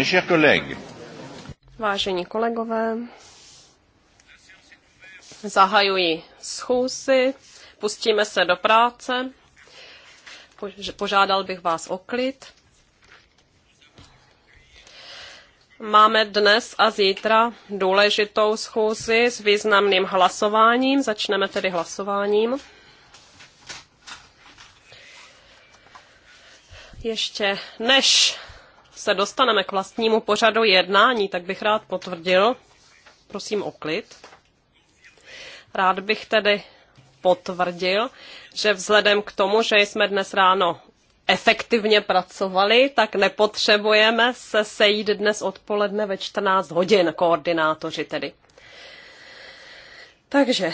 Mes chers collègues. Vážení kolegové, zahajuji schůzi, pustíme se do práce. Požádal bych vás o klid. Máme dnes a zítra důležitou schůzi s významným hlasováním. Začneme tedy hlasováním. Ještě než se dostaneme k vlastnímu pořadu jednání, tak bych rád potvrdil, prosím o klid. Rád bych tedy potvrdil, že vzhledem k tomu, že jsme dnes ráno efektivně pracovali, tak nepotřebujeme se sejít dnes odpoledne ve 14 hodin, koordinátoři tedy. Takže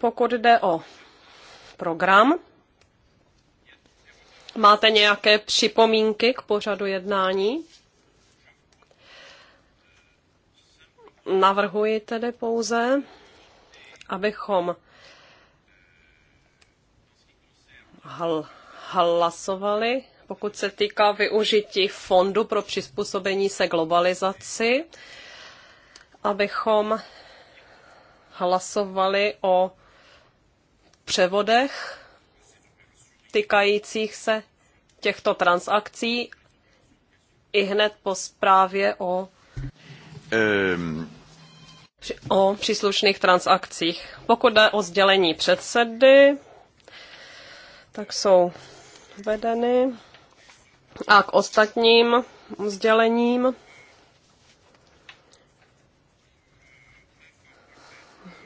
pokud jde o program, Máte nějaké připomínky k pořadu jednání? Navrhuji tedy pouze, abychom hlasovali, pokud se týká využití fondu pro přizpůsobení se globalizaci, abychom hlasovali o převodech týkajících se těchto transakcí i hned po zprávě o, um. o příslušných transakcích. Pokud jde o sdělení předsedy, tak jsou vedeny. A k ostatním sdělením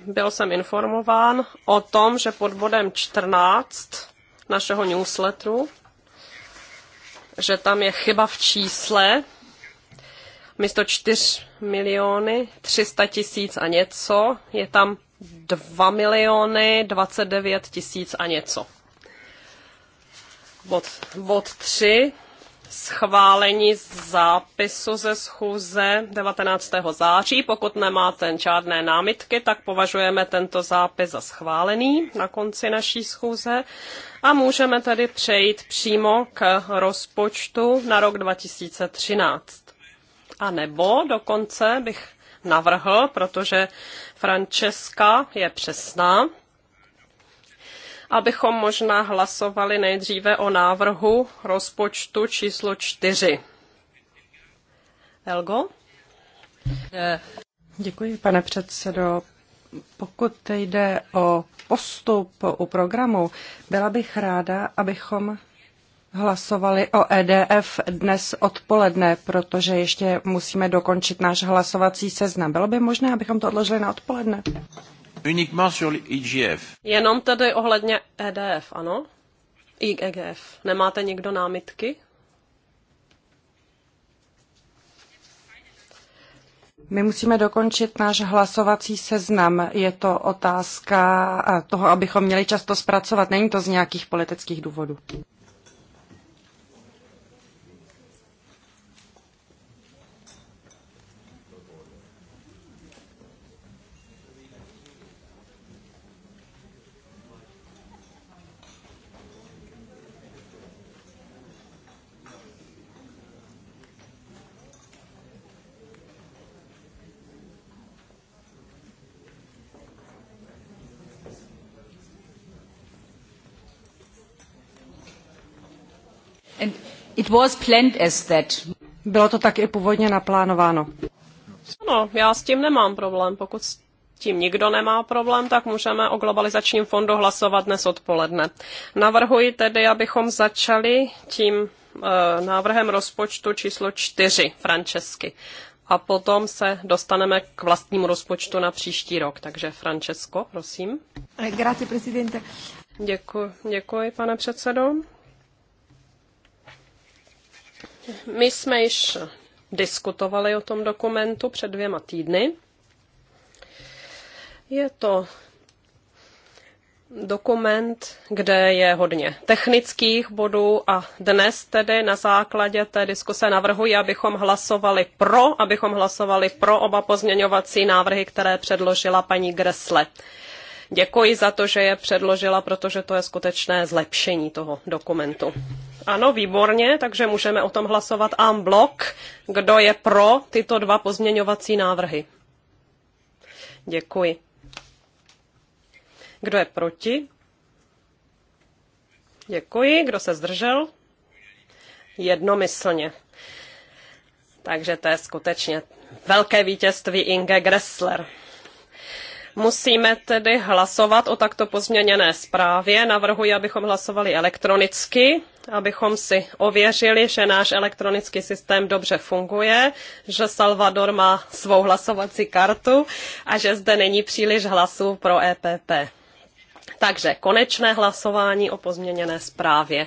byl jsem informován o tom, že pod bodem 14 našeho newsletteru, že tam je chyba v čísle, místo 4 miliony 300 tisíc a něco, je tam 2 miliony 29 tisíc a něco. Bod, bod 3 schválení zápisu ze schůze 19. září. Pokud nemáte žádné námitky, tak považujeme tento zápis za schválený na konci naší schůze. A můžeme tedy přejít přímo k rozpočtu na rok 2013. A nebo dokonce bych navrhl, protože Francesca je přesná, abychom možná hlasovali nejdříve o návrhu rozpočtu číslo čtyři. Elgo? Děkuji, pane předsedo. Pokud jde o postup u programu, byla bych ráda, abychom hlasovali o EDF dnes odpoledne, protože ještě musíme dokončit náš hlasovací seznam. Bylo by možné, abychom to odložili na odpoledne? Uniquement sur IGF. Jenom tedy ohledně EDF, ano? IGF. Nemáte někdo námitky? My musíme dokončit náš hlasovací seznam. Je to otázka eh, toho, abychom měli často zpracovat. Není to z nějakých politických důvodů. Bylo to tak i původně naplánováno. Ano, já s tím nemám problém. Pokud s tím nikdo nemá problém, tak můžeme o globalizačním fondu hlasovat dnes odpoledne. Navrhuji tedy, abychom začali tím e, návrhem rozpočtu číslo čtyři, Francesky. A potom se dostaneme k vlastnímu rozpočtu na příští rok. Takže Francesco, prosím. Eh, grazie, presidente. Děkuji, děkuji, pane předsedo. My jsme již diskutovali o tom dokumentu před dvěma týdny. Je to dokument, kde je hodně technických bodů a dnes tedy na základě té diskuse navrhuji, abychom hlasovali pro, abychom hlasovali pro oba pozměňovací návrhy, které předložila paní Gresle. Děkuji za to, že je předložila, protože to je skutečné zlepšení toho dokumentu. Ano, výborně, takže můžeme o tom hlasovat en blok. Kdo je pro tyto dva pozměňovací návrhy? Děkuji. Kdo je proti? Děkuji. Kdo se zdržel? Jednomyslně. Takže to je skutečně velké vítězství Inge Gressler. Musíme tedy hlasovat o takto pozměněné zprávě. Navrhuji, abychom hlasovali elektronicky, abychom si ověřili, že náš elektronický systém dobře funguje, že Salvador má svou hlasovací kartu a že zde není příliš hlasů pro EPP. Takže konečné hlasování o pozměněné zprávě.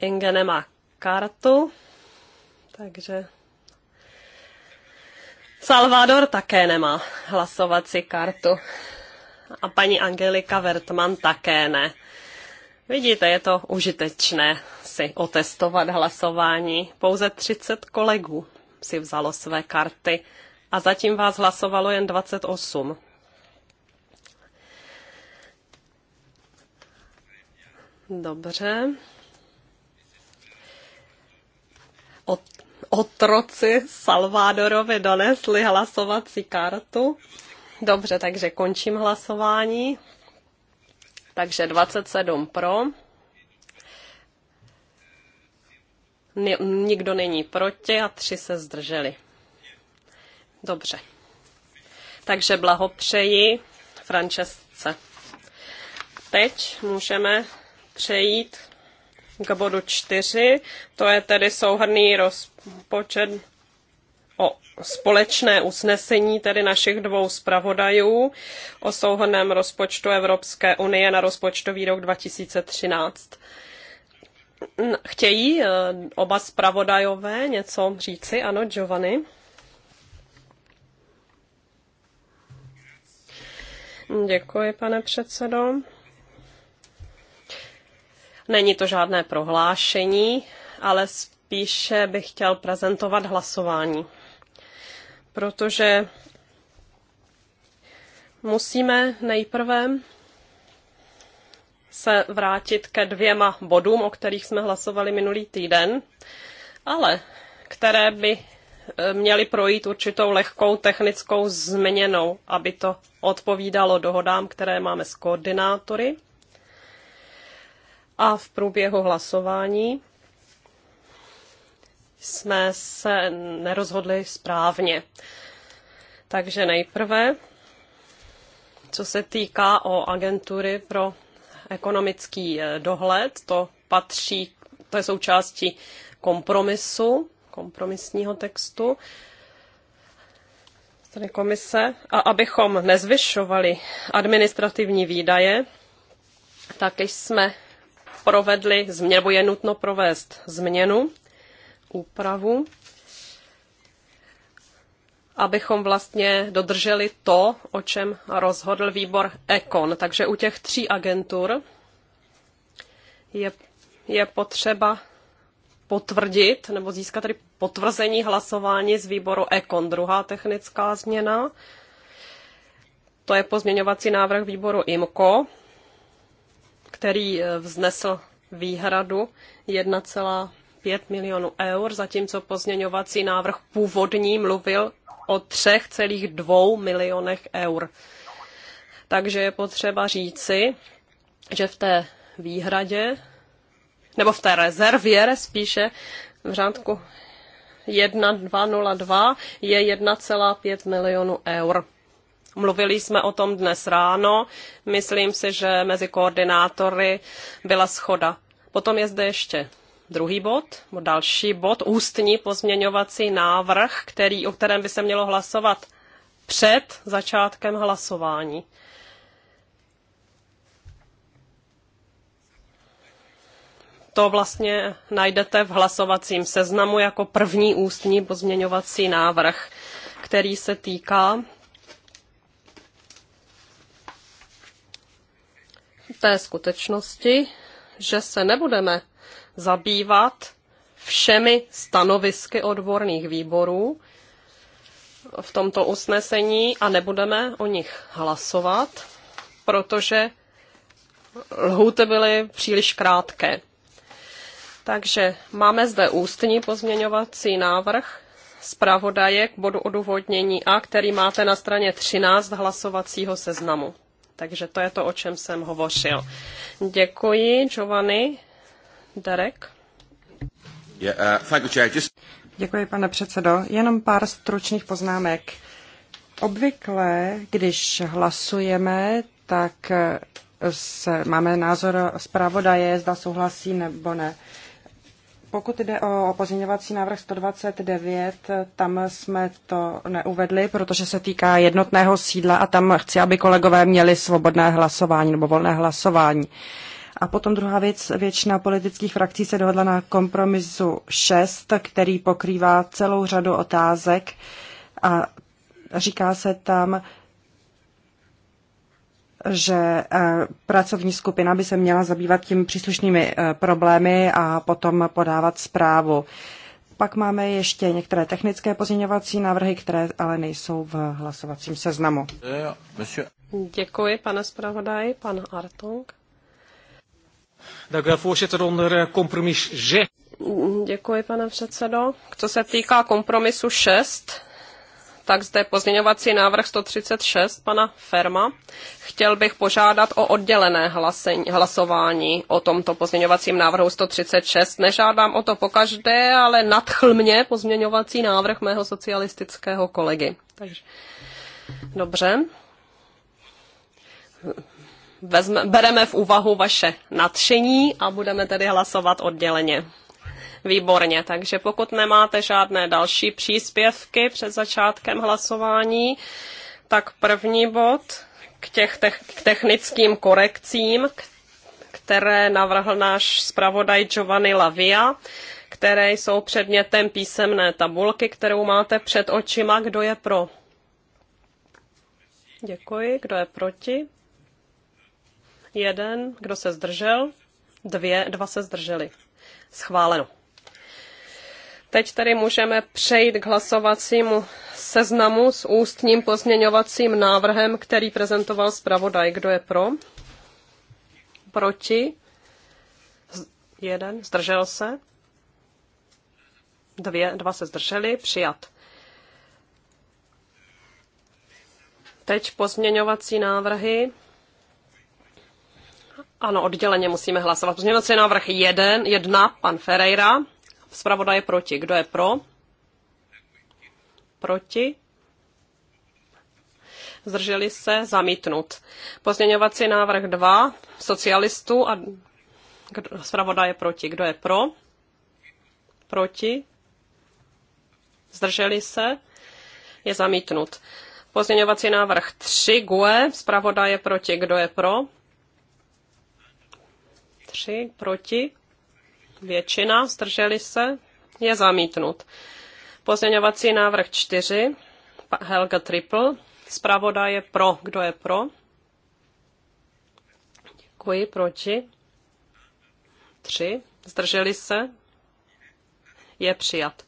Inge nemá kartu, takže Salvador také nemá hlasovací kartu. A paní Angelika Vertman také ne. Vidíte, je to užitečné si otestovat hlasování. Pouze 30 kolegů si vzalo své karty a zatím vás hlasovalo jen 28. Dobře. Od otroci Salvadorovi donesli hlasovací kartu. Dobře, takže končím hlasování. Takže 27 pro. Nikdo není proti a tři se zdrželi. Dobře. Takže blahopřeji Francesce. Teď můžeme přejít k bodu 4, to je tedy souhrný rozpočet o společné usnesení tedy našich dvou zpravodajů o souhrném rozpočtu Evropské unie na rozpočtový rok 2013. Chtějí eh, oba zpravodajové něco říci? Ano, Giovanni? Děkuji, pane předsedo. Není to žádné prohlášení, ale spíše bych chtěl prezentovat hlasování. Protože musíme nejprve se vrátit ke dvěma bodům, o kterých jsme hlasovali minulý týden, ale které by e, měly projít určitou lehkou technickou změnou, aby to odpovídalo dohodám, které máme s koordinátory a v průběhu hlasování jsme se nerozhodli správně. Takže nejprve, co se týká o agentury pro ekonomický eh, dohled, to patří, to je součástí kompromisu, kompromisního textu, Tady komise, a abychom nezvyšovali administrativní výdaje, tak jsme provedli změnu, nebo je nutno provést změnu, úpravu, abychom vlastně dodrželi to, o čem rozhodl výbor ECON. Takže u těch tří agentur je, je potřeba potvrdit nebo získat tedy potvrzení hlasování z výboru ECON. Druhá technická změna, to je pozměňovací návrh výboru IMCO který eh, vznesl výhradu 1,5 milionů eur, zatímco pozměňovací návrh původní mluvil o 3,2 milionech eur. Takže je potřeba říci, že v té výhradě, nebo v té rezervě spíše, v řádku 1202 je 1,5 milionu eur. Mluvili jsme o tom dnes ráno. Myslím si, že mezi koordinátory byla schoda. Potom je zde ještě druhý bod, další bod, ústní pozměňovací návrh, který, o kterém by se mělo hlasovat před začátkem hlasování. To vlastně najdete v hlasovacím seznamu jako první ústní pozměňovací návrh, který se týká té skutečnosti, že se nebudeme zabývat všemi stanovisky odborných výborů v tomto usnesení a nebudeme o nich hlasovat, protože lhůty byly příliš krátké. Takže máme zde ústní pozměňovací návrh zpravodaje k bodu odůvodnění A, který máte na straně 13 hlasovacího seznamu. Takže to je to, o čem jsem hovořil. Děkuji, Giovanni. Derek? Uh, Děkuji, pane předsedo. Jenom pár stručných poznámek. Obvykle, když hlasujeme, tak se, máme názor zpravodaje, zda souhlasí nebo ne. Pokud jde o pozměňovací návrh 129, tam jsme to neuvedli, protože se týká jednotného sídla a tam chci, aby kolegové měli svobodné hlasování nebo volné hlasování. A potom druhá věc, většina politických frakcí se dohodla na kompromisu 6, který pokrývá celou řadu otázek a říká se tam, že e, pracovní skupina by se měla zabývat tím příslušnými e, problémy a potom podávat zprávu. Pak máme ještě některé technické pozměňovací návrhy, které ale nejsou v hlasovacím seznamu. Děkuji, pane zpravodaj, pan Artung. Eh, Děkuji, pane předsedo. Co se týká kompromisu 6, tak zde pozměňovací návrh 136 pana Ferma. Chtěl bych požádat o oddělené hlasování o tomto pozměňovacím návrhu 136. Nežádám o to pokaždé, ale nadchl mě pozměňovací návrh mého socialistického kolegy. Takže dobře. Vezme, bereme v úvahu vaše nadšení a budeme tedy hlasovat odděleně. Výborně, takže pokud nemáte žádné další příspěvky před začátkem hlasování, tak první bod k, těch te- k technickým korekcím, které navrhl náš zpravodaj Giovanni Lavia, které jsou předmětem písemné tabulky, kterou máte před očima. Kdo je pro? Děkuji. Kdo je proti? Jeden. Kdo se zdržel? Dvě. Dva se zdrželi. Schváleno. Teď tedy můžeme přejít k hlasovacímu seznamu s ústním pozměňovacím návrhem, který prezentoval zpravodaj. Kdo je pro? Proti? Jeden. Zdržel se? Dvě, dva se zdrželi. Přijat. Teď pozměňovací návrhy. Ano, odděleně musíme hlasovat. Pozměňovací návrh jeden jedna pan Ferreira. Zpravodaj je proti. Kdo je pro? Proti? Zdrželi se zamítnut. Pozměňovací návrh 2 socialistů a zpravodaj je proti. Kdo je pro? Proti? Zdrželi se? Je zamítnut. Pozměňovací návrh 3 GUE, zpravodaj je proti. Kdo je pro? 3 proti většina, zdrželi se, je zamítnut. Pozměňovací návrh 4, Helga Triple, zpravodaj je pro, kdo je pro? Děkuji, proti? 3, zdrželi se, je přijat.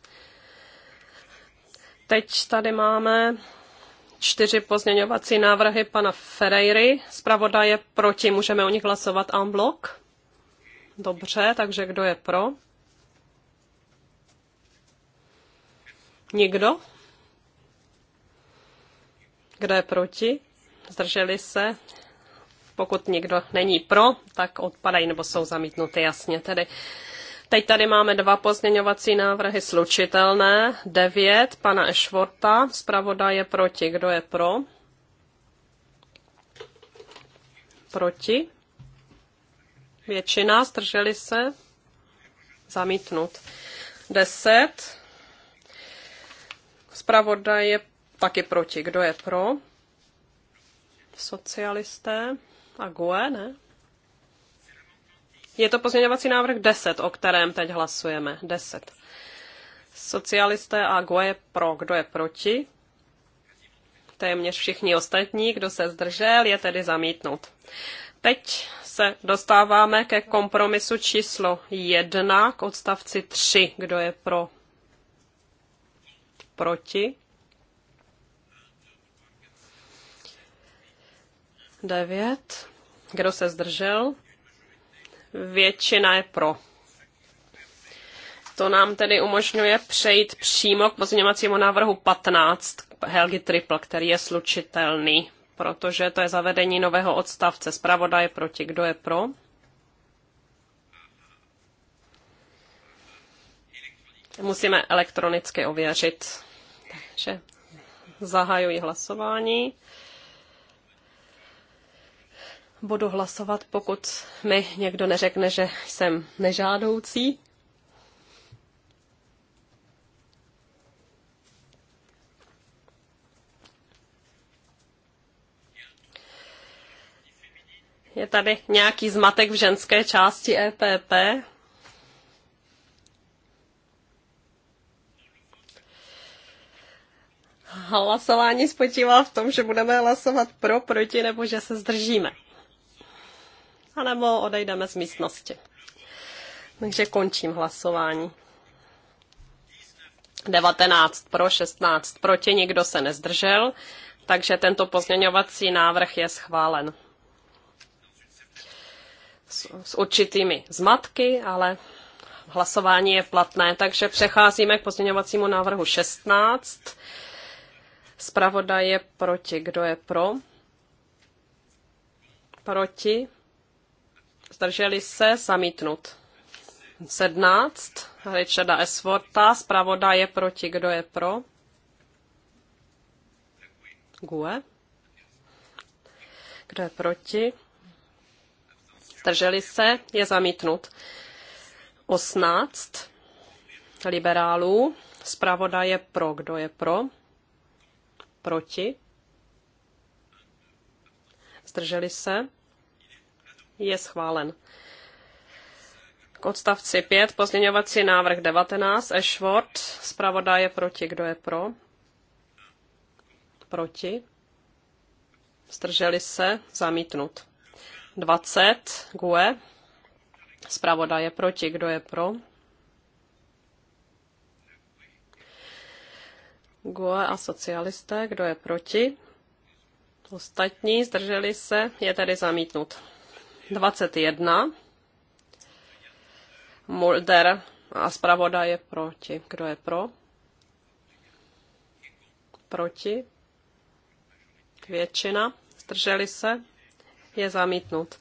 Teď tady máme čtyři pozměňovací návrhy pana Ferreiry. Zpravodaje proti, můžeme o nich hlasovat en bloc. Dobře, takže kdo je pro? Nikdo? Kdo je proti? Zdrželi se? Pokud nikdo není pro, tak odpadají nebo jsou zamítnuty, jasně tedy. Teď tady máme dva pozměňovací návrhy slučitelné. 9 pana Ešvorta, zpravoda je proti. Kdo je pro? Proti. Většina, zdrželi se, zamítnut. 10. Zpravodaj je taky proti. Kdo je pro? Socialisté a GUE, ne? Je to pozměňovací návrh 10, o kterém teď hlasujeme. 10. Socialisté a GUE je pro. Kdo je proti? Téměř všichni ostatní, kdo se zdržel, je tedy zamítnut. Teď se dostáváme ke kompromisu číslo 1 k odstavci 3. Kdo je pro? Proti? Devět. Kdo se zdržel? Většina je pro. To nám tedy umožňuje přejít přímo k pozměňovacímu návrhu 15 Helgi Triple, který je slučitelný protože to je zavedení nového odstavce. Zpravodaj proti. Kdo je pro? Musíme elektronicky ověřit. Takže zahajuji hlasování. Budu hlasovat, pokud mi někdo neřekne, že jsem nežádoucí. Je tady nějaký zmatek v ženské části EPP. Hlasování spočívá v tom, že budeme hlasovat pro, proti nebo že se zdržíme. A nebo odejdeme z místnosti. Takže končím hlasování. 19 pro, 16 proti, nikdo se nezdržel, takže tento pozměňovací návrh je schválen s, s určitými zmatky, ale hlasování je platné. Takže přecházíme k pozměňovacímu návrhu 16. Spravodaj je proti. Kdo je pro? Proti. Zdrželi se zamítnut. 17. Richarda Esforta. Spravodaj je proti. Kdo je pro? GUE. Kdo je proti? zdrželi se, je zamítnut. 18 liberálů, zpravoda je pro, kdo je pro, proti, zdrželi se, je schválen. K odstavci 5 pozměňovací návrh 19 Ashford, Zpravoda je proti, kdo je pro, proti, zdrželi se, zamítnut. 20, GUE. Zpravodaj je proti, kdo je pro? GUE a socialisté, kdo je proti? Ostatní zdrželi se, je tedy zamítnut. 21. Mulder a zpravoda je proti. Kdo je pro? Proti. Většina. Zdrželi se je zamítnut.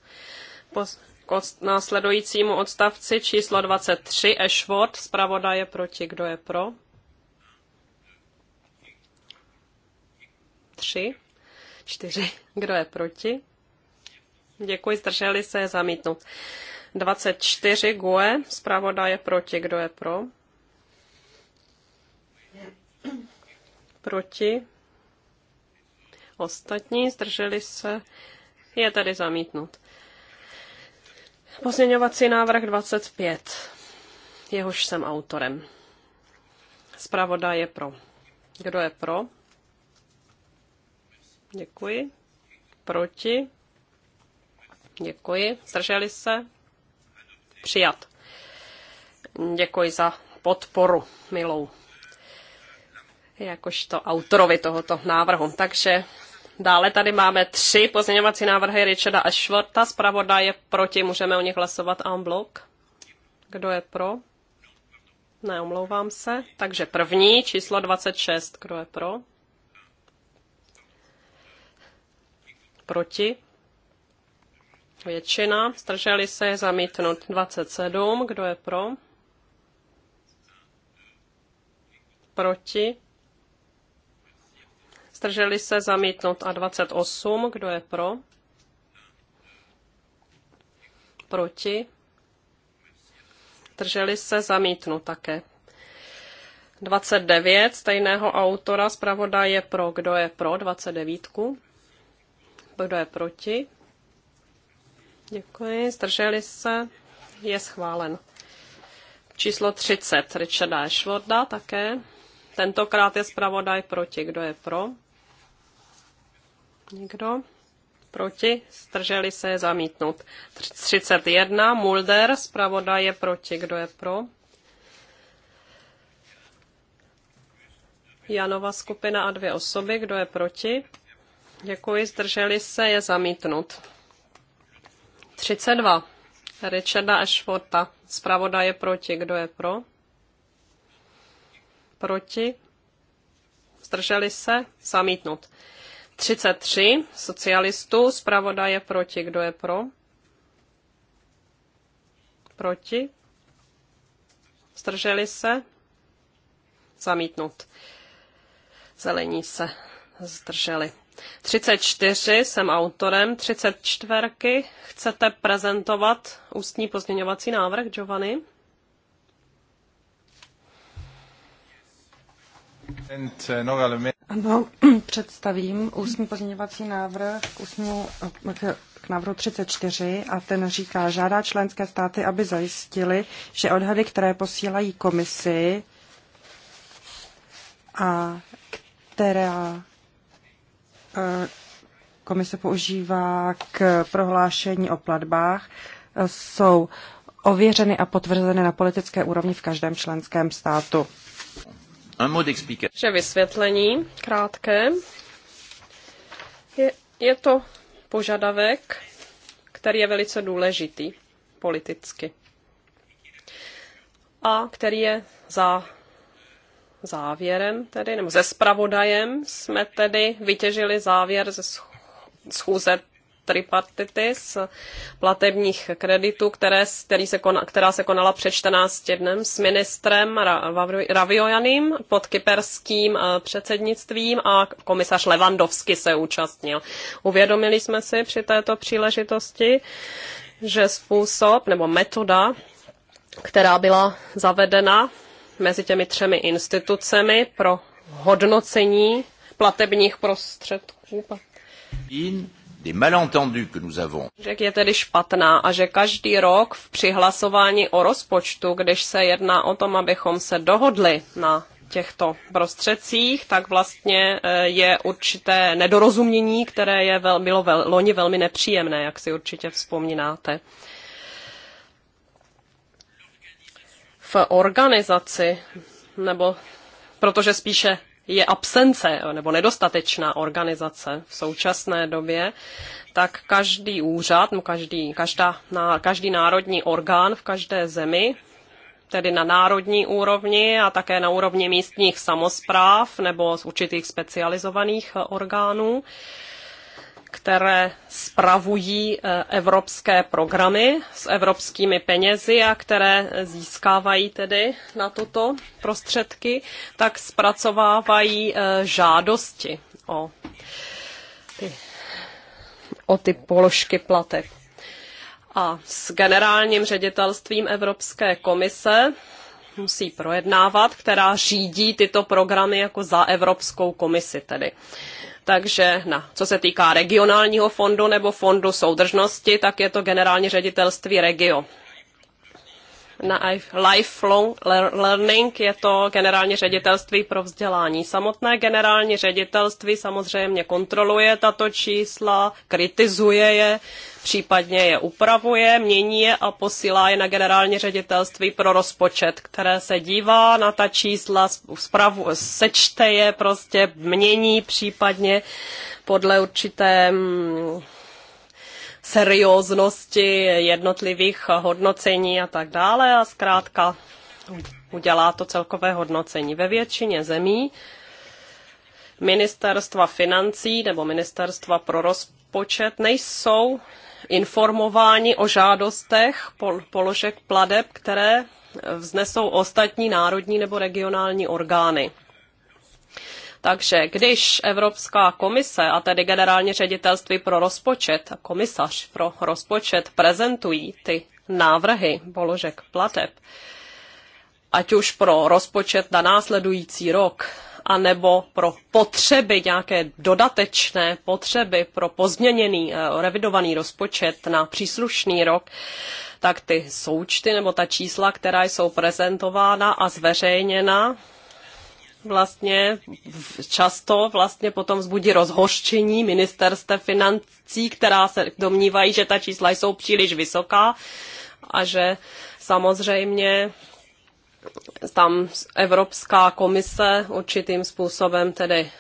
Po, k následujícímu odstavci číslo 23 Ashford, zpravoda je proti, kdo je pro? 3, 4, kdo je proti? Děkuji, zdrželi se, je zamítnut. 24 GUE, zpravoda je proti, kdo je pro? Proti. Ostatní zdrželi se, je tedy zamítnut. Pozměňovací návrh 25. Jehož jsem autorem. Zpravoda je pro. Kdo je pro? Děkuji. Proti? Děkuji. Zdrželi se? Přijat. Děkuji za podporu, milou. Jakožto autorovi tohoto návrhu. Takže Dále tady máme tři pozměňovací návrhy Richarda a Schwarta. Zpravoda je proti, můžeme o nich hlasovat en bloc. Kdo je pro? Ne, omlouvám se. Takže první, číslo 26. Kdo je pro? Proti? Většina. Strželi se zamítnout 27. Kdo je pro? Proti? zdrželi se zamítnout a 28, kdo je pro? Proti? Drželi se zamítnout také. 29 stejného autora, zpravodaj je pro, kdo je pro 29, kdo je proti. Děkuji, zdrželi se, je schválen. Číslo 30 Richarda Ashworda také. Tentokrát je zpravodaj proti, kdo je pro. Někdo? Proti? Zdrželi se zamítnout. 31. Mulder. Zpravodaj je proti. Kdo je pro? Janova skupina a dvě osoby. Kdo je proti? Děkuji. Zdrželi se je zamítnut. 32. Richarda Ashforta. Zpravodaj je proti. Kdo je pro? Proti? Zdrželi se? Zamítnut. 33 socialistů, zpravodaje je proti. Kdo je pro? Proti? Zdrželi se? Zamítnut. Zelení se zdrželi. 34 jsem autorem, 34 chcete prezentovat ústní pozměňovací návrh, Giovanni? Eh, ano, představím ústní pozměňovací návrh k, ústnímu, k, k návrhu 34 a ten říká, žádá členské státy, aby zajistili, že odhady, které posílají komisi a která eh, komise používá k prohlášení o platbách, eh, jsou ověřeny a potvrzeny na politické úrovni v každém členském státu. Že vysvětlení, krátké. Je, je to požadavek, který je velice důležitý politicky a který je za závěrem tedy, nebo ze spravodajem jsme tedy vytěžili závěr ze schůze tripartitis platebních kreditů, které, který se kona, která se konala před 14 dnem s ministrem Raviojaným pod kyperským eh, předsednictvím a komisař Levandovsky se účastnil. Uvědomili jsme si při této příležitosti, že způsob nebo metoda, která byla zavedena mezi těmi třemi institucemi pro hodnocení platebních prostředků. Řek je tedy špatná a že každý rok v přihlasování o rozpočtu, když se jedná o tom, abychom se dohodli na těchto prostředcích, tak vlastně eh, je určité nedorozumění, které je vel, bylo vel, loni velmi nepříjemné, jak si určitě vzpomínáte. V organizaci, nebo protože spíše je absence nebo nedostatečná organizace v současné době, tak každý úřad, no každý, každá, každý národní orgán v každé zemi tedy na národní úrovni a také na úrovni místních samozpráv nebo z určitých specializovaných orgánů, které spravují e, evropské programy s evropskými penězi a které získávají tedy na toto prostředky, tak zpracovávají e, žádosti o ty, o ty položky plateb. A s generálním ředitelstvím Evropské komise musí projednávat, která řídí tyto programy jako za Evropskou komisi tedy. Takže na, co se týká regionálního fondu nebo fondu soudržnosti, tak je to generální ředitelství regio na lifelong learning je to generální ředitelství pro vzdělání. Samotné generální ředitelství samozřejmě kontroluje tato čísla, kritizuje je, případně je upravuje, mění je a posílá je na generální ředitelství pro rozpočet, které se dívá na ta čísla, zpravu, sečte je, prostě mění případně podle určité mm, serióznosti jednotlivých hodnocení a tak dále a zkrátka udělá to celkové hodnocení. Ve většině zemí ministerstva financí nebo ministerstva pro rozpočet nejsou informováni o žádostech položek pladeb, které vznesou ostatní národní nebo regionální orgány. Takže když Evropská komise a tedy generální ředitelství pro rozpočet a komisař pro rozpočet prezentují ty návrhy položek plateb, ať už pro rozpočet na následující rok, anebo pro potřeby, nějaké dodatečné potřeby pro pozměněný, eh, revidovaný rozpočet na příslušný rok, tak ty součty nebo ta čísla, která jsou prezentována a zveřejněna, vlastně často vlastně potom vzbudí rozhoštění ministerstve financí, která se domnívají, že ta čísla jsou příliš vysoká a že samozřejmě tam Evropská komise určitým způsobem tedy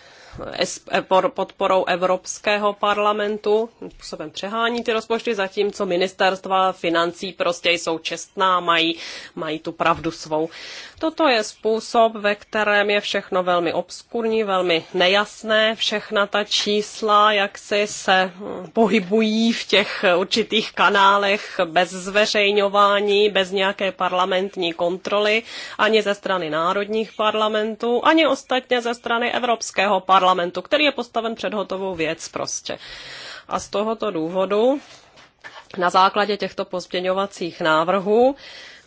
Eh, podporou Evropského parlamentu, způsobem přehání ty rozpočty, zatímco ministerstva financí prostě jsou čestná, mají, mají tu pravdu svou. Toto je způsob, ve kterém je všechno velmi obskurní, velmi nejasné, všechna ta čísla, jak si se hm, pohybují v těch určitých kanálech bez zveřejňování, bez nějaké parlamentní kontroly, ani ze strany národních parlamentů, ani ostatně ze strany Evropského parlamentu parlamentu, který je postaven před hotovou věc prostě. A z tohoto důvodu na základě těchto pozměňovacích návrhů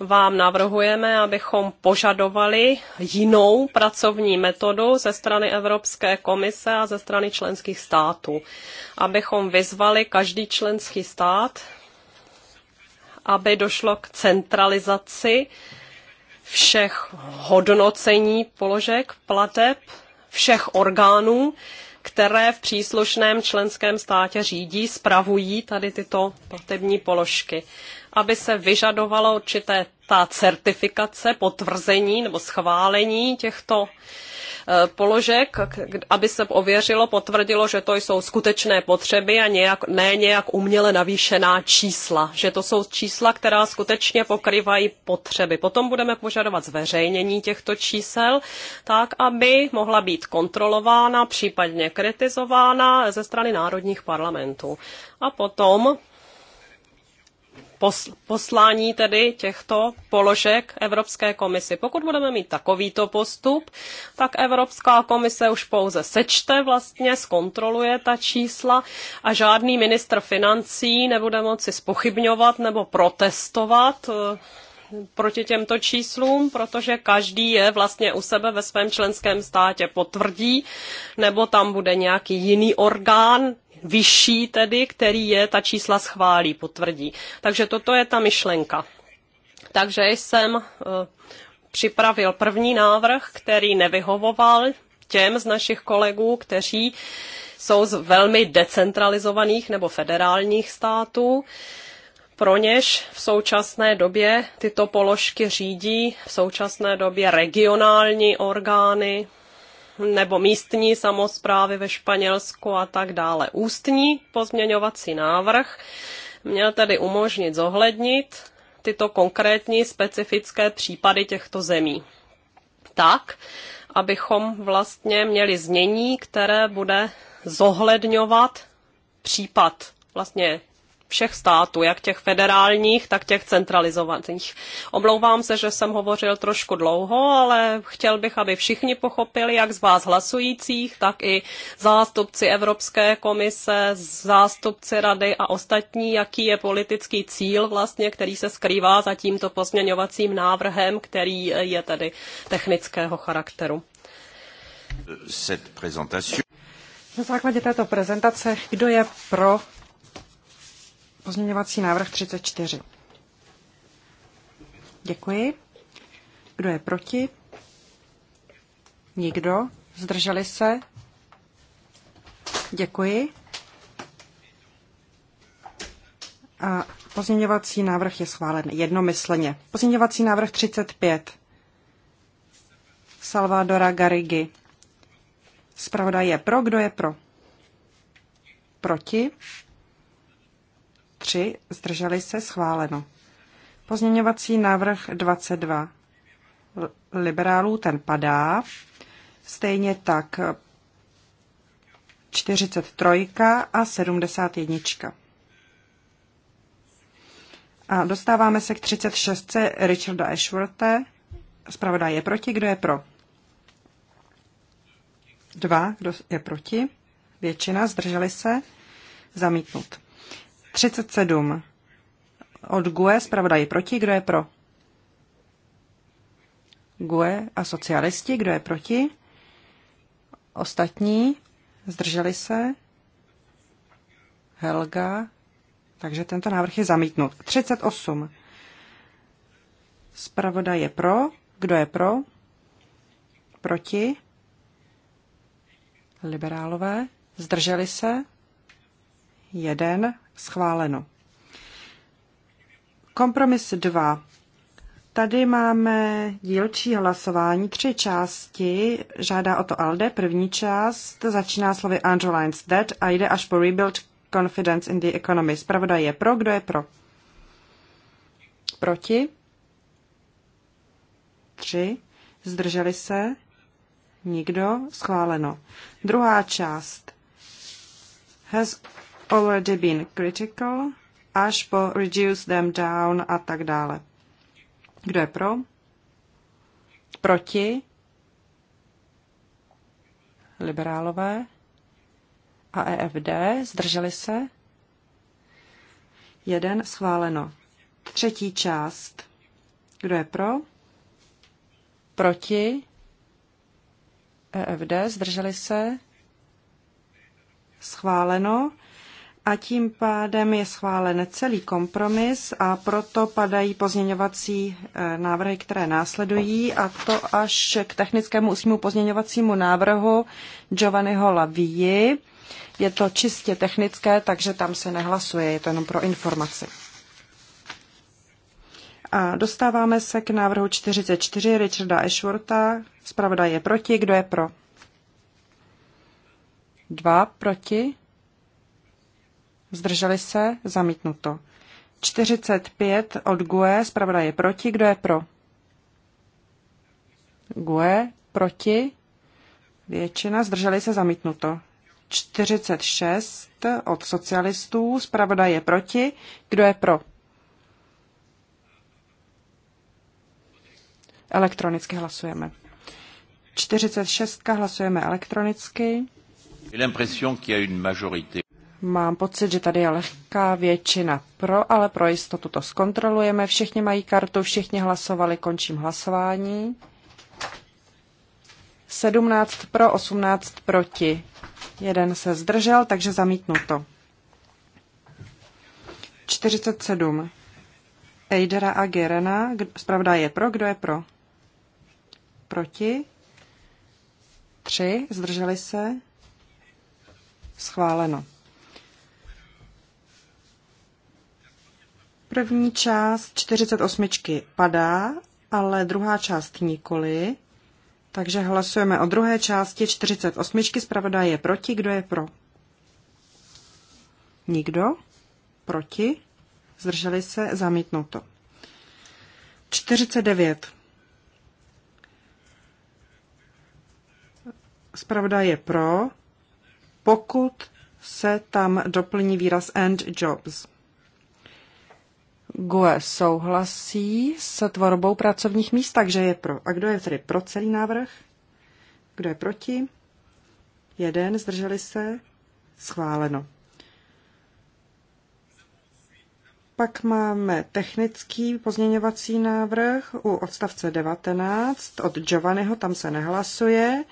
vám navrhujeme, abychom požadovali jinou pracovní metodu ze strany Evropské komise a ze strany členských států. Abychom vyzvali každý členský stát, aby došlo k centralizaci všech hodnocení položek plateb všech orgánů, které v příslušném členském státě řídí, spravují tady tyto platební položky aby se vyžadovalo určité ta certifikace, potvrzení nebo schválení těchto eh, položek, aby se ověřilo, potvrdilo, že to jsou skutečné potřeby a nějak, ne nějak uměle navýšená čísla, že to jsou čísla, která skutečně pokrývají potřeby. Potom budeme požadovat zveřejnění těchto čísel, tak aby mohla být kontrolována, případně kritizována ze strany národních parlamentů. A potom poslání tedy těchto položek Evropské komisi. Pokud budeme mít takovýto postup, tak Evropská komise už pouze sečte vlastně, zkontroluje ta čísla a žádný ministr financí nebude moci spochybňovat nebo protestovat eh, proti těmto číslům, protože každý je vlastně u sebe ve svém členském státě potvrdí, nebo tam bude nějaký jiný orgán, vyšší tedy, který je ta čísla schválí, potvrdí. Takže toto je ta myšlenka. Takže jsem eh, připravil první návrh, který nevyhovoval těm z našich kolegů, kteří jsou z velmi decentralizovaných nebo federálních států. Pro něž v současné době tyto položky řídí v současné době regionální orgány nebo místní samozprávy ve Španělsku a tak dále. Ústní pozměňovací návrh měl tedy umožnit zohlednit tyto konkrétní specifické případy těchto zemí. Tak, abychom vlastně měli znění, které bude zohledňovat případ, vlastně všech států, jak těch federálních, tak těch centralizovaných. Omlouvám se, že jsem hovořil trošku dlouho, ale chtěl bych, aby všichni pochopili, jak z vás hlasujících, tak i zástupci Evropské komise, zástupci rady a ostatní, jaký je politický cíl vlastně, který se skrývá za tímto pozměňovacím návrhem, který je tedy technického charakteru. Na základě této prezentace, kdo je pro Pozměňovací návrh 34. Děkuji. Kdo je proti? Nikdo. Zdrželi se? Děkuji. A pozměňovací návrh je schválen jednomyslně. Pozměňovací návrh 35. Salvadora Garigi. Zpravodaj je pro, kdo je pro? Proti? 3, zdrželi se, schváleno. Pozměňovací návrh 22 liberálů, ten padá. Stejně tak 43 a 71. A dostáváme se k 36. Richarda Ashworthe. Zpravodaj je proti, kdo je pro? Dva, kdo je proti? Většina, zdrželi se? zamítnout. 37 od GUE, zpravodaj proti, kdo je pro? GUE a socialisti, kdo je proti? Ostatní zdrželi se? Helga. Takže tento návrh je zamítnut. 38. Spravoda je pro. Kdo je pro? Proti? Liberálové. Zdrželi se? 1 schváleno. Kompromis 2. Tady máme dílčí hlasování, tři části. Žádá o to Alde. První část začíná slovy Underlines Dead a jde až po Rebuild Confidence in the Economy. Zpravodaj je pro, kdo je pro? Proti? Tři. Zdrželi se? Nikdo? Schváleno. Druhá část. Has already been critical, až po reduce them down a tak dále. Kdo je pro? Proti? Liberálové a EFD zdrželi se? Jeden schváleno. Třetí část. Kdo je pro? Proti? EFD zdrželi se? Schváleno a tím pádem je schválen celý kompromis a proto padají pozměňovací eh, návrhy, které následují a to až k technickému ústnímu pozměňovacímu návrhu Giovanniho Lavii. Je to čistě technické, takže tam se nehlasuje, je to jenom pro informaci. A dostáváme se k návrhu 44 Richarda Ashworta. Zpravodaj je proti, kdo je pro? Dva proti. Zdrželi se? Zamítnuto. 45 od GUE, zpravodaj je proti, kdo je pro? GUE, proti, většina, zdrželi se zamítnuto. 46 od socialistů, zpravodaj je proti, kdo je pro? Elektronicky hlasujeme. 46 hlasujeme elektronicky. J'ai qu'il y a une majorité. Mám pocit, že tady je lehká většina pro, ale pro jistotu to zkontrolujeme. Všichni mají kartu, všichni hlasovali, končím hlasování. 17 pro, 18 proti. Jeden se zdržel, takže zamítnuto. 47. Eidera a Gerena. Zpravda je pro, kdo je pro? Proti. 3. Zdrželi se. Schváleno. První část 48 padá, ale druhá část nikoli. Takže hlasujeme o druhé části 48. Zpravodaj je proti. Kdo je pro? Nikdo? Proti? Zdrželi se? Zamítnuto. 49. Zpravodaj je pro, pokud se tam doplní výraz and jobs. GUE souhlasí s tvorbou pracovních míst, takže je pro. A kdo je tedy pro celý návrh? Kdo je proti? Jeden, zdrželi se? Schváleno. Pak máme technický pozměňovací návrh u odstavce 19 od Giovanniho, tam se nehlasuje.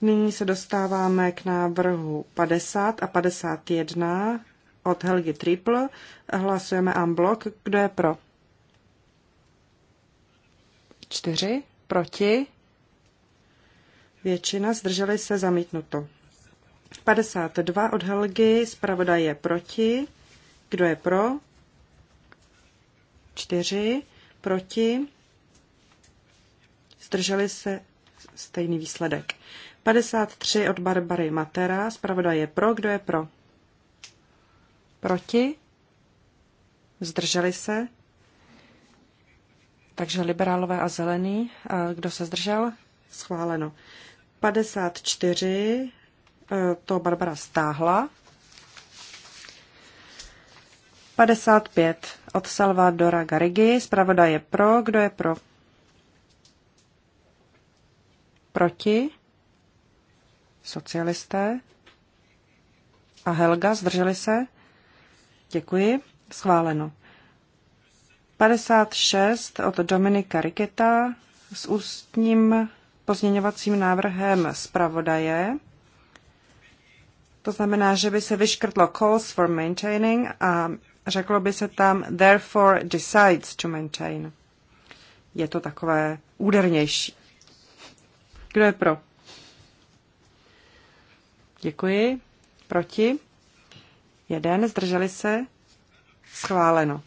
Nyní se dostáváme k návrhu 50 a 51 od Helgi Triple. Hlasujeme unblock. Kdo je pro? Čtyři. Proti? Většina zdrželi se zamítnuto. 52 od Helgy, zpravodaj je proti. Kdo je pro? Čtyři. Proti? Zdrželi se stejný výsledek. 53 od Barbary Matera, zpravodaj je pro. Kdo je pro? Proti? Zdrželi se? Takže liberálové a zelený. A kdo se zdržel? Schváleno. 54. E, to Barbara stáhla. 55 od Salvadora Garigi. Zpravodaj je pro. Kdo je pro? Proti? Socialisté. A Helga, zdrželi se? Děkuji. Schváleno. 56 od Dominika Riketa s ústním pozměňovacím návrhem zpravodaje. To znamená, že by se vyškrtlo calls for maintaining a řeklo by se tam therefore decides to maintain. Je to takové údernější. Kdo je pro? Děkuji. Proti? jeden, zdrželi se, schváleno.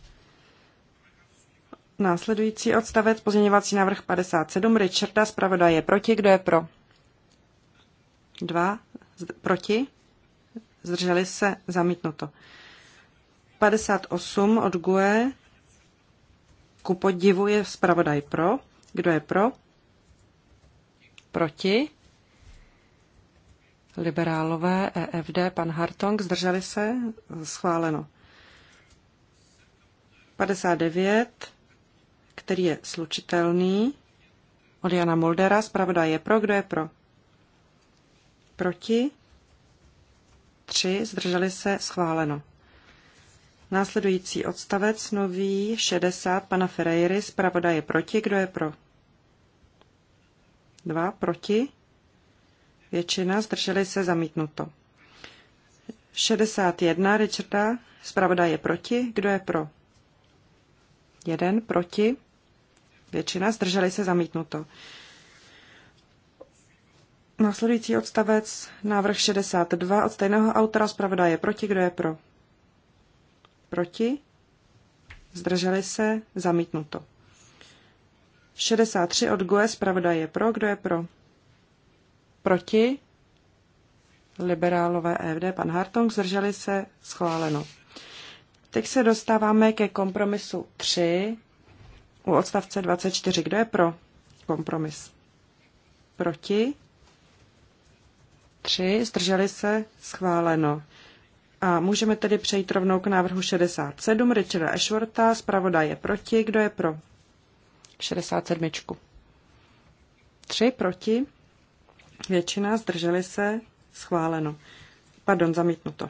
Následující odstavec, pozměňovací návrh 57, Richarda, zpravodaj je proti, kdo je pro? Dva, proti, zdrželi se, zamítnuto. 58 od GUE, ku podivu je zpravodaj pro, kdo je pro? Proti, liberálové, EFD, pan Hartong, zdrželi se, schváleno. 59, který je slučitelný, od Jana Muldera, zpravda je pro, kdo je pro? Proti? 3, zdrželi se, schváleno. Následující odstavec, nový 60, pana Ferreiry, zpravda je proti, kdo je pro? 2, proti? většina, zdrželi se zamítnuto. 61 Richarda, zpravoda je proti, kdo je pro? Jeden proti, většina, zdrželi se zamítnuto. Následující odstavec, návrh 62 od stejného autora, zpravoda je proti, kdo je pro? Proti, zdrželi se, zamítnuto. 63 od Goe, zpravda je pro, kdo je pro? Proti? Liberálové EFD, pan Hartong, zdrželi se, schváleno. Teď se dostáváme ke kompromisu 3 u odstavce 24. Kdo je pro kompromis? Proti? 3, zdrželi se, schváleno. A můžeme tedy přejít rovnou k návrhu 67 Richarda Ashworta. Zpravodaj je proti. Kdo je pro? 67. 3 proti. Většina zdrželi se schváleno. Pardon, zamítnuto.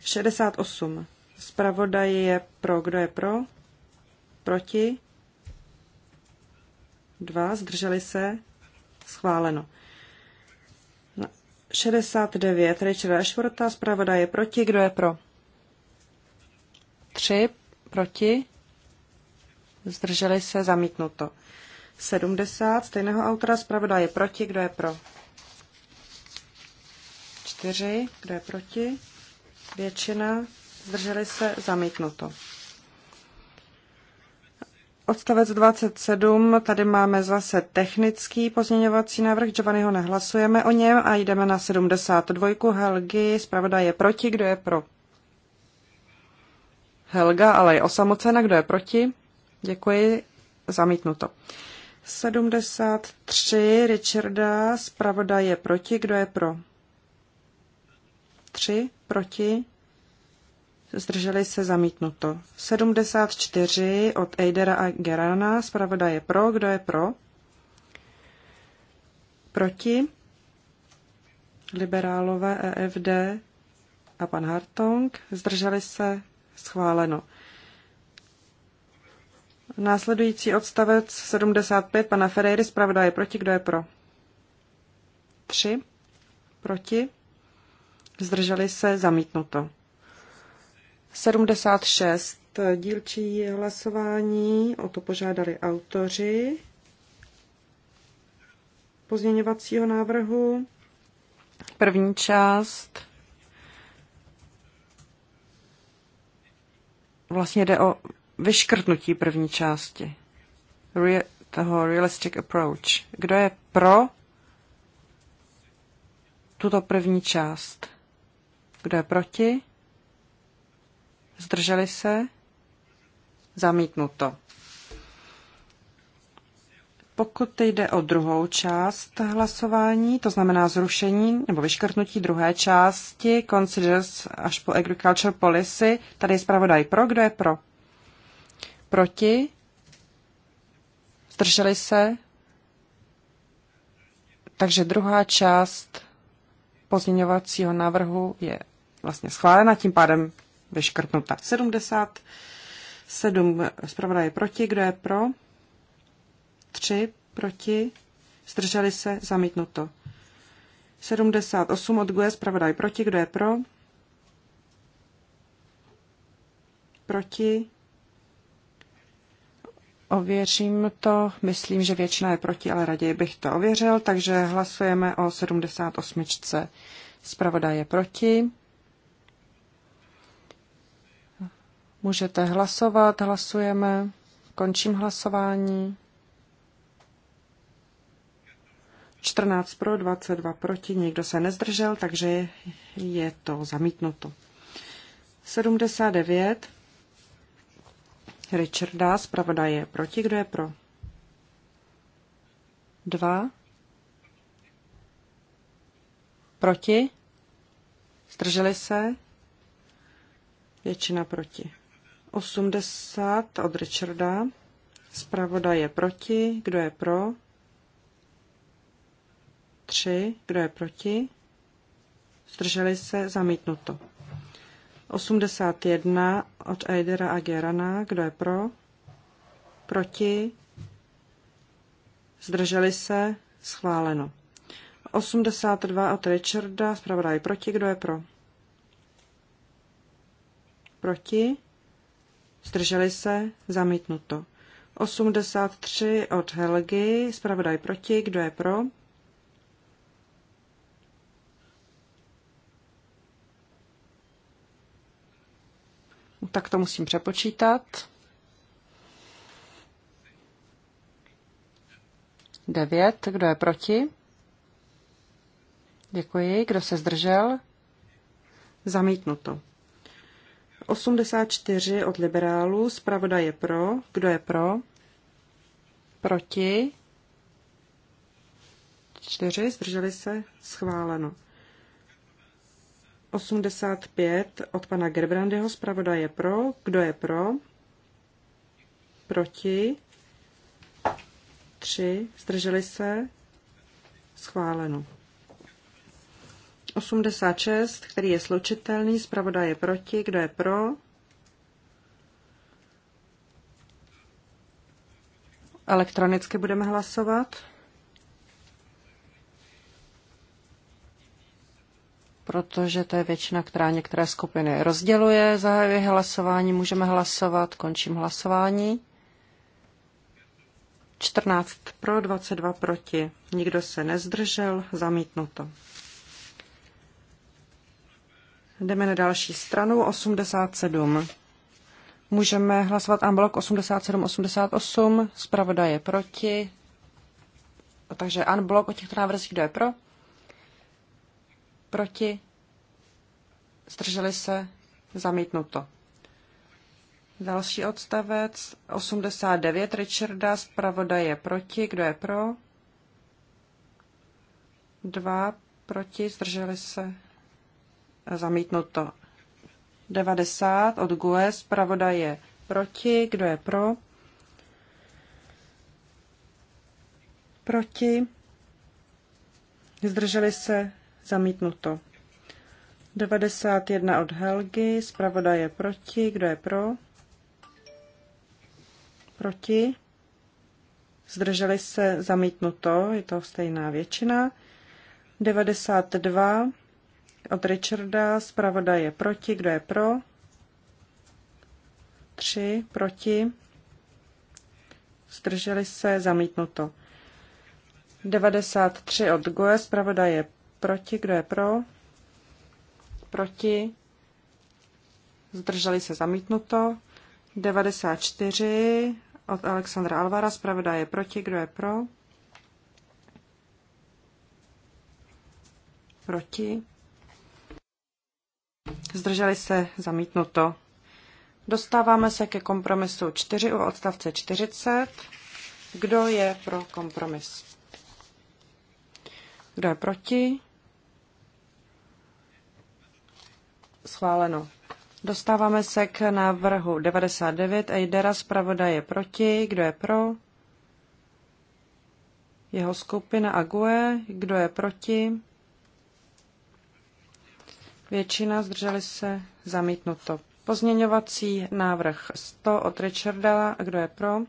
68. Zpravodaj je pro. Kdo je pro? Proti? Dva. Zdrželi se? Schváleno. 69. Richard Ashworta. Zpravodaj je proti. Kdo je pro? Tři. Proti? Zdrželi se? Zamítnuto. 70 stejného autora, zpravodaj je proti, kdo je pro? 4, kdo je proti? Většina, zdrželi se, zamítnuto. Odstavec 27, tady máme zase technický pozměňovací návrh, Giovanniho nehlasujeme o něm a jdeme na 72. Helgi, zpravodaj je proti, kdo je pro? Helga, ale je osamocena, kdo je proti? Děkuji, zamítnuto. 73 Richarda, zpravoda je proti, kdo je pro? 3 proti, zdrželi se zamítnuto. 74 od Eidera a Gerana, zpravoda je pro, kdo je pro? Proti, liberálové EFD a pan Hartong, zdrželi se schváleno. Následující odstavec 75 pana zpravda je proti, kdo je pro? 3. Proti. Zdrželi se, zamítnuto. 76. Dílčí hlasování, o to požádali autoři pozměňovacího návrhu. První část. Vlastně jde o vyškrtnutí první části Real, toho realistic approach. Kdo je pro tuto první část? Kdo je proti? Zdrželi se? Zamítnuto. Pokud jde o druhou část hlasování, to znamená zrušení nebo vyškrtnutí druhé části, considers až po agriculture policy, tady je zpravodaj pro, kdo je pro? Proti? Zdrželi se? Takže druhá část pozměňovacího návrhu je vlastně schválena, tím pádem vyškrtnuta. 77 zpravodaj je proti, kdo je pro? 3 proti, zdrželi se, zamítnuto. 78 od GUE, zpravodaj proti, kdo je pro? Proti, Ověřím to. Myslím, že většina je proti, ale raději bych to ověřil. Takže hlasujeme o 78. Zpravodaj je proti. Můžete hlasovat, hlasujeme. Končím hlasování. 14 pro, 22 proti, nikdo se nezdržel, takže je to zamítnuto. 79 Richarda, zpravodaje proti, kdo je pro? Dva. Proti? Zdrželi se? Většina proti. 80 od Richarda. Zpravodaj je proti. Kdo je pro? 3. Kdo je proti? Zdrželi se? Zamítnuto. 81 od Eidera a Gerana. Kdo je pro? Proti? Zdrželi se? Schváleno. 82 od Richarda. Zpravodaj proti. Kdo je pro? Proti? Zdrželi se? Zamítnuto. 83 od Helgy. Zpravodaj proti. Kdo je pro? tak to musím přepočítat. Devět. Kdo je proti? Děkuji. Kdo se zdržel? Zamítnuto. 84 od liberálů. Zpravodaj je pro. Kdo je pro? Proti. 4. Zdrželi se. Schváleno. 85 od pana Gerbrandyho je pro. Kdo je pro? Proti? 3. Zdrželi se? Schváleno. 86, který je slučitelný, zpravodaj je proti, kdo je pro? Elektronicky budeme hlasovat. protože to je většina, která některé skupiny rozděluje. Zahajuji hlasování, můžeme hlasovat, končím hlasování. 14 pro, 22 proti. Nikdo se nezdržel, zamítnuto. Jdeme na další stranu, 87. Můžeme hlasovat unblock 87, 88, zpravodaj je proti. Takže unblock o těchto návrzích, kdo je pro? Proti? Zdrželi se? Zamítnuto. Další odstavec 89 Richarda, zpravoda je proti, kdo je pro? Dva proti, zdrželi se, zamítnuto. 90 od GUE, zpravoda je proti, kdo je pro? Proti, zdrželi se, Zamítnuto. 91 od Helgy, zpravodaj je proti, kdo je pro? Proti. Zdrželi se zamítnuto, je to stejná většina. 92 od Richarda, zpravodaj je proti, kdo je pro? 3 proti. Zdrželi se zamítnuto. 93 od Goe, zpravodaj je proti, kdo je pro, proti, zdrželi se zamítnuto, 94 od Alexandra Alvara, zpravodaj je proti, kdo je pro, proti, zdrželi se zamítnuto. Dostáváme se ke kompromisu 4 u odstavce 40. Kdo je pro kompromis? Kdo je proti? Schváleno. Dostáváme se k návrhu 99. Ejdera zpravodaje proti. Kdo je pro? Jeho skupina Ague. Kdo je proti? Většina zdrželi se zamítnuto. Pozměňovací návrh 100 od Richarda. Kdo je pro?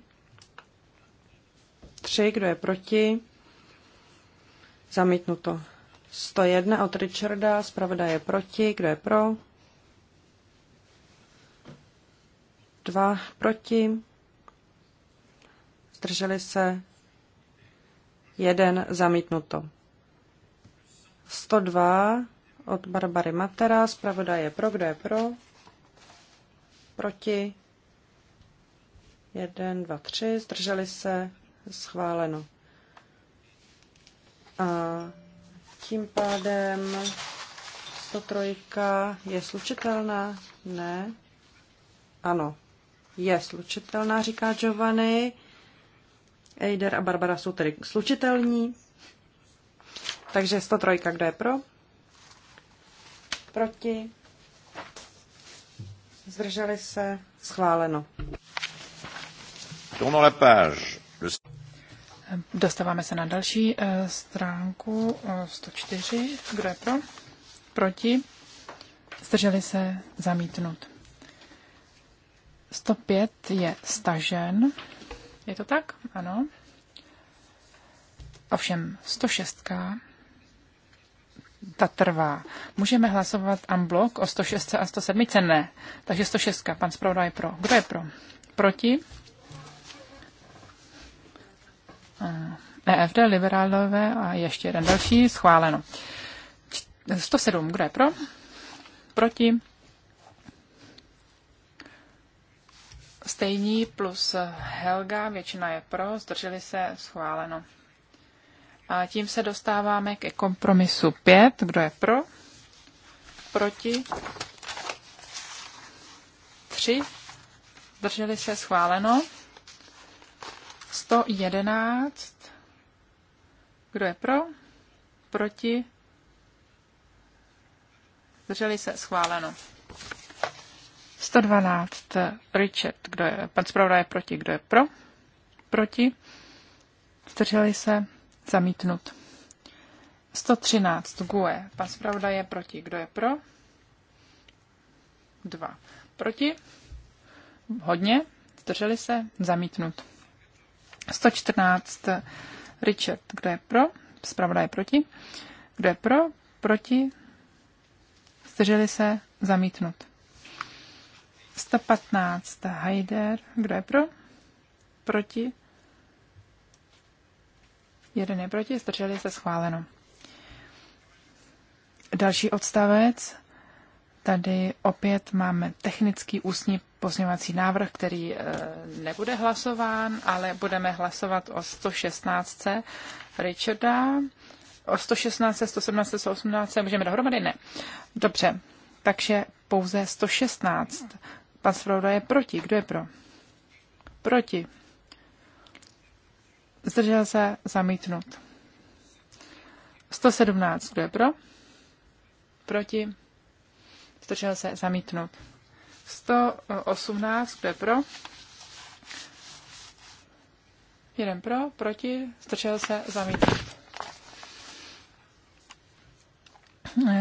3. Kdo je proti? Zamítnuto. 101 od Richarda, zpravodaj je proti, kdo je pro? Dva proti, zdrželi se, jeden zamítnuto. 102 od Barbary Matera, zpravodaj je pro, kdo je pro? Proti, jeden, dva, tři, zdrželi se, schváleno. A tím pádem 103 je slučitelná? Ne. Ano, je slučitelná, říká Giovanni. Eider a Barbara jsou tedy slučitelní. Takže 103, kdo je pro? Proti? Zdrželi se? Schváleno. Tournons la page. Dostáváme se na další eh, stránku 104. Eh, Kdo je pro? Proti? Zdrželi se zamítnut. 105 je stažen. Je to tak? Ano. Ovšem 106 ta trvá. Můžeme hlasovat unblock o 106 a 107? Ne. Takže 106. Pan zpravodaj pro. Kdo je pro? Proti? Eh, EFD, liberálové a ještě jeden další, schváleno. 107, kdo je pro? Proti? Stejní plus Helga, většina je pro, zdrželi se, schváleno. A tím se dostáváme ke kompromisu 5, kdo je pro? Proti? 3, zdrželi se, schváleno. 111. Kdo je pro? Proti? Zdrželi se? Schváleno. 112. Richard. Kdo je? Pan zpravodaj je proti. Kdo je pro? Proti? Zdrželi se? Zamítnut. 113. GUE. Pan zpravodaj je proti. Kdo je pro? 2. Proti? Hodně. Zdrželi se? Zamítnut. 114 Richard, kdo je pro? Zpravda je proti. Kdo je pro? Proti? Zdrželi se? Zamítnut. 115 Heider, kdo je pro? Proti? Jeden je proti, zdrželi se schváleno. Další odstavec. Tady opět máme technický ústní pozměňovací návrh, který eh, nebude hlasován, ale budeme hlasovat o 116. Richarda. O 116, 117, 118 můžeme dohromady? Ne. Dobře, takže pouze 116. Pan Svoboda je proti. Kdo je pro? Proti. Zdržel se zamítnut. 117. Kdo je pro? Proti. Zdržel se zamítnut. 118, kdo je pro? Jeden pro, proti, zdržel se, zamítnout.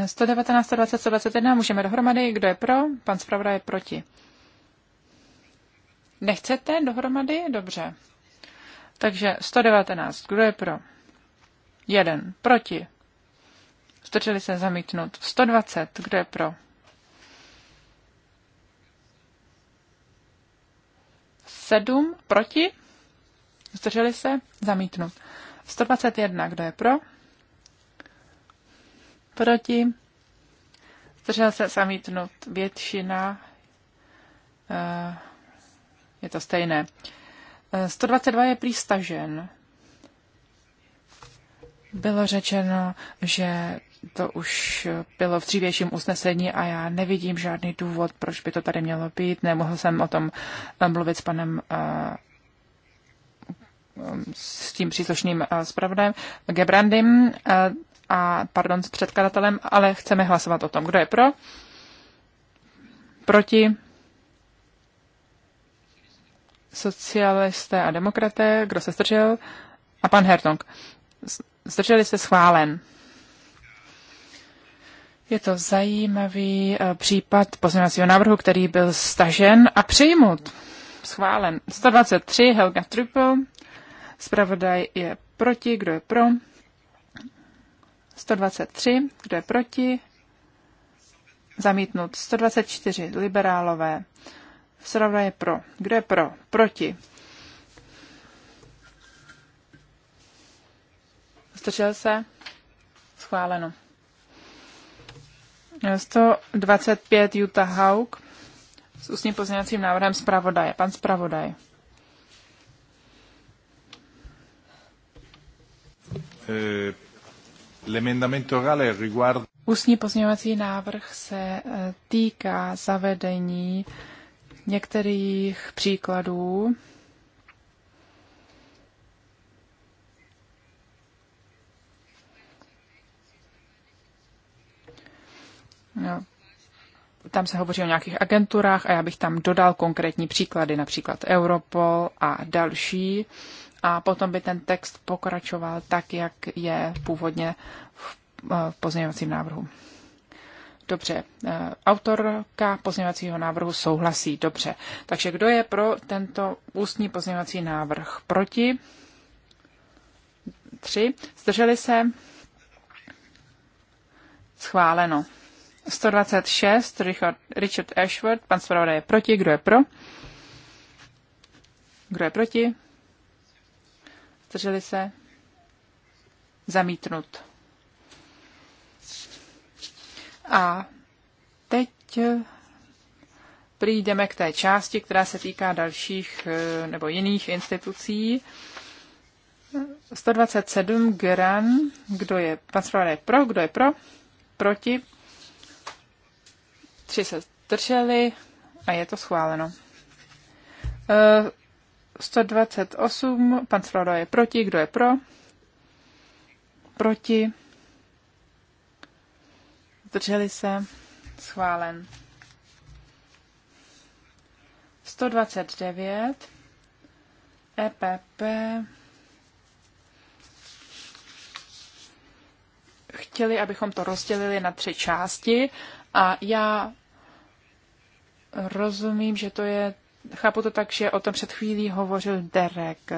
119, 120, 121, můžeme dohromady. Kdo je pro? Pan zpravodaj je proti. Nechcete dohromady? Dobře. Takže 119, kdo je pro? Jeden, proti. Strčili se zamítnout. 120, kdo je pro? 7 proti, zdrželi se, zamítnut. 121, kdo je pro, proti, zdržel se, zamítnut. Většina, eh, je to stejné. 122 eh, je přístažen. Bylo řečeno, že to už bylo v dřívějším usnesení a já nevidím žádný důvod, proč by to tady mělo být. Nemohl jsem o tom eh, mluvit s panem eh, s tím příslušným eh, zpravodajem Gebrandym a pardon, s předkladatelem, ale chceme hlasovat o tom, kdo je pro, proti, socialisté a demokraté, kdo se zdržel a pan Hertong. Zdrželi se schválen. Je to zajímavý eh, případ pozměňovacího návrhu, který byl stažen a přijmut. Schválen. 123 Helga Triple. Spravodaj je proti, kdo je pro? 123, kdo je proti? Zamítnut. 124 liberálové. Spravodaj je pro. Kdo je pro? Proti. Zdržel se? Schváleno. 125 Utah Hawk s ústním pozměňovacím návrhem zpravodaje. Pan zpravodaj. Eh, Ústní pozměňovací návrh se eh, týká zavedení některých příkladů Tam se hovoří o nějakých agenturách a já bych tam dodal konkrétní příklady, například Europol a další. A potom by ten text pokračoval tak, jak je původně v eh, pozměňovacím návrhu. Dobře, eh, autorka pozměňovacího návrhu souhlasí. Dobře, takže kdo je pro tento ústní pozměňovací návrh? Proti? Tři. Zdrželi se? Schváleno. 126, Richard, Richard Ashford, pan Svoboda je proti, kdo je pro? Kdo je proti? Zdrželi se? Zamítnut. A teď přijdeme k té části, která se týká dalších eh, nebo jiných institucí. 127 gran, kdo je, pan zpravodaj je pro, kdo je pro, proti, tři se drželi a je to schváleno. 128, e, pan Sloro je proti, kdo je pro? Proti. Zdrželi se, schválen. 129, EPP, chtěli, abychom to rozdělili na tři části a já rozumím, že to je, chápu to tak, že o tom před chvílí hovořil Derek,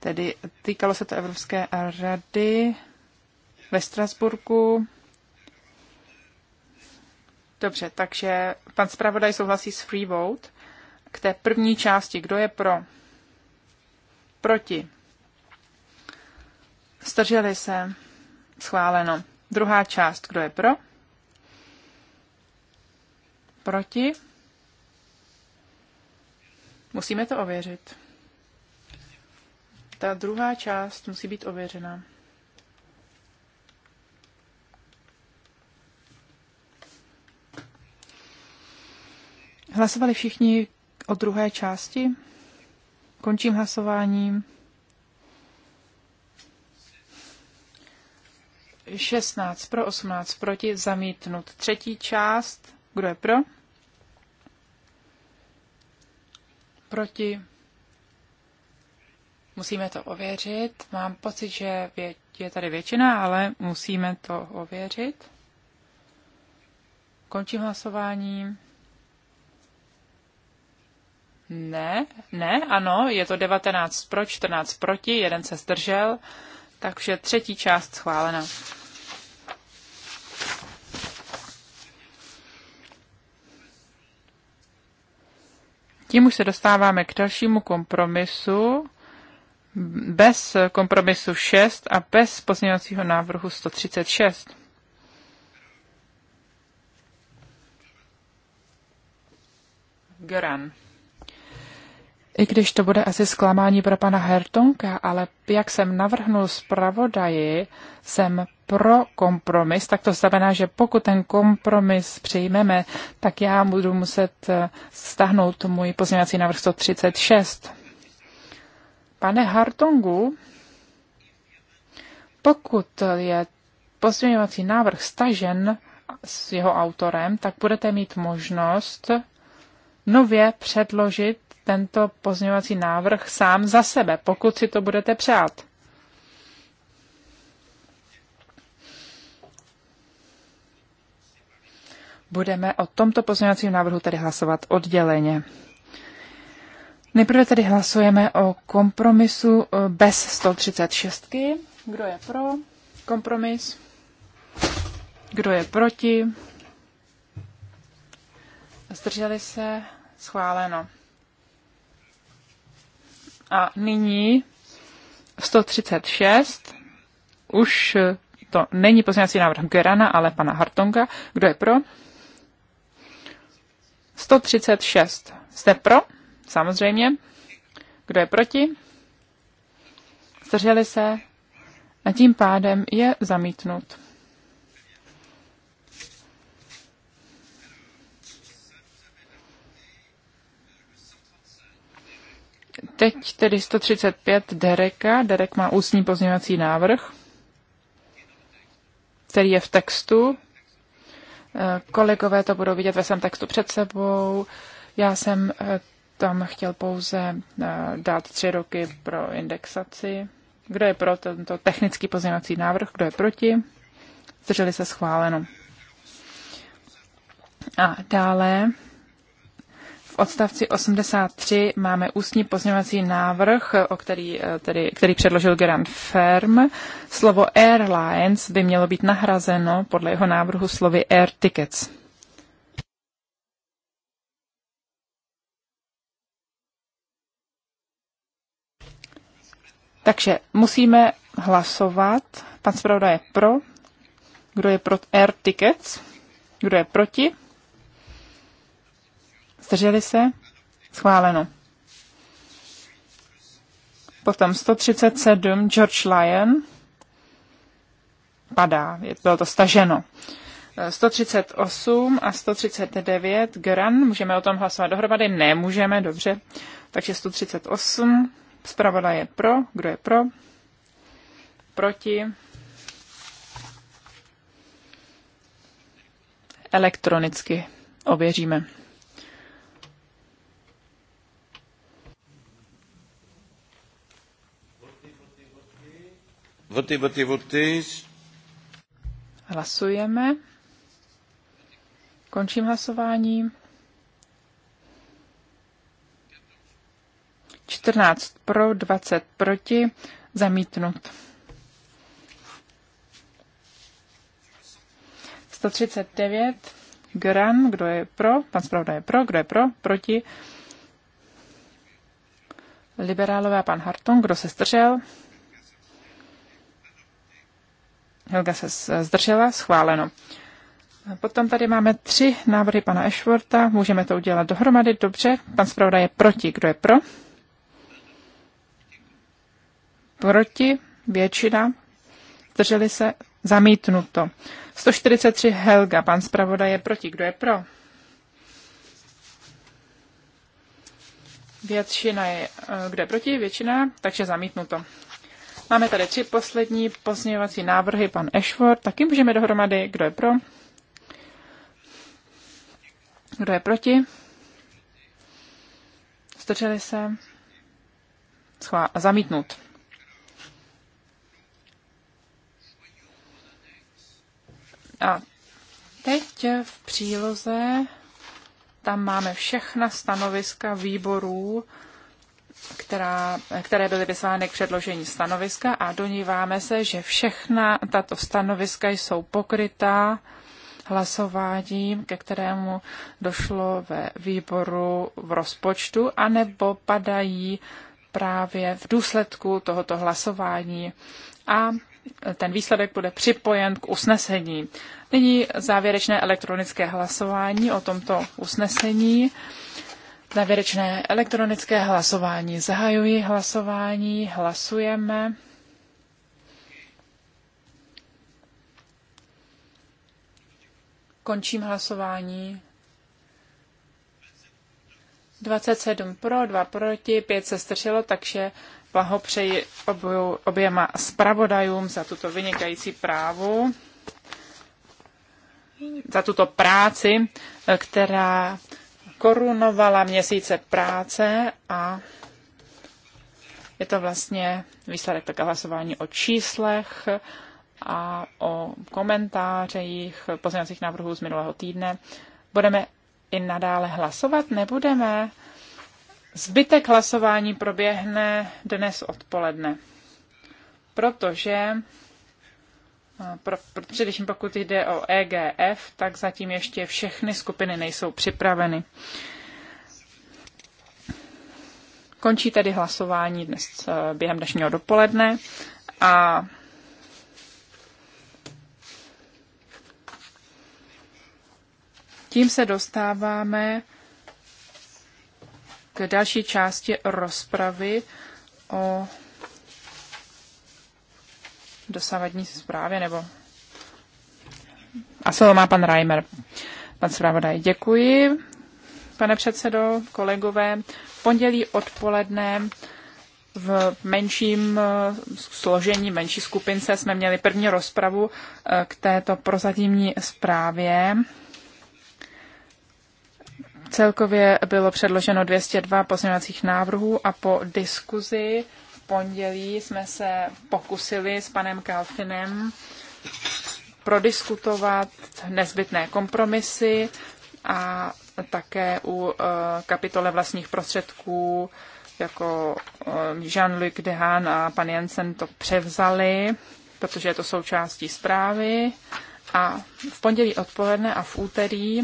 tedy týkalo se to Evropské rady ve Strasburku. Dobře, takže pan zpravodaj souhlasí s free vote k té první části. Kdo je pro? Proti? Strželi se. Schváleno. Druhá část, kdo je pro? Proti? Musíme to ověřit. Ta druhá část musí být ověřena. Hlasovali všichni o druhé části? Končím hlasováním. 16 pro, 18 proti, zamítnut. Třetí část, kdo je pro? Proti. Musíme to ověřit. Mám pocit, že je tady většina, ale musíme to ověřit. Končím hlasování. Ne, ne, ano, je to 19 pro, 14 proti, jeden se zdržel, takže třetí část schválena. Tím už se dostáváme k dalšímu kompromisu, bez kompromisu 6 a bez pozměňovacího návrhu 136. Göran. I když to bude asi zklamání pro pana Hertonka, ale jak jsem navrhnul zpravodaji, jsem pro kompromis, tak to znamená, že pokud ten kompromis přijmeme, tak já budu muset eh, stáhnout můj pozměňovací návrh 136. Pane Hartongu, pokud je pozměňovací návrh stažen s jeho autorem, tak budete mít možnost nově předložit tento pozměňovací návrh sám za sebe, pokud si to budete přát. budeme o tomto pozměňovacím návrhu tedy hlasovat odděleně. Nejprve tedy hlasujeme o kompromisu eh, bez 136. Kdo je pro kompromis? Kdo je proti? Zdrželi se? Schváleno. A nyní 136. Už to není pozměňovací návrh Gerana, ale pana Hartonga. Kdo je pro? 136. Jste pro? Samozřejmě. Kdo je proti? Zdrželi se? A tím pádem je zamítnut. Teď tedy 135 Dereka. Derek má ústní pozměňovací návrh, který je v textu Kolegové to budou vidět ve svém textu před sebou. Já jsem eh, tam chtěl pouze eh, dát tři roky pro indexaci. Kdo je pro tento technický pozměňovací návrh, kdo je proti? Zdrželi se schváleno. A dále v odstavci 83 máme ústní pozměňovací návrh, o který, eh, tedy, který předložil Gerand Firm. Slovo airlines by mělo být nahrazeno podle jeho návrhu slovy air tickets. Takže musíme hlasovat. Pan zpravodaj je pro. Kdo je pro air tickets? Kdo je proti? Zdrželi se? Schváleno. Potom 137 George Lyon padá, bylo to staženo. 138 eh, a 139 Gran, můžeme o tom hlasovat dohromady? Nemůžeme, dobře. Takže 138, zpravodaj je pro, kdo je pro? Proti. Elektronicky ověříme. Voty, voty, voty. Hlasujeme. Končím hlasování. 14 pro, 20 proti, zamítnut. 139, Gran, kdo je pro, pan zpravodaj je pro, kdo je pro, proti. Liberálové a pan Harton, kdo se stržel? Helga se zdržela, schváleno. Potom tady máme tři návrhy pana Ashworta. Můžeme to udělat dohromady, dobře. Pan zpravodaj je proti. Kdo je pro? Proti, většina. Zdrželi se, zamítnuto. 143 Helga, pan zpravodaj je proti. Kdo je pro? Většina je, eh, kde proti, většina, takže zamítnuto. Máme tady tři poslední pozměňovací návrhy, pan Ashford, taky můžeme dohromady, kdo je pro, kdo je proti, zdrželi se, Schvá- zamítnut. A teď v příloze tam máme všechna stanoviska výborů, která, které byly vyslány k předložení stanoviska a doníváme se, že všechna tato stanoviska jsou pokrytá hlasováním, ke kterému došlo ve výboru v rozpočtu, anebo padají právě v důsledku tohoto hlasování a ten výsledek bude připojen k usnesení. Nyní závěrečné elektronické hlasování o tomto usnesení. Závěrečné elektronické hlasování. Zahajuji hlasování, hlasujeme. Končím hlasování. 27 pro, 2 proti, 5 se stršilo, takže blahopřeji obou, oběma zpravodajům za tuto vynikající právu, za tuto práci, která korunovala měsíce práce a je to vlastně výsledek také hlasování o číslech a o komentářích pozměňovacích návrhů z minulého týdne. Budeme i nadále hlasovat? Nebudeme. Zbytek hlasování proběhne dnes odpoledne, protože pro, pro, především pokud jde o EGF, tak zatím ještě všechny skupiny nejsou připraveny. Končí tedy hlasování dnes eh, během dnešního dopoledne a tím se dostáváme k další části rozpravy o dosavadní zprávě, nebo... A slovo má pan Reimer. Pan zpravodaj, děkuji. Pane předsedo, kolegové, pondělí odpoledne v menším eh, složení, menší skupince jsme měli první rozpravu eh, k této prozatímní zprávě. Celkově bylo předloženo 202 pozměňovacích návrhů a po diskuzi pondělí jsme se pokusili s panem Kalfinem prodiskutovat nezbytné kompromisy a také u eh, kapitole vlastních prostředků jako eh, Jean-Luc Dehan a pan Jensen to převzali, protože je to součástí zprávy. A v pondělí odpoledne a v úterý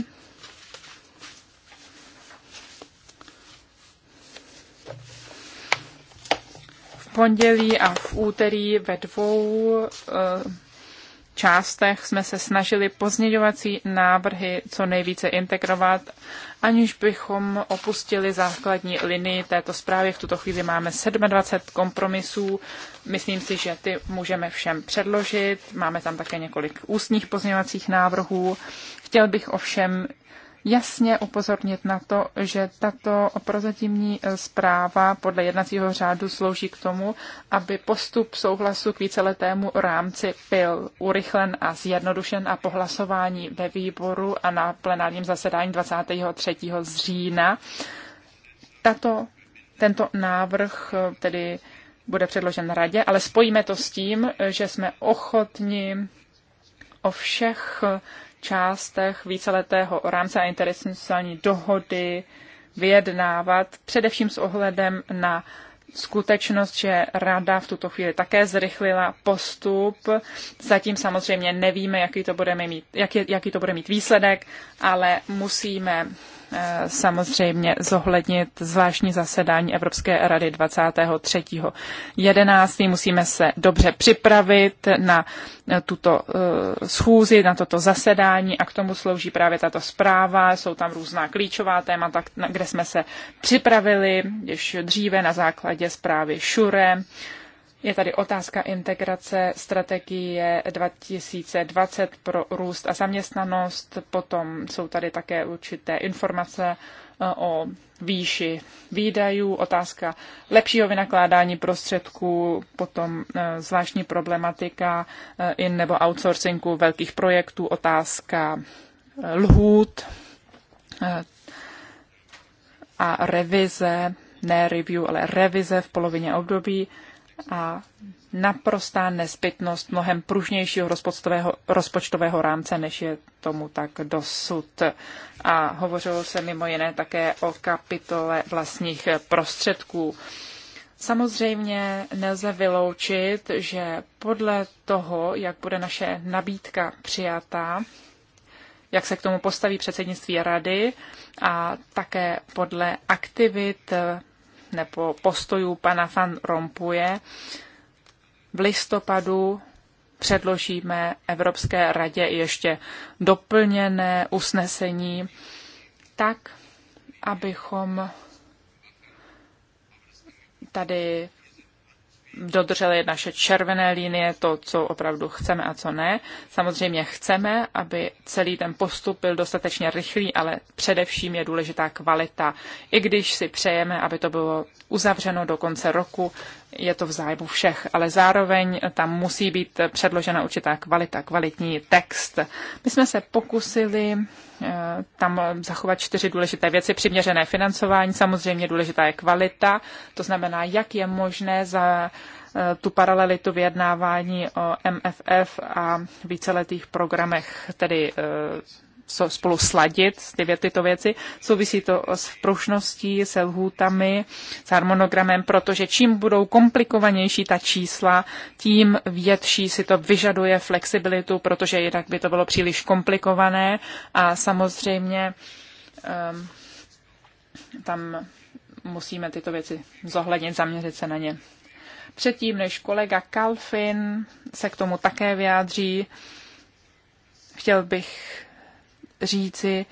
pondělí a v úterý ve dvou eh, částech jsme se snažili pozměňovací návrhy co nejvíce integrovat, aniž bychom opustili základní linii této zprávy. V tuto chvíli máme 27 kompromisů. Myslím si, že ty můžeme všem předložit. Máme tam také několik ústních pozměňovacích návrhů. Chtěl bych ovšem jasně upozornit na to, že tato prozatímní eh, zpráva podle jednacího řádu slouží k tomu, aby postup souhlasu k víceletému rámci byl urychlen a zjednodušen a po hlasování ve výboru a na plenárním zasedání 23. října tato, tento návrh eh, tedy bude předložen radě, ale spojíme to s tím, eh, že jsme ochotni o všech částech víceletého rámce a interinstitucionální dohody vyjednávat, především s ohledem na skutečnost, že rada v tuto chvíli také zrychlila postup. Zatím samozřejmě nevíme, jaký to bude mít, jaký, jaký to bude mít výsledek, ale musíme Eh, samozřejmě zohlednit zvláštní zasedání Evropské rady 23.11. Musíme se dobře připravit na eh, tuto eh, schůzi, na toto zasedání a k tomu slouží právě tato zpráva. Jsou tam různá klíčová témata, kde jsme se připravili již dříve na základě zprávy Šure. Sure je tady otázka integrace strategie 2020 pro růst a zaměstnanost, potom jsou tady také určité informace eh, o výši výdajů, otázka lepšího vynakládání prostředků, potom eh, zvláštní problematika eh, in nebo outsourcingu velkých projektů, otázka lhůt a revize, ne review, ale revize v polovině období a naprostá nezbytnost mnohem pružnějšího rozpočtového, rozpočtového rámce, než je tomu tak dosud. A hovořilo se mimo jiné také o kapitole vlastních prostředků. Samozřejmě nelze vyloučit, že podle toho, jak bude naše nabídka přijatá, jak se k tomu postaví předsednictví rady a také podle aktivit nebo postojů pana Van Rompuje v listopadu předložíme Evropské radě ještě doplněné usnesení tak, abychom tady dodrželi naše červené linie, to, co opravdu chceme a co ne. Samozřejmě chceme, aby celý ten postup byl dostatečně rychlý, ale především je důležitá kvalita. I když si přejeme, aby to bylo uzavřeno do konce roku, je to v zájmu všech, ale zároveň tam musí být předložena určitá kvalita, kvalitní text. My jsme se pokusili eh, tam zachovat čtyři důležité věci. Přiměřené financování, samozřejmě důležitá je kvalita, to znamená, jak je možné za eh, tu paralelitu vyjednávání o MFF a víceletých programech, tedy eh, spolu sladit ty, vě, tyto věci. Souvisí to s proušností, se lhůtami, s harmonogramem, protože čím budou komplikovanější ta čísla, tím větší si to vyžaduje flexibilitu, protože jinak by to bylo příliš komplikované a samozřejmě um, tam musíme tyto věci zohlednit, zaměřit se na ně. Předtím, než kolega Kalfin se k tomu také vyjádří, chtěl bych říci,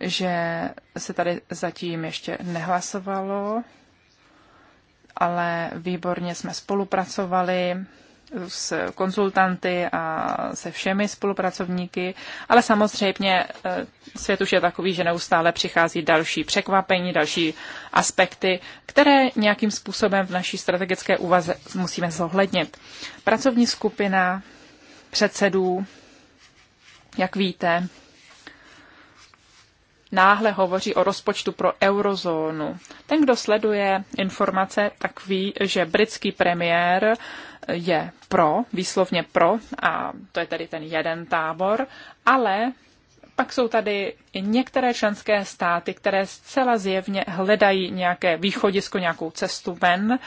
že se tady zatím ještě nehlasovalo, ale výborně jsme spolupracovali s konzultanty a se všemi spolupracovníky, ale samozřejmě eh, svět už je takový, že neustále přichází další překvapení, další aspekty, které nějakým způsobem v naší strategické úvaze musíme zohlednit. Pracovní skupina předsedů, jak víte, náhle hovoří o rozpočtu pro eurozónu. Ten, kdo sleduje informace, tak ví, že britský premiér je pro, výslovně pro, a to je tedy ten jeden tábor, ale pak jsou tady i některé členské státy, které zcela zjevně hledají nějaké východisko, nějakou cestu ven.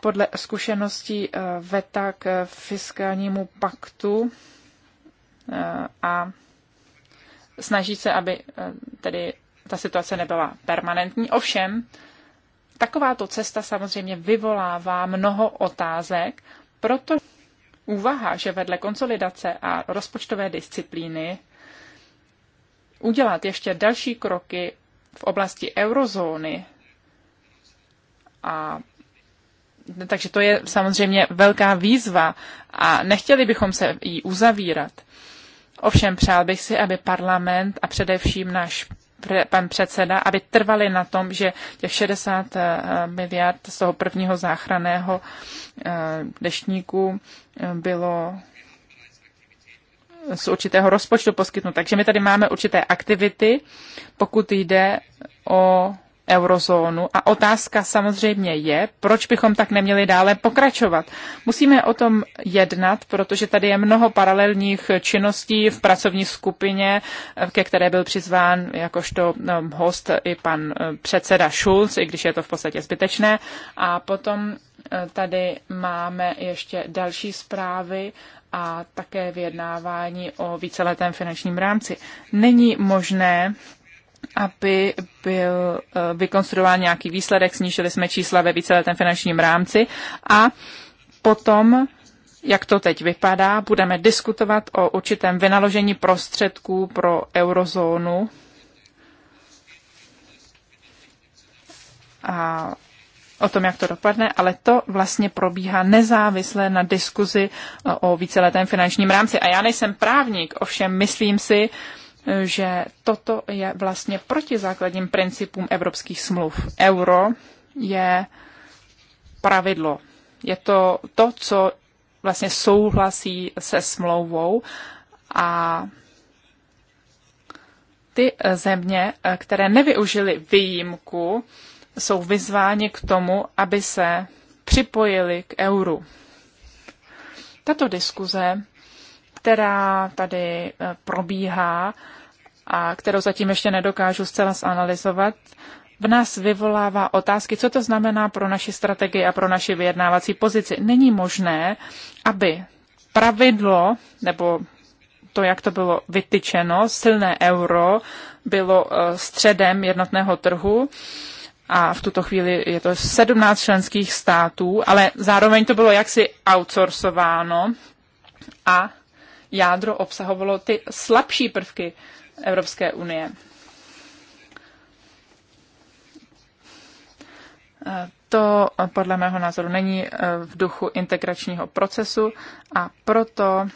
Podle zkušeností eh, VETA k fiskálnímu paktu eh, a snaží se, aby eh, tedy ta situace nebyla permanentní. Ovšem, takováto cesta samozřejmě vyvolává mnoho otázek, proto úvaha, že vedle konsolidace a rozpočtové disciplíny udělat ještě další kroky v oblasti eurozóny. A, takže to je samozřejmě velká výzva a nechtěli bychom se jí uzavírat. Ovšem přál bych si, aby parlament a především náš pan předseda, aby trvali na tom, že těch 60 eh, miliard z toho prvního záchraného eh, deštníku eh, bylo z určitého rozpočtu poskytnuto. Takže my tady máme určité aktivity, pokud jde o eurozónu. A otázka samozřejmě je, proč bychom tak neměli dále pokračovat. Musíme o tom jednat, protože tady je mnoho paralelních činností v pracovní skupině, ke které byl přizván jakožto um, host i pan uh, předseda Schulz, i když je to v podstatě zbytečné. A potom uh, tady máme ještě další zprávy a také vyjednávání o víceletém finančním rámci. Není možné aby byl eh, vykonstruován nějaký výsledek, snížili jsme čísla ve víceletém finančním rámci a potom jak to teď vypadá. Budeme diskutovat o určitém vynaložení prostředků pro eurozónu. A o tom, jak to dopadne, ale to vlastně probíhá nezávisle na diskuzi eh, o víceletém finančním rámci. A já nejsem právník, ovšem myslím si, že toto je vlastně proti základním principům evropských smluv. Euro je pravidlo. Je to to, co vlastně souhlasí se smlouvou a ty země, které nevyužily výjimku, jsou vyzváni k tomu, aby se připojili k euru. Tato diskuze, která tady eh, probíhá, a kterou zatím ještě nedokážu zcela zanalizovat, v nás vyvolává otázky, co to znamená pro naši strategii a pro naši vyjednávací pozici. Není možné, aby pravidlo nebo to, jak to bylo vytyčeno, silné euro bylo eh, středem jednotného trhu a v tuto chvíli je to 17 členských států, ale zároveň to bylo jaksi outsourcováno a jádro obsahovalo ty slabší prvky Evropské unie. To podle mého názoru není eh, v duchu integračního procesu a proto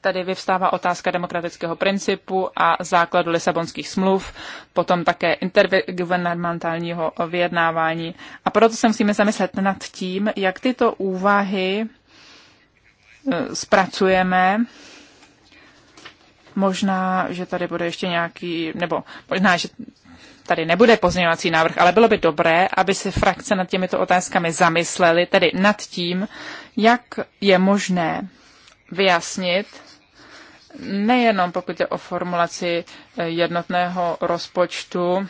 tady vyvstává otázka demokratického principu a základu Lisabonských smluv, potom také intergovernmentálního vyjednávání. A proto se musíme zamyslet nad tím, jak tyto úvahy zpracujeme. Možná, že tady bude ještě nějaký, nebo možná, že tady nebude pozměňovací návrh, ale bylo by dobré, aby se frakce nad těmito otázkami zamyslely, tedy nad tím, jak je možné vyjasnit, nejenom pokud je o formulaci jednotného rozpočtu,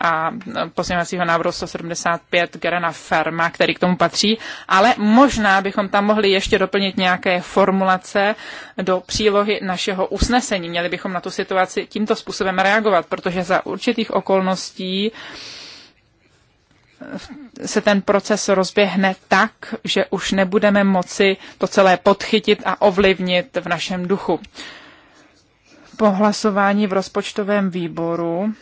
a pozměňovacího návrhu 175 Gerana Ferma, který k tomu patří, ale možná bychom tam mohli ještě doplnit nějaké formulace do přílohy našeho usnesení. Měli bychom na tu situaci tímto způsobem reagovat, protože za určitých okolností se ten proces rozběhne tak, že už nebudeme moci to celé podchytit a ovlivnit v našem duchu. Po hlasování v rozpočtovém výboru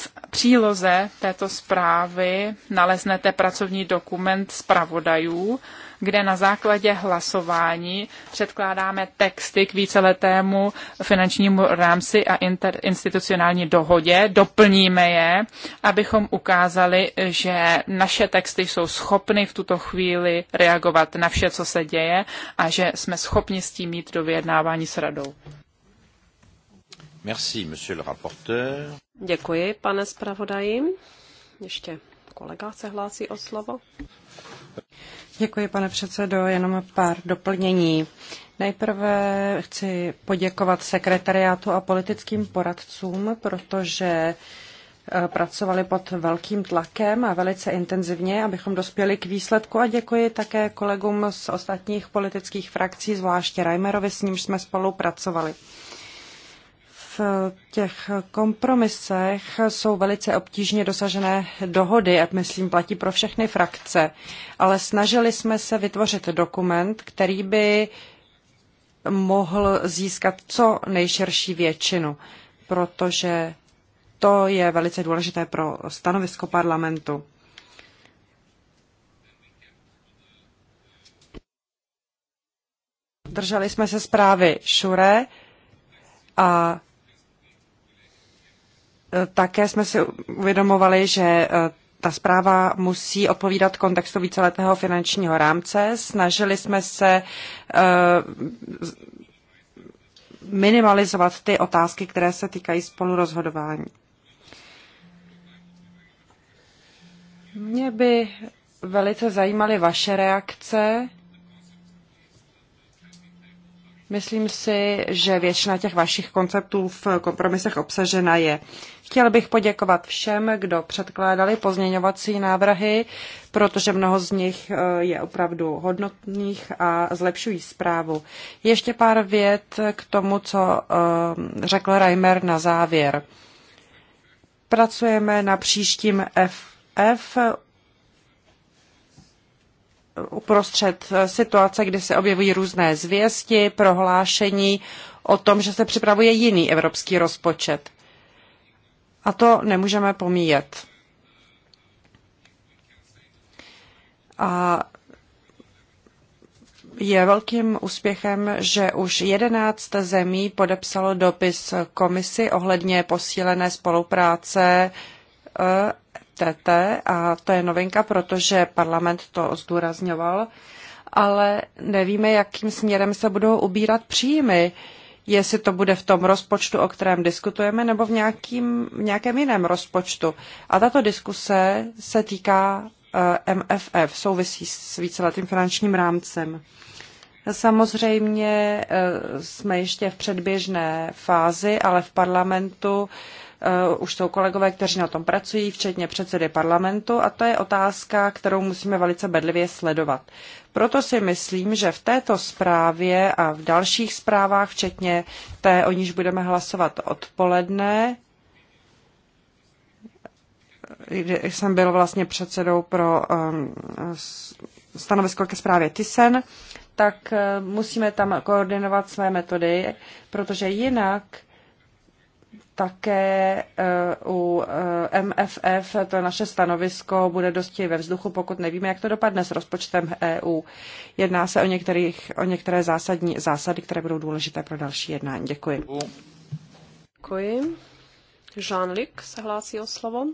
v příloze této zprávy naleznete pracovní dokument zpravodajů, kde na základě hlasování předkládáme texty k víceletému finančnímu rámci a institucionální dohodě, doplníme je, abychom ukázali, že naše texty jsou schopny v tuto chvíli reagovat na vše, co se děje a že jsme schopni s tím mít do vyjednávání s radou. Merci, monsieur le rapporteur. Děkuji, pane zpravodaji. Ještě kolega se hlásí o slovo. Děkuji, pane předsedo. Jenom pár doplnění. Nejprve chci poděkovat sekretariátu a politickým poradcům, protože eh, pracovali pod velkým tlakem a velice intenzivně, abychom dospěli k výsledku a děkuji také kolegům z ostatních politických frakcí, zvláště Reimerovi, s nímž jsme spolu pracovali těch kompromisech jsou velice obtížně dosažené dohody, a myslím, platí pro všechny frakce, ale snažili jsme se vytvořit dokument, který by mohl získat co nejširší většinu, protože to je velice důležité pro stanovisko parlamentu. Drželi jsme se zprávy Šure a také jsme si uvědomovali, že e, ta zpráva musí odpovídat kontextu víceletého finančního rámce. Snažili jsme se e, minimalizovat ty otázky, které se týkají spolurozhodování. Mě by velice zajímaly vaše reakce Myslím si, že většina těch vašich konceptů v kompromisech obsažena je. Chtěl bych poděkovat všem, kdo předkládali pozměňovací návrhy, protože mnoho z nich eh, je opravdu hodnotných a zlepšují zprávu. Ještě pár vět k tomu, co eh, řekl Reimer na závěr. Pracujeme na příštím FF uprostřed situace, kdy se objevují různé zvěsti, prohlášení o tom, že se připravuje jiný evropský rozpočet. A to nemůžeme pomíjet. A je velkým úspěchem, že už 11 zemí podepsalo dopis komisi ohledně posílené spolupráce eh, TT a to je novinka, protože parlament to zdůrazňoval, ale nevíme, jakým směrem se budou ubírat příjmy, jestli to bude v tom rozpočtu, o kterém diskutujeme, nebo v, nějakým, v nějakém jiném rozpočtu. A tato diskuse se týká eh, MFF, souvisí s víceletým finančním rámcem. Samozřejmě eh, jsme ještě v předběžné fázi, ale v parlamentu Eh, už jsou kolegové, kteří na tom pracují, včetně předsedy parlamentu, a to je otázka, kterou musíme velice bedlivě sledovat. Proto si myslím, že v této zprávě a v dalších zprávách, včetně té, o níž budeme hlasovat odpoledne, kde jsem byl vlastně předsedou pro ehm, stanovisko ke zprávě Tysen, tak eh, musíme tam koordinovat své metody, protože jinak také eh, u eh, MFF to naše stanovisko bude dosti ve vzduchu, pokud nevíme, jak to dopadne s rozpočtem EU. Jedná se o, některých, o některé zásadní zásady, které budou důležité pro další jednání. Děkuji. Děkuji. Jean-Luc se hlásí o slovo.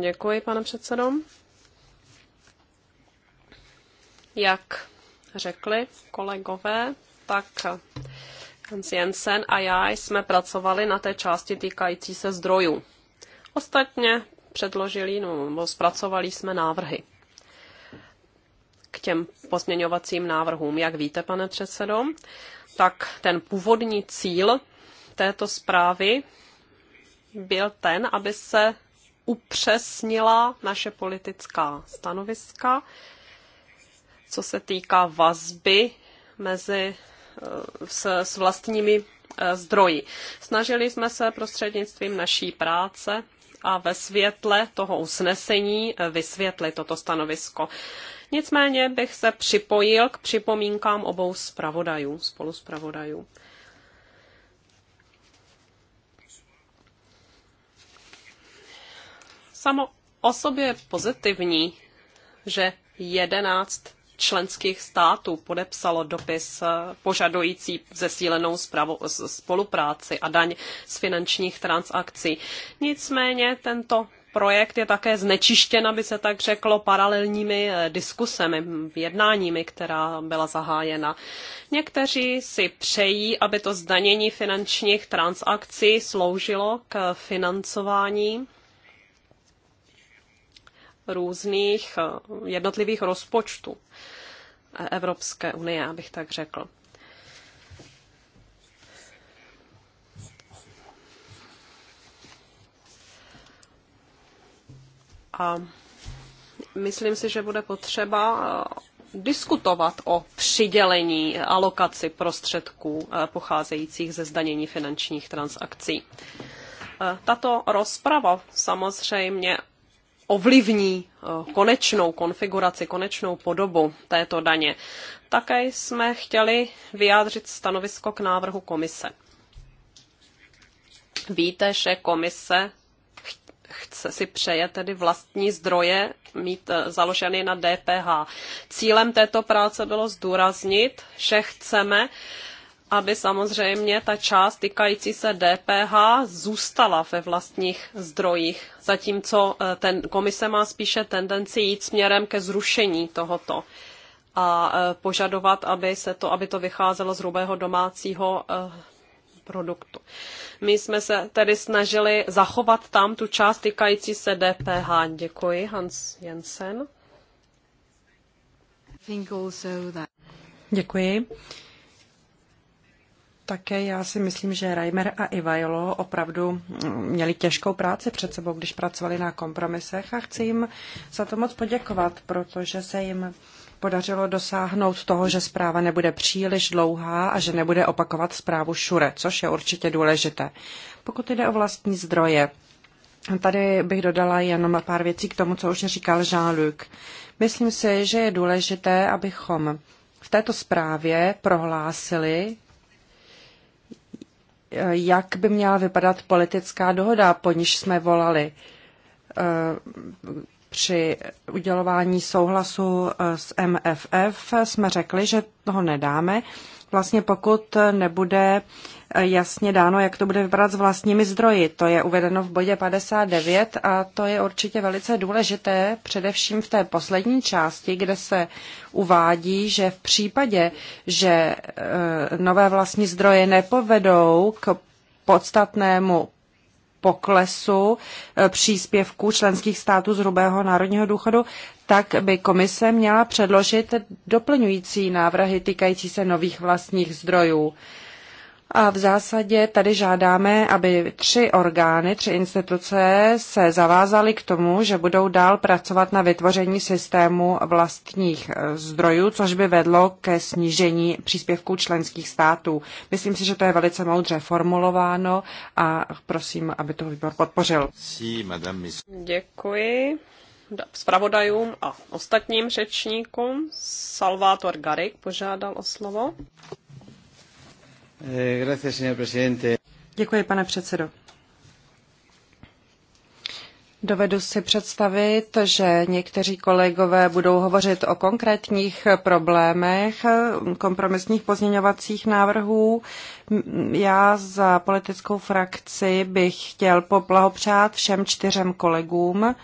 Děkuji, pane předsedom. Jak řekli kolegové, tak Hans Jensen a já jsme pracovali na té části týkající se zdrojů. Ostatně předložili, no, zpracovali jsme návrhy k těm pozměňovacím návrhům. Jak víte, pane předsedo, tak ten původní cíl této zprávy byl ten, aby se upřesnila naše politická stanoviska, co se týká vazby mezi s, s vlastními e, zdroji. Snažili jsme se prostřednictvím naší práce a ve světle toho usnesení e, vysvětlit toto stanovisko. Nicméně bych se připojil k připomínkám obou zpravodajů, zpravodajů. Samo o sobě je pozitivní, že jedenáct členských států podepsalo dopis eh, požadující zesílenou spolupráci a daň z finančních transakcí. Nicméně tento projekt je také znečištěn, aby se tak řeklo, paralelními eh, diskusemi, jednáními, která byla zahájena. Někteří si přejí, aby to zdanění finančních transakcí sloužilo k financování různých eh, jednotlivých rozpočtů Evropské unie, abych tak řekl. A myslím si, že bude potřeba eh, diskutovat o přidělení alokaci prostředků eh, pocházejících ze zdanění finančních transakcí. Tato rozprava samozřejmě ovlivní eh, konečnou konfiguraci, konečnou podobu této daně. Také jsme chtěli vyjádřit stanovisko k návrhu komise. Víte, že komise chce, si přeje tedy vlastní zdroje mít eh, založeny na DPH. Cílem této práce bylo zdůraznit, že chceme uh, aby samozřejmě ta část týkající se DPH zůstala ve vlastních zdrojích, zatímco eh, ten komise má spíše tendenci jít směrem ke zrušení tohoto a eh, požadovat, aby, se to, aby to vycházelo z hrubého domácího eh, produktu. My jsme se tedy snažili zachovat tam tu část týkající se DPH. Děkuji, Hans Jensen. Děkuji. Také já si myslím, že Reimer a Ivajlo opravdu měli těžkou práci před sebou, když pracovali na kompromisech a chci jim za to moc poděkovat, protože se jim podařilo dosáhnout toho, že zpráva nebude příliš dlouhá a že nebude opakovat zprávu šure, což je určitě důležité. Pokud jde o vlastní zdroje, tady bych dodala jenom pár věcí k tomu, co už říkal Jean-Luc. Myslím si, že je důležité, abychom v této zprávě prohlásili, jak by měla vypadat politická dohoda, po níž jsme volali eh, při udělování souhlasu eh, s MFF jsme řekli, že toho nedáme, vlastně pokud nebude jasně dáno, jak to bude vypadat s vlastními zdroji. To je uvedeno v bodě 59 a to je určitě velice důležité, především v té poslední části, kde se uvádí, že v případě, že eh, nové vlastní zdroje nepovedou k podstatnému poklesu e, příspěvků členských států z hrubého národního důchodu, tak by komise měla předložit doplňující návrhy týkající se nových vlastních zdrojů. A v zásadě tady žádáme, aby tři orgány, tři instituce se zavázaly k tomu, že budou dál pracovat na vytvoření systému vlastních eh, zdrojů, což by vedlo ke snížení příspěvků členských států. Myslím si, že to je velice moudře formulováno a prosím, aby to výbor podpořil. Děkuji zpravodajům a ostatním řečníkům. Salvátor Garik požádal o slovo. Eh, Děkuji, pane předsedo. Dovedu si představit, že někteří kolegové budou hovořit o konkrétních problémech kompromisních pozměňovacích návrhů. Já za politickou frakci bych chtěl poblahopřát všem čtyřem kolegům,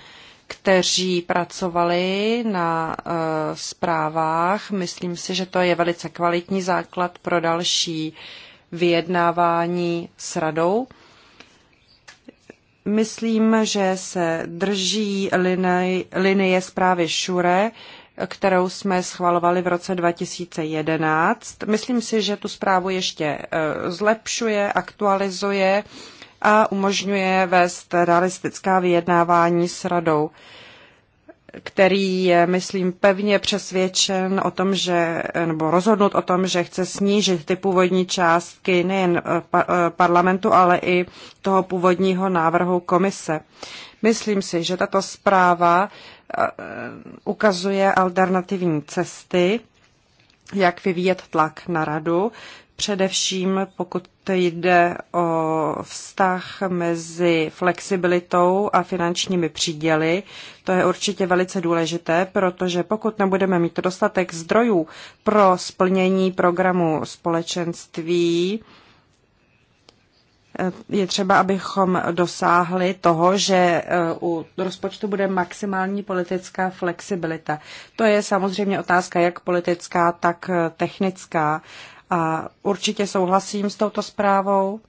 kteří pracovali na uh, zprávách. Myslím si, že to je velice kvalitní základ pro další vyjednávání s radou. Myslím, že se drží linie, linie zprávy Šure, kterou jsme schvalovali v roce 2011. Myslím si, že tu zprávu ještě eh, zlepšuje, aktualizuje. Uh, a umožňuje vést realistická vyjednávání s radou který je, myslím, pevně přesvědčen o tom, že, nebo rozhodnut o tom, že chce snížit ty původní částky nejen eh, eh, parlamentu, ale i toho původního návrhu komise. Myslím si, že tato zpráva eh, ukazuje alternativní cesty, jak vyvíjet tlak na radu. Především pokud jde o vztah mezi flexibilitou a finančními příděly, to je určitě velice důležité, protože pokud nebudeme mít dostatek zdrojů pro splnění programu společenství, eh, je třeba, abychom dosáhli toho, že eh, u rozpočtu bude maximální politická flexibilita. To je samozřejmě otázka jak politická, tak eh, technická a určitě souhlasím s touto zprávou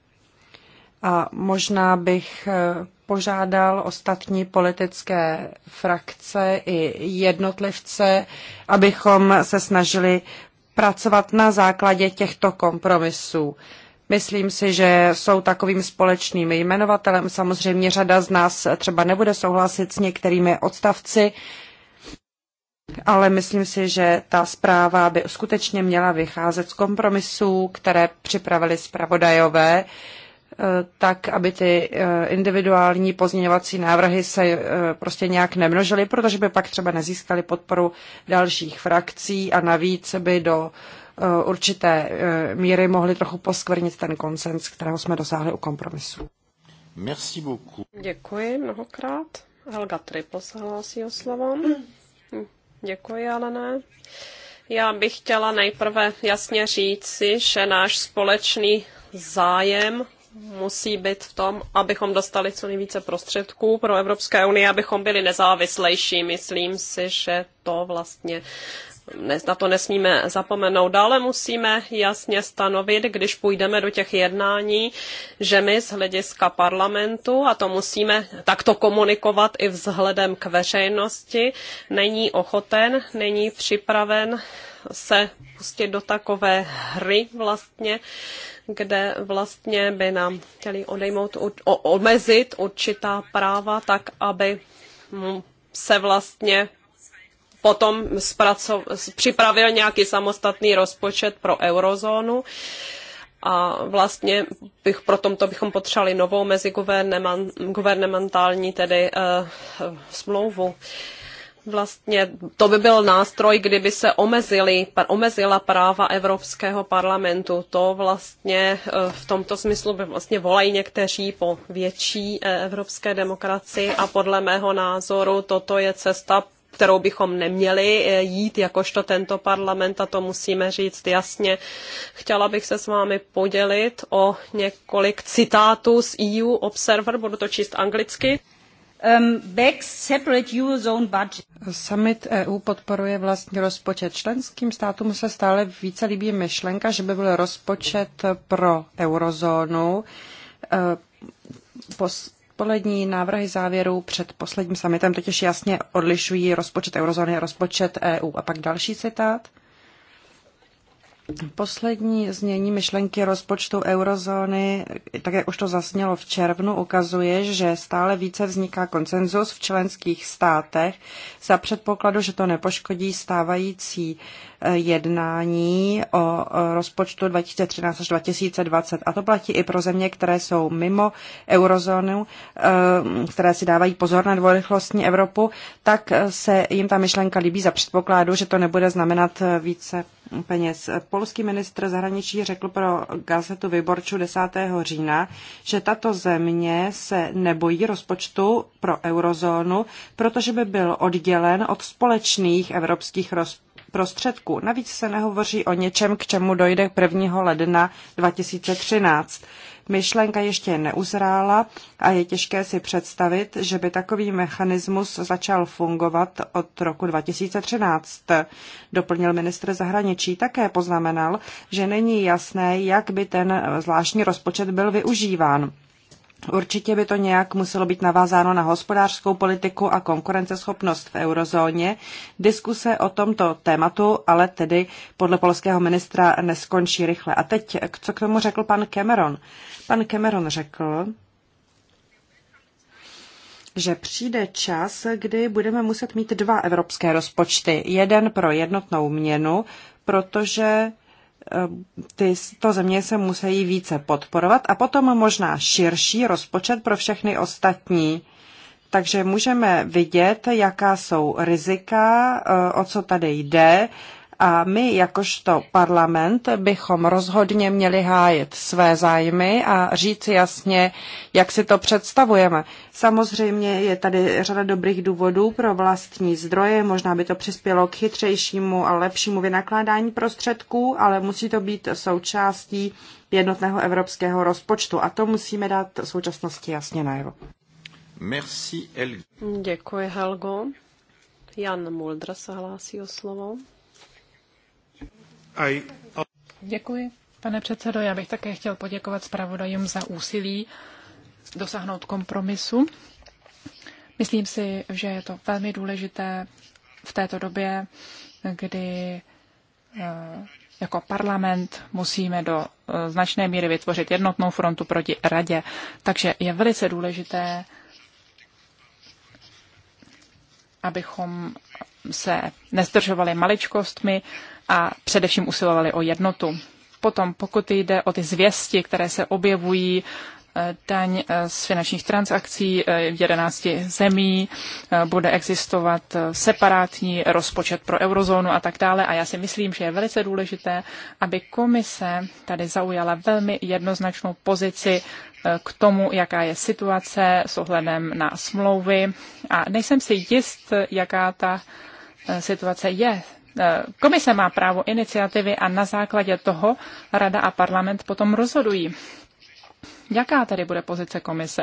a možná bych eh, požádal ostatní politické frakce i jednotlivce, abychom se snažili pracovat na základě těchto kompromisů. Myslím si, že jsou takovým společným jmenovatelem. Samozřejmě řada z nás třeba nebude souhlasit s některými odstavci, ale myslím si, že ta zpráva by skutečně měla vycházet z kompromisů, které připravili zpravodajové, eh, tak, aby ty eh, individuální pozměňovací návrhy se eh, prostě nějak nemnožily, protože by pak třeba nezískali podporu dalších frakcí a navíc by do určité míry mohli trochu poskvrnit ten konsens, kterého jsme dosáhli u kompromisu. Merci beaucoup. Děkuji mnohokrát. Helga Triple se hlásí o slovo. Děkuji, Alena. Já bych chtěla nejprve jasně říci, že náš společný zájem musí být v tom, abychom dostali co nejvíce prostředků pro Evropské unii, abychom byli nezávislejší. Myslím si, že to vlastně na to nesmíme zapomenout. Dále musíme jasně stanovit, když půjdeme do těch jednání, že my z hlediska parlamentu, a to musíme takto komunikovat i vzhledem k veřejnosti, není ochoten, není připraven se pustit do takové hry vlastně, kde vlastně by nám chtěli odejmout, omezit určitá práva, tak aby se vlastně potom připravil nějaký samostatný rozpočet pro eurozónu a vlastně bych, pro tomto bychom potřebovali novou mezigovernementální tedy uh, smlouvu. Vlastně to by byl nástroj, kdyby se omezili, omezila práva Evropského parlamentu. To vlastně eh, v tomto smyslu by vlastně volají někteří po větší evropské demokracii a podle mého názoru toto je cesta kterou bychom neměli eh, jít, jakožto tento parlament, a to musíme říct jasně. Chtěla bych se s vámi podělit o několik citátů z EU Observer, budu to číst anglicky. Um, backs separate eurozone budget. Summit EU podporuje vlastní rozpočet. Členským státům se stále více líbí myšlenka, že by byl rozpočet pro eurozónu. Uh, pos Polední návrhy závěrů před posledním summitem totiž jasně odlišují rozpočet eurozóny a rozpočet EU. A pak další citát. Poslední znění myšlenky rozpočtu eurozóny, tak jak už to zasnělo v červnu, ukazuje, že stále více vzniká konsenzus v členských státech za předpokladu, že to nepoškodí stávající eh, jednání o eh, rozpočtu 2013 až 2020. A to platí i pro země, které jsou mimo eurozónu, eh, které si dávají pozor na dvorychlostní Evropu, tak se jim ta myšlenka líbí za předpokladu, že to nebude znamenat více peněz. Polský ministr zahraničí řekl pro gazetu Vyborču 10. října, že tato země se nebojí rozpočtu pro eurozónu, protože by byl oddělen od společných evropských rozpočtů prostředků. Navíc se nehovoří o něčem, k čemu dojde 1. ledna 2013 myšlenka ještě neuzrála a je těžké si představit, že by takový mechanismus začal fungovat od roku 2013. Doplnil ministr zahraničí také poznamenal, že není jasné, jak by ten zvláštní rozpočet byl využíván. Určitě by to nějak muselo být navázáno na hospodářskou politiku a konkurenceschopnost v eurozóně. Diskuse o tomto tématu ale tedy podle polského ministra neskončí rychle. A teď, co k tomu řekl pan Cameron? Pan Cameron řekl, že přijde čas, kdy budeme muset mít dva evropské rozpočty. Jeden pro jednotnou měnu, protože Eh, ty, to země se musí více podporovat a potom možná širší rozpočet pro všechny ostatní. Takže můžeme vidět, jaká jsou rizika, eh, o co tady jde, a my, jakožto parlament, bychom rozhodně měli hájit své zájmy a říct jasně, jak si to představujeme. Samozřejmě je tady řada dobrých důvodů pro vlastní zdroje, možná by to přispělo k chytřejšímu a lepšímu vynakládání prostředků, ale musí to být součástí jednotného evropského rozpočtu a to musíme dát v současnosti jasně najevo. Merci, Helgo. Děkuji, Helgo. Jan Muldra se hlásí o slovo. Děkuji, pane předsedo. Já bych také chtěl poděkovat zpravodajům za úsilí dosáhnout kompromisu. Myslím si, že je to velmi důležité v této době, kdy eh, jako parlament musíme do eh, značné míry vytvořit jednotnou frontu proti radě. Takže je velice důležité, abychom se nezdržovali maličkostmi a především usilovali o jednotu. Potom, pokud jde o ty zvěsti, které se objevují, eh, daň eh, z finančních transakcí eh, v 11 zemí, bude existovat separátní rozpočet pro eurozónu a tak dále. A já si myslím, že je velice důležité, aby komise tady zaujala velmi jednoznačnou pozici k tomu, jaká je situace s ohledem na smlouvy. A nejsem si jist, jaká ta situace je. Eh, komise má právo iniciativy a na základě toho rada a parlament potom rozhodují. Jaká tedy bude pozice komise?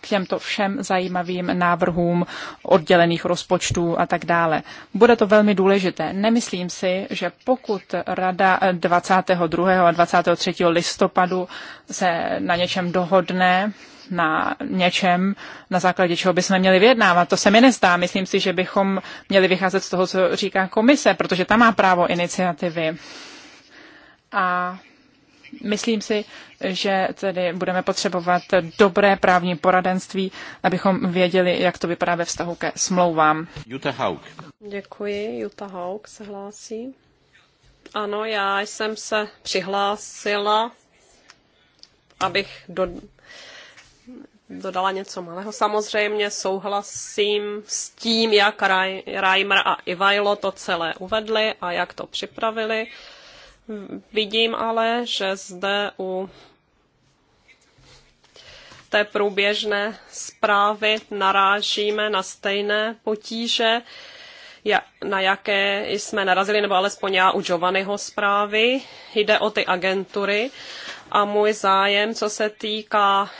K těmto všem zajímavým návrhům oddělených rozpočtů a tak dále. Bude to velmi důležité. Nemyslím si, že pokud Rada 22. a 23. listopadu se na něčem dohodne, na něčem, na základě čeho bychom měli vyjednávat. To se mi nezdá. Myslím si, že bychom měli vycházet z toho, co říká komise, protože ta má právo iniciativy. A myslím si, že tedy budeme potřebovat dobré právní poradenství, abychom věděli, jak to vypadá ve vztahu ke smlouvám. Jutta Haug. Děkuji, Jutta Haug se hlásí. Ano, já jsem se přihlásila, abych do, dodala něco malého. Samozřejmě souhlasím s tím, jak Reimer a Ivajlo to celé uvedli a jak to připravili. Vidím ale, že zde u té průběžné zprávy narážíme na stejné potíže, na jaké jsme narazili, nebo alespoň já u Giovanniho zprávy. Jde o ty agentury a můj zájem, co se týká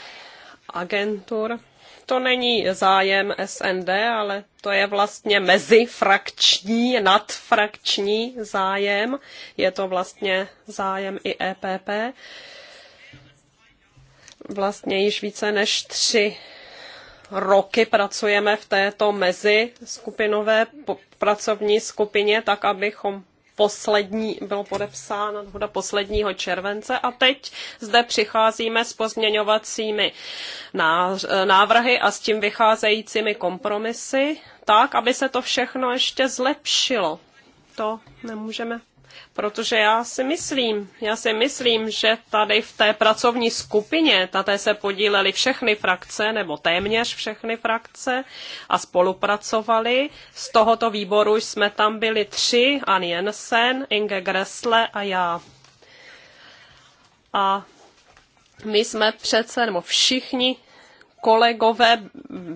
agentur. To není zájem SND, ale to je vlastně mezifrakční, nadfrakční zájem. Je to vlastně zájem i EPP. Vlastně již více než tři roky pracujeme v této mezi skupinové pracovní skupině, tak abychom poslední, bylo podepsána dohoda posledního července a teď zde přicházíme s pozměňovacími návrhy a s tím vycházejícími kompromisy tak, aby se to všechno ještě zlepšilo. To nemůžeme Protože já si myslím, já si myslím, že tady v té pracovní skupině, tady se podílely všechny frakce, nebo téměř všechny frakce a spolupracovali. Z tohoto výboru jsme tam byli tři, Ann Jensen, Inge Gressle a já. A my jsme přece, nebo všichni kolegové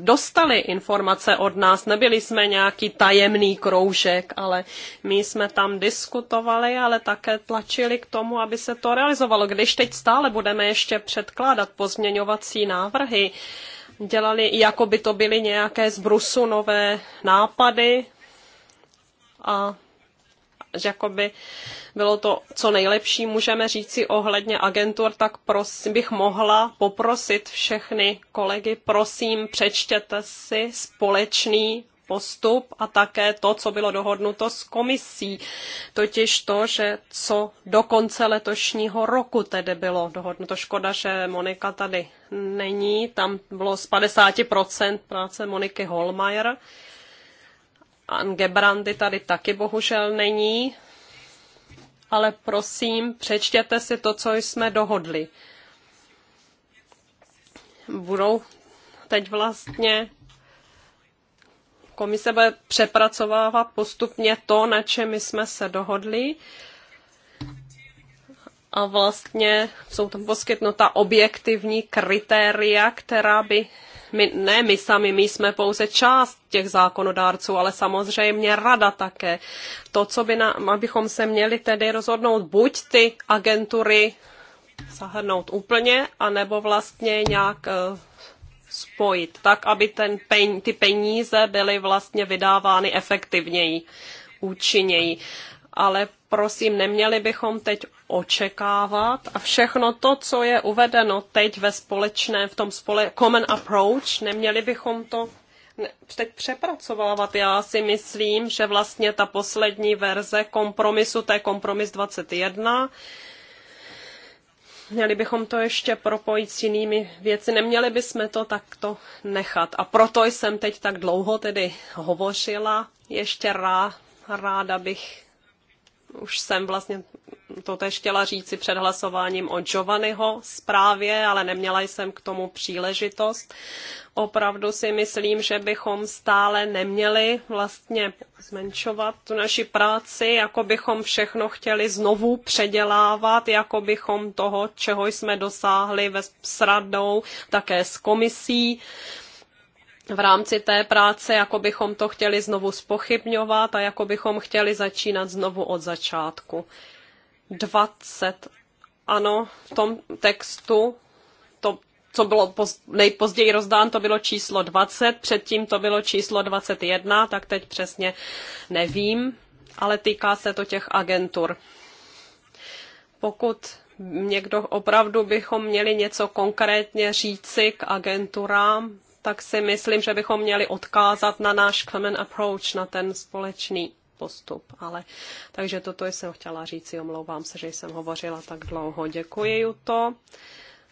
dostali informace od nás. Nebyli jsme nějaký tajemný kroužek, ale my jsme tam diskutovali, ale také tlačili k tomu, aby se to realizovalo. Když teď stále budeme ještě předkládat pozměňovací návrhy, dělali, jako by to byly nějaké zbrusu nové nápady a jakoby bylo to, co nejlepší můžeme říci ohledně agentur, tak pros, bych mohla poprosit všechny kolegy, prosím, přečtěte si společný postup a také to, co bylo dohodnuto s komisí, totiž to, že co do konce letošního roku tedy bylo dohodnuto. Škoda, že Monika tady není, tam bylo z 50% práce Moniky Holmajer Angebrandy tady taky bohužel není, ale prosím, přečtěte si to, co jsme dohodli. Budou teď vlastně komise bude přepracovávat postupně to, na čem my jsme se dohodli a vlastně jsou tam poskytnuta objektivní kritéria, která by my, ne my sami, my jsme pouze část těch zákonodárců, ale samozřejmě rada také. To, co by nám, abychom se měli tedy rozhodnout, buď ty agentury zahrnout úplně, anebo vlastně nějak eh, spojit, tak aby ten pen, ty peníze byly vlastně vydávány efektivněji, účinněji. Ale prosím, neměli bychom teď očekávat a všechno to, co je uvedeno teď ve společném, v tom spole, common approach, neměli bychom to teď přepracovávat. Já si myslím, že vlastně ta poslední verze kompromisu, to je kompromis 21, Měli bychom to ještě propojit s jinými věci, neměli bychom to takto nechat. A proto jsem teď tak dlouho tedy hovořila. Ještě rá, ráda bych už jsem vlastně to tež chtěla říci před hlasováním o Giovanniho zprávě, ale neměla jsem k tomu příležitost. Opravdu si myslím, že bychom stále neměli vlastně zmenšovat tu naši práci, jako bychom všechno chtěli znovu předělávat, jako bychom toho, čeho jsme dosáhli ve, s také s komisí v rámci té práce, jako bychom to chtěli znovu spochybňovat a jako bychom chtěli začínat znovu od začátku. 20. Ano, v tom textu to, co bylo nejpozději rozdán, to bylo číslo 20, předtím to bylo číslo 21, tak teď přesně nevím, ale týká se to těch agentur. Pokud někdo opravdu bychom měli něco konkrétně říci k agenturám, tak si myslím, že bychom měli odkázat na náš common approach, na ten společný postup. Ale, takže toto jsem chtěla říct, omlouvám se, že jsem hovořila tak dlouho. Děkuji, Juto.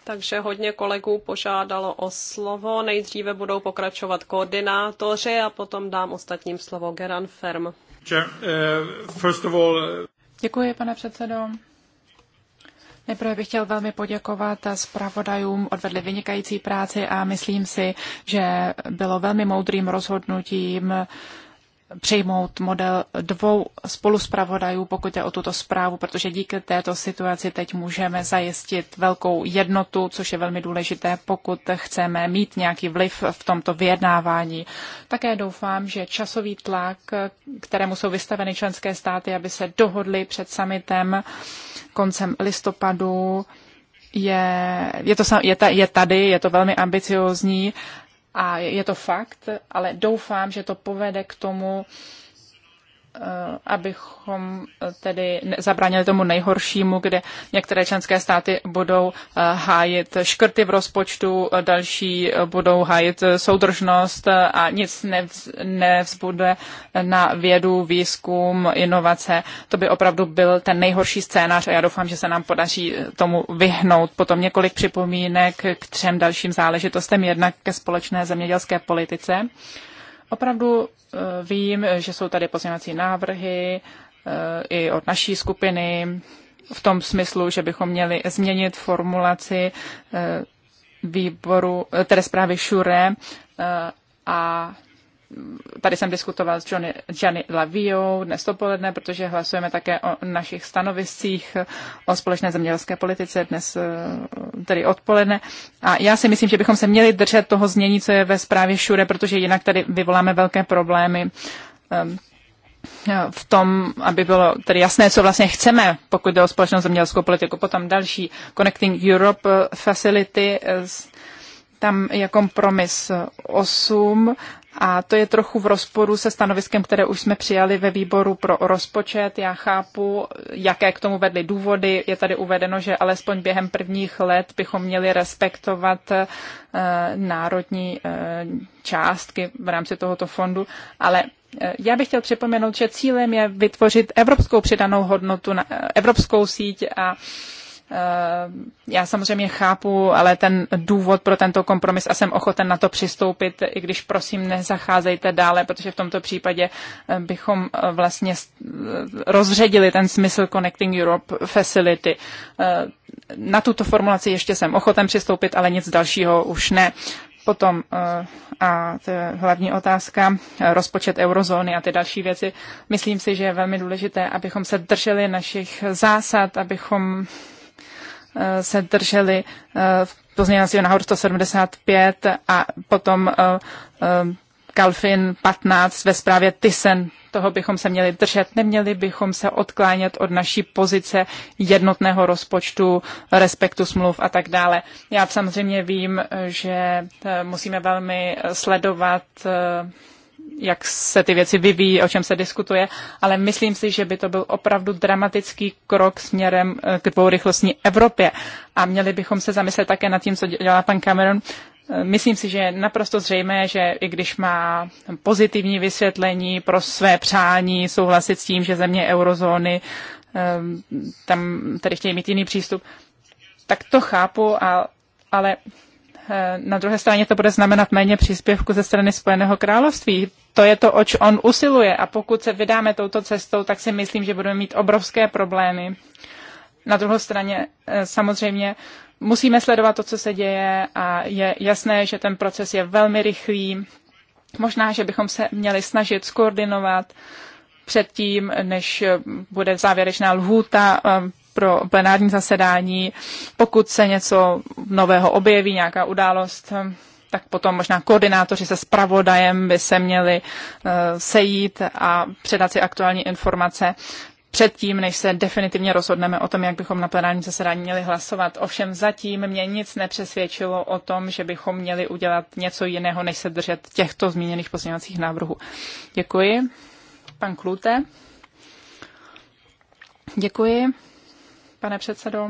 Takže hodně kolegů požádalo o slovo. Nejdříve budou pokračovat koordinátoři a potom dám ostatním slovo Geran Ferm. Eh, eh, Děkuji, pane předsedo. Nejprve bych chtěl velmi poděkovat zpravodajům, odvedli vynikající práci a myslím si, že bylo velmi moudrým rozhodnutím přijmout model dvou spoluspravodajů, pokud je o tuto zprávu, protože díky této situaci teď můžeme zajistit velkou jednotu, což je velmi důležité, pokud chceme mít nějaký vliv v tomto vyjednávání. Také doufám, že časový tlak, kterému jsou vystaveny členské státy, aby se dohodly před summitem koncem listopadu, je, je, to, je, ta, je tady, je to velmi ambiciozní a je to fakt, ale doufám, že to povede k tomu, Eh, abychom eh, tedy zabránili tomu nejhoršímu, kde některé členské státy budou eh, hájit škrty v rozpočtu, další budou hájit soudržnost a nic nevz, nevzbude na vědu, výzkum, inovace. To by opravdu byl ten nejhorší scénář a já doufám, že se nám podaří tomu vyhnout. Potom několik připomínek k třem dalším záležitostem, jednak ke společné zemědělské politice. Opravdu eh, vím, že jsou tady pozměňovací návrhy eh, i od naší skupiny v tom smyslu, že bychom měli změnit formulaci eh, výboru, tedy zprávy Šure a tady jsem diskutoval s Johnny, Gianni Laviou dnes dopoledne, protože hlasujeme také o našich stanoviscích o společné zemědělské politice dnes eh, tedy odpoledne. A já si myslím, že bychom se měli držet toho znění, co je ve zprávě všude, protože jinak tady vyvoláme velké problémy eh, eh, v tom, aby bylo tedy jasné, co vlastně chceme, pokud jde o společnou zemědělskou politiku. Potom další Connecting Europe Facility, tam je kompromis 8 a to je trochu v rozporu se stanoviskem, které už jsme přijali ve výboru pro rozpočet. Já chápu, jaké k tomu vedly důvody. Je tady uvedeno, že alespoň během prvních let bychom měli respektovat eh, národní eh, částky v rámci tohoto fondu, ale eh, já bych chtěl připomenout, že cílem je vytvořit evropskou přidanou hodnotu, evropskou síť a já samozřejmě chápu, ale ten důvod pro tento kompromis a jsem ochoten na to přistoupit, i když prosím nezacházejte dále, protože v tomto případě eh, bychom eh, vlastně eh, rozředili ten smysl Connecting Europe Facility. Na tuto formulaci ještě jsem ochoten přistoupit, ale nic dalšího už ne. Potom a to je hlavní otázka, rozpočet eurozóny a ty další věci. Myslím si, že je velmi důležité, abychom se drželi našich zásad, abychom Eh, se drželi eh, pozměňovacího návrhu 175 a potom eh, Kalfin 15 ve zprávě Tysen. Toho bychom se měli držet, neměli bychom se odklánět od naší pozice jednotného rozpočtu, respektu smluv a tak dále. Já samozřejmě vím, že musíme velmi sledovat jak se ty věci vyvíjí, o čem se diskutuje, ale myslím si, že by to byl opravdu dramatický krok směrem eh, k dvourychlostní Evropě. A měli bychom se zamyslet také nad tím, co dělá pan Cameron. Eh, myslím si, že je naprosto zřejmé, že i když má pozitivní vysvětlení pro své přání souhlasit s tím, že země eurozóny eh, tam tedy chtějí mít jiný přístup, tak to chápu, ale na druhé straně to bude znamenat méně příspěvku ze strany Spojeného království. To je to, oč on usiluje a pokud se vydáme touto cestou, tak si myslím, že budeme mít obrovské problémy. Na druhé straně e, samozřejmě musíme sledovat to, co se děje a je jasné, že ten proces je velmi rychlý. Možná, že bychom se měli snažit skoordinovat předtím, než bude závěrečná lhůta e, pro plenární zasedání. Pokud se něco nového objeví, nějaká událost, tak potom možná koordinátoři se spravodajem by se měli eh, sejít a předat si aktuální informace předtím, než se definitivně rozhodneme o tom, jak bychom na plenárním zasedání měli hlasovat. Ovšem zatím mě nic nepřesvědčilo o tom, že bychom měli udělat něco jiného, než se držet těchto zmíněných pozměňovacích návrhů. Děkuji. Pan Klute. Děkuji pane předsedo.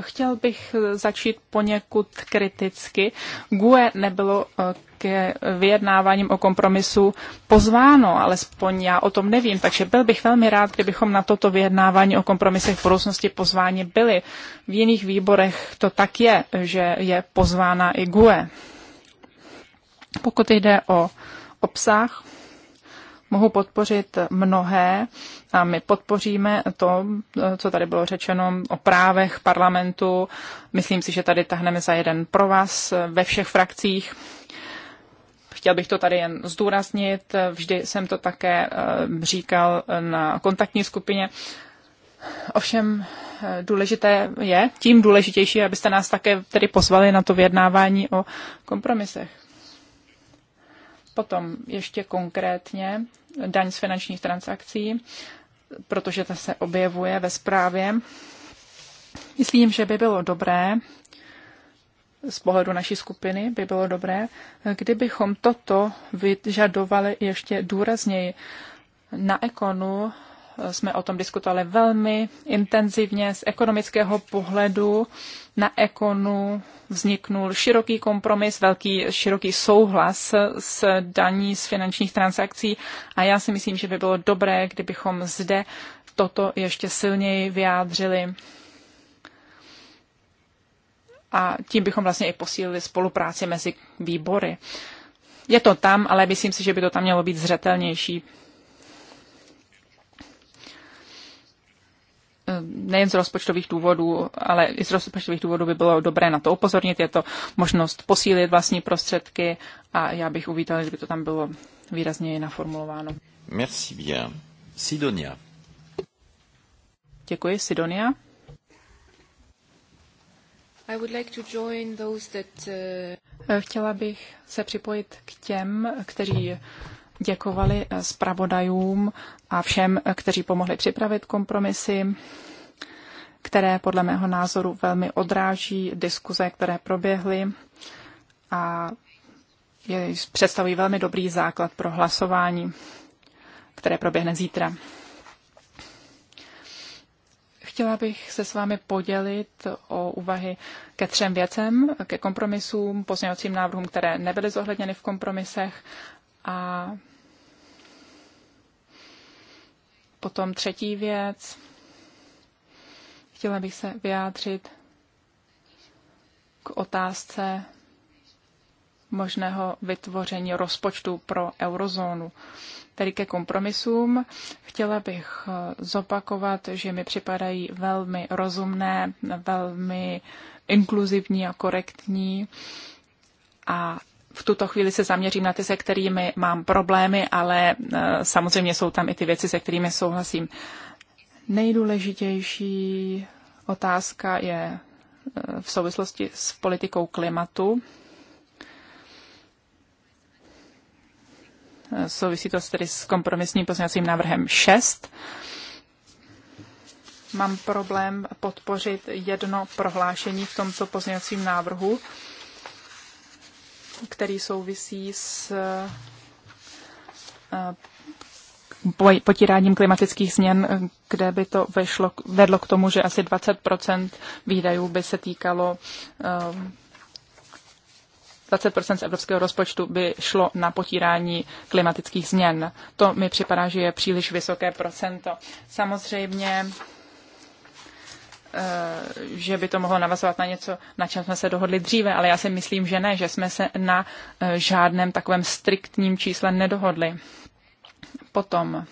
Chtěl bych začít poněkud kriticky. GUE nebylo eh, k vyjednáváním o kompromisu pozváno, alespoň já o tom nevím, takže byl bych velmi rád, kdybychom na toto vyjednávání o kompromisech v budoucnosti pozváni byli. V jiných výborech to tak je, že je pozvána i GUE. Pokud jde o obsah, mohu podpořit mnohé a my podpoříme to, co tady bylo řečeno o právech parlamentu. Myslím si, že tady tahneme za jeden pro vás ve všech frakcích. Chtěl bych to tady jen zdůraznit, vždy jsem to také eh, říkal na kontaktní skupině. Ovšem eh, důležité je, tím důležitější, abyste nás také tedy pozvali na to vyjednávání o kompromisech. Potom ještě konkrétně daň z finančních transakcí, protože ta se objevuje ve zprávě. Myslím, že by bylo dobré, z pohledu naší skupiny by bylo dobré, kdybychom toto vyžadovali ještě důrazněji. Na ekonu jsme o tom diskutovali velmi intenzivně. Z ekonomického pohledu na ekonu vzniknul široký kompromis, velký, široký souhlas s daní z finančních transakcí a já si myslím, že by bylo dobré, kdybychom zde toto ještě silněji vyjádřili a tím bychom vlastně i posílili spolupráci mezi výbory. Je to tam, ale myslím si, že by to tam mělo být zřetelnější. Eh, nejen z rozpočtových důvodů, ale i z rozpočtových důvodů by bylo dobré na to upozornit. Je to možnost posílit vlastní prostředky a já bych uvítal, kdyby to tam bylo výrazněji naformulováno. Merci bien. Sidonia. Děkuji, Sidonia. I would like to join those that, uh... Chtěla bych se připojit k těm, kteří děkovali eh, zpravodajům a všem, eh, kteří pomohli připravit kompromisy, které podle mého názoru velmi odráží diskuze, které proběhly a je, představují velmi dobrý základ pro hlasování, které proběhne zítra. Chtěla bych se s vámi podělit o úvahy ke třem věcem, ke kompromisům, pozměňovacím návrhům, které nebyly zohledněny v kompromisech a potom třetí věc. Chtěla bych se vyjádřit k otázce možného vytvoření rozpočtu pro eurozónu. Tedy ke kompromisům chtěla bych zopakovat, že mi připadají velmi rozumné, velmi inkluzivní a korektní a v tuto chvíli se zaměřím na ty, se kterými mám problémy, ale eh, samozřejmě jsou tam i ty věci, se kterými souhlasím. Nejdůležitější otázka je eh, v souvislosti s politikou klimatu. Eh, souvisí to tedy s kompromisním pozměňovacím návrhem 6. Mám problém podpořit jedno prohlášení v tomto pozměňovacím návrhu který souvisí s eh, eh, potíráním klimatických změn, kde by to vešlo, vedlo k tomu, že asi 20 výdajů by se týkalo 20 eh, z evropského rozpočtu by šlo na potírání klimatických změn. To mi připadá, že je příliš vysoké procento. Samozřejmě Eh, že by to mohlo navazovat na něco, na čem jsme se dohodli dříve, ale já si myslím, že ne, že jsme se na eh, žádném takovém striktním čísle nedohodli. Potom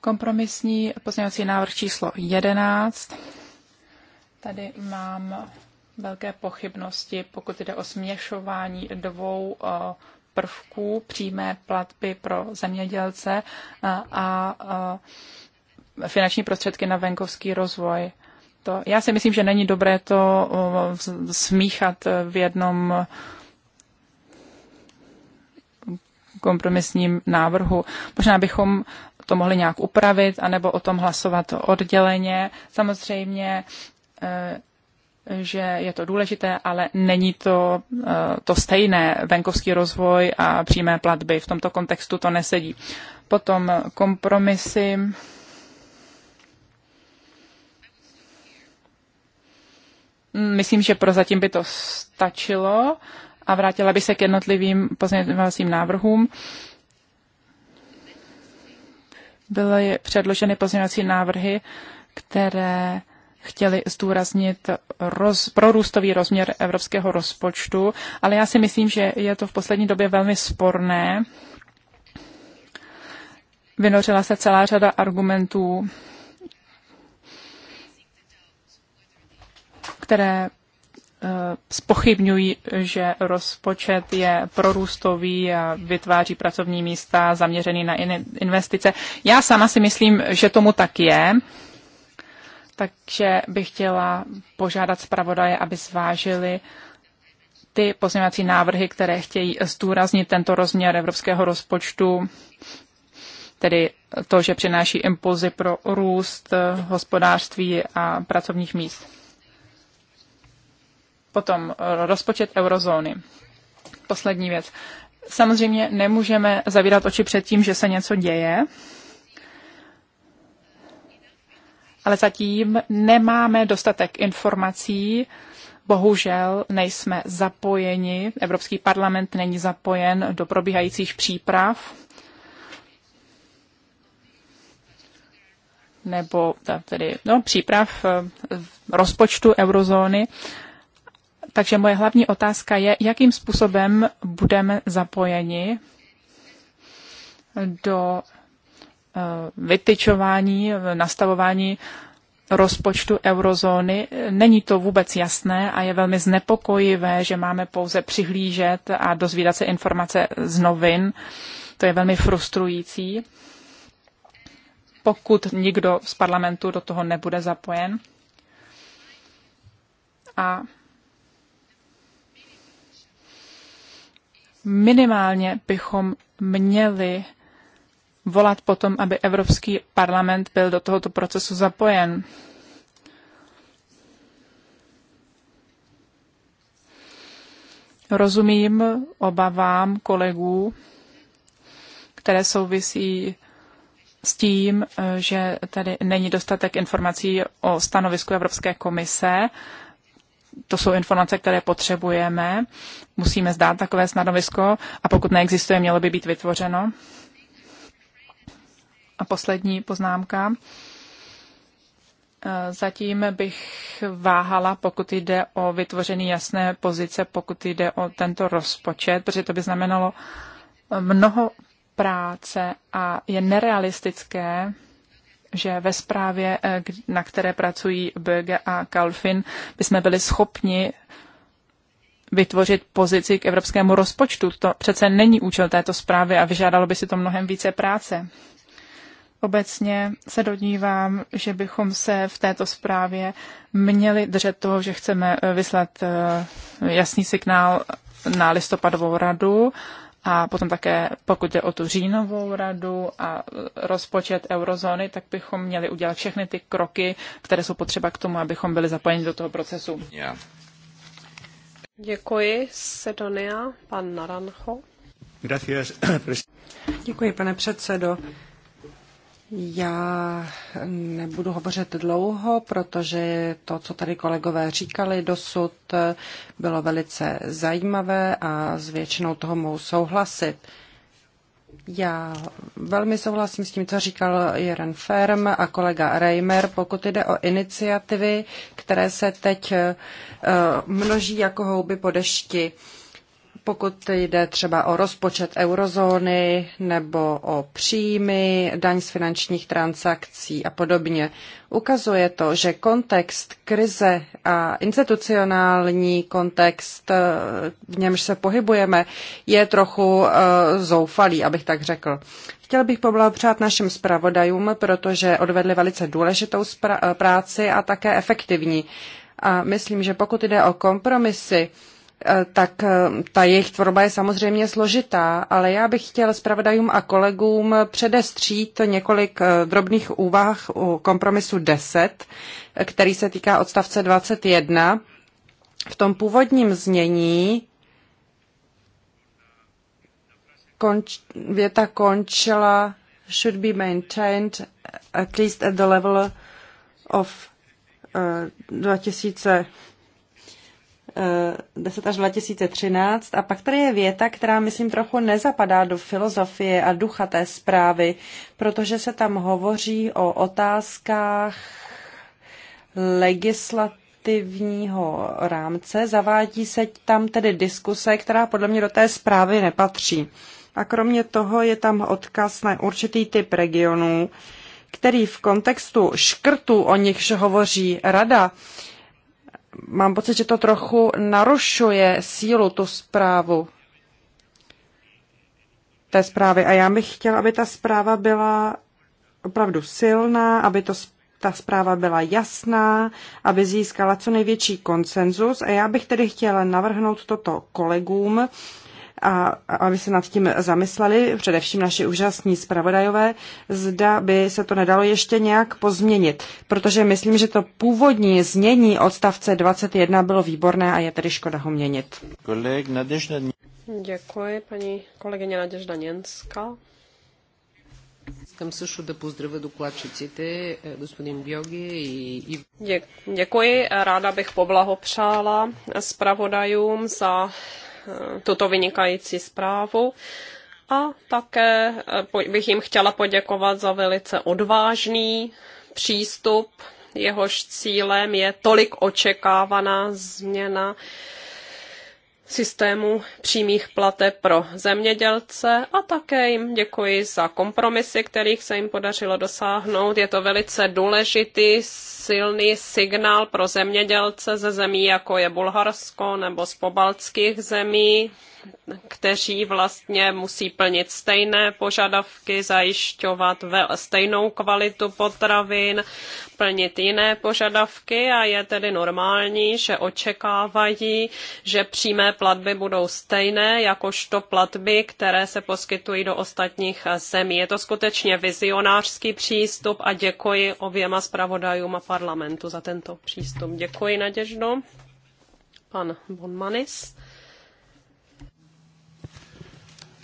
kompromisní pozměňovací návrh číslo 11. Tady mám velké pochybnosti, pokud jde o směšování dvou eh, prvků přímé platby pro zemědělce a finanční prostředky na venkovský rozvoj. To, já si myslím, že není dobré to smíchat v jednom kompromisním návrhu. Možná bychom to mohli nějak upravit, anebo o tom hlasovat odděleně. Samozřejmě e, že je to důležité, ale není to eh, to stejné. Venkovský rozvoj a přímé platby v tomto kontextu to nesedí. Potom kompromisy. Mm, myslím, že prozatím by to stačilo a vrátila by se k jednotlivým pozměňovacím návrhům. Byly předloženy pozměňovací návrhy, které chtěli zdůraznit roz, prorůstový rozměr evropského rozpočtu, ale já si myslím, že je to v poslední době velmi sporné. Vynořila se celá řada argumentů, které eh, spochybňují, že rozpočet je prorůstový a vytváří pracovní místa zaměřený na investice. Já sama si myslím, že tomu tak je takže bych chtěla požádat zpravodaje, aby zvážili ty pozměňovací návrhy, které chtějí zdůraznit tento rozměr evropského rozpočtu, tedy to, že přináší impulzy pro růst hospodářství a pracovních míst. Potom rozpočet eurozóny. Poslední věc. Samozřejmě nemůžeme zavírat oči před tím, že se něco děje, ale zatím nemáme dostatek informací. Bohužel nejsme zapojeni, Evropský parlament není zapojen do probíhajících příprav nebo tedy no, příprav eh, rozpočtu eurozóny. Takže moje hlavní otázka je, jakým způsobem budeme zapojeni do Eh, vytyčování, nastavování rozpočtu eurozóny. Není to vůbec jasné a je velmi znepokojivé, že máme pouze přihlížet a dozvídat se informace z novin. To je velmi frustrující, pokud nikdo z parlamentu do toho nebude zapojen. A minimálně bychom měli volat potom, aby Evropský parlament byl do tohoto procesu zapojen. Rozumím obavám kolegů, které souvisí s tím, že tady není dostatek informací o stanovisku Evropské komise. To jsou informace, které potřebujeme. Musíme zdát takové stanovisko a pokud neexistuje, mělo by být vytvořeno. A poslední poznámka. Eh, zatím bych váhala, pokud jde o vytvoření jasné pozice, pokud jde o tento rozpočet, protože to by znamenalo mnoho práce a je nerealistické, že ve zprávě, eh, na které pracují Böge a Kalfin, jsme byli schopni vytvořit pozici k evropskému rozpočtu. To přece není účel této zprávy a vyžádalo by si to mnohem více práce. Obecně se dodívám, že bychom se v této zprávě měli držet toho, že chceme eh, vyslat eh, jasný signál na listopadovou radu a potom také, pokud jde o tu říjnovou radu a eh, rozpočet eurozóny, tak bychom měli udělat všechny ty kroky, které jsou potřeba k tomu, abychom byli zapojeni do toho procesu. Yeah. Děkuji, Sedonia, pan Naranjo. Děkuji, pane předsedo. Já nebudu hovořit dlouho, protože to, co tady kolegové říkali dosud, bylo velice zajímavé a s většinou toho mohu souhlasit. Já velmi souhlasím s tím, co říkal Jeren Ferm a kolega Reimer, pokud jde o iniciativy, které se teď eh, množí jako houby po dešti pokud jde třeba o rozpočet eurozóny nebo o příjmy, daň z finančních transakcí a podobně. Ukazuje to, že kontext krize a institucionální kontext, eh, v němž se pohybujeme, je trochu eh, zoufalý, abych tak řekl. Chtěl bych poblahopřát našim zpravodajům, protože odvedli velice důležitou eh, práci a také efektivní. A myslím, že pokud jde o kompromisy, Eh, tak eh, ta jejich tvorba je samozřejmě složitá, ale já bych chtěl zpravodajům a kolegům předestřít několik eh, drobných úvah u kompromisu 10, který se týká odstavce 21. V tom původním znění konč, věta končila should be maintained at least at the level of uh, 2000 10 eh, až 2013. A pak tady je věta, která, myslím, trochu nezapadá do filozofie a ducha té zprávy, protože se tam hovoří o otázkách legislativního rámce. Zavádí se tam tedy diskuse, která podle mě do té zprávy nepatří. A kromě toho je tam odkaz na určitý typ regionů, který v kontextu škrtů, o nichž hovoří rada, mám pocit, že to trochu narušuje sílu tu zprávu té zprávy. A já bych chtěla, aby ta zpráva byla opravdu silná, aby to ta zpráva byla jasná, aby získala co největší konsenzus. A já bych tedy chtěla navrhnout toto kolegům, a aby se nad tím zamysleli, především naši úžasní zpravodajové, zda by se to nedalo ještě nějak pozměnit, protože myslím, že to původní znění odstavce 21 bylo výborné a je tedy škoda ho měnit. Koleg Děkuji, paní kolegyně Nadežda Něnska. Искам също да поздравя докладчиците, господин Бьоги и... Děkuji, ráda bych poblahopřála zpravodajům za Eh, tuto vynikající zprávu. A také eh, bych jim chtěla poděkovat za velice odvážný přístup, jehož cílem je tolik očekávaná změna systému přímých plateb pro zemědělce a také jim děkuji za kompromisy, kterých se jim podařilo dosáhnout. Je to velice důležitý, silný signál pro zemědělce ze zemí, jako je Bulharsko nebo z pobaltských zemí, kteří vlastně musí plnit stejné požadavky, zajišťovat stejnou kvalitu potravin, plnit jiné požadavky a je tedy normální, že očekávají, že přímé platby budou stejné jakožto platby, které se poskytují do ostatních zemí. Je to skutečně vizionářský přístup a děkuji oběma zpravodajům a parlamentu za tento přístup. Děkuji, Naděždo. Pan Bonmanis.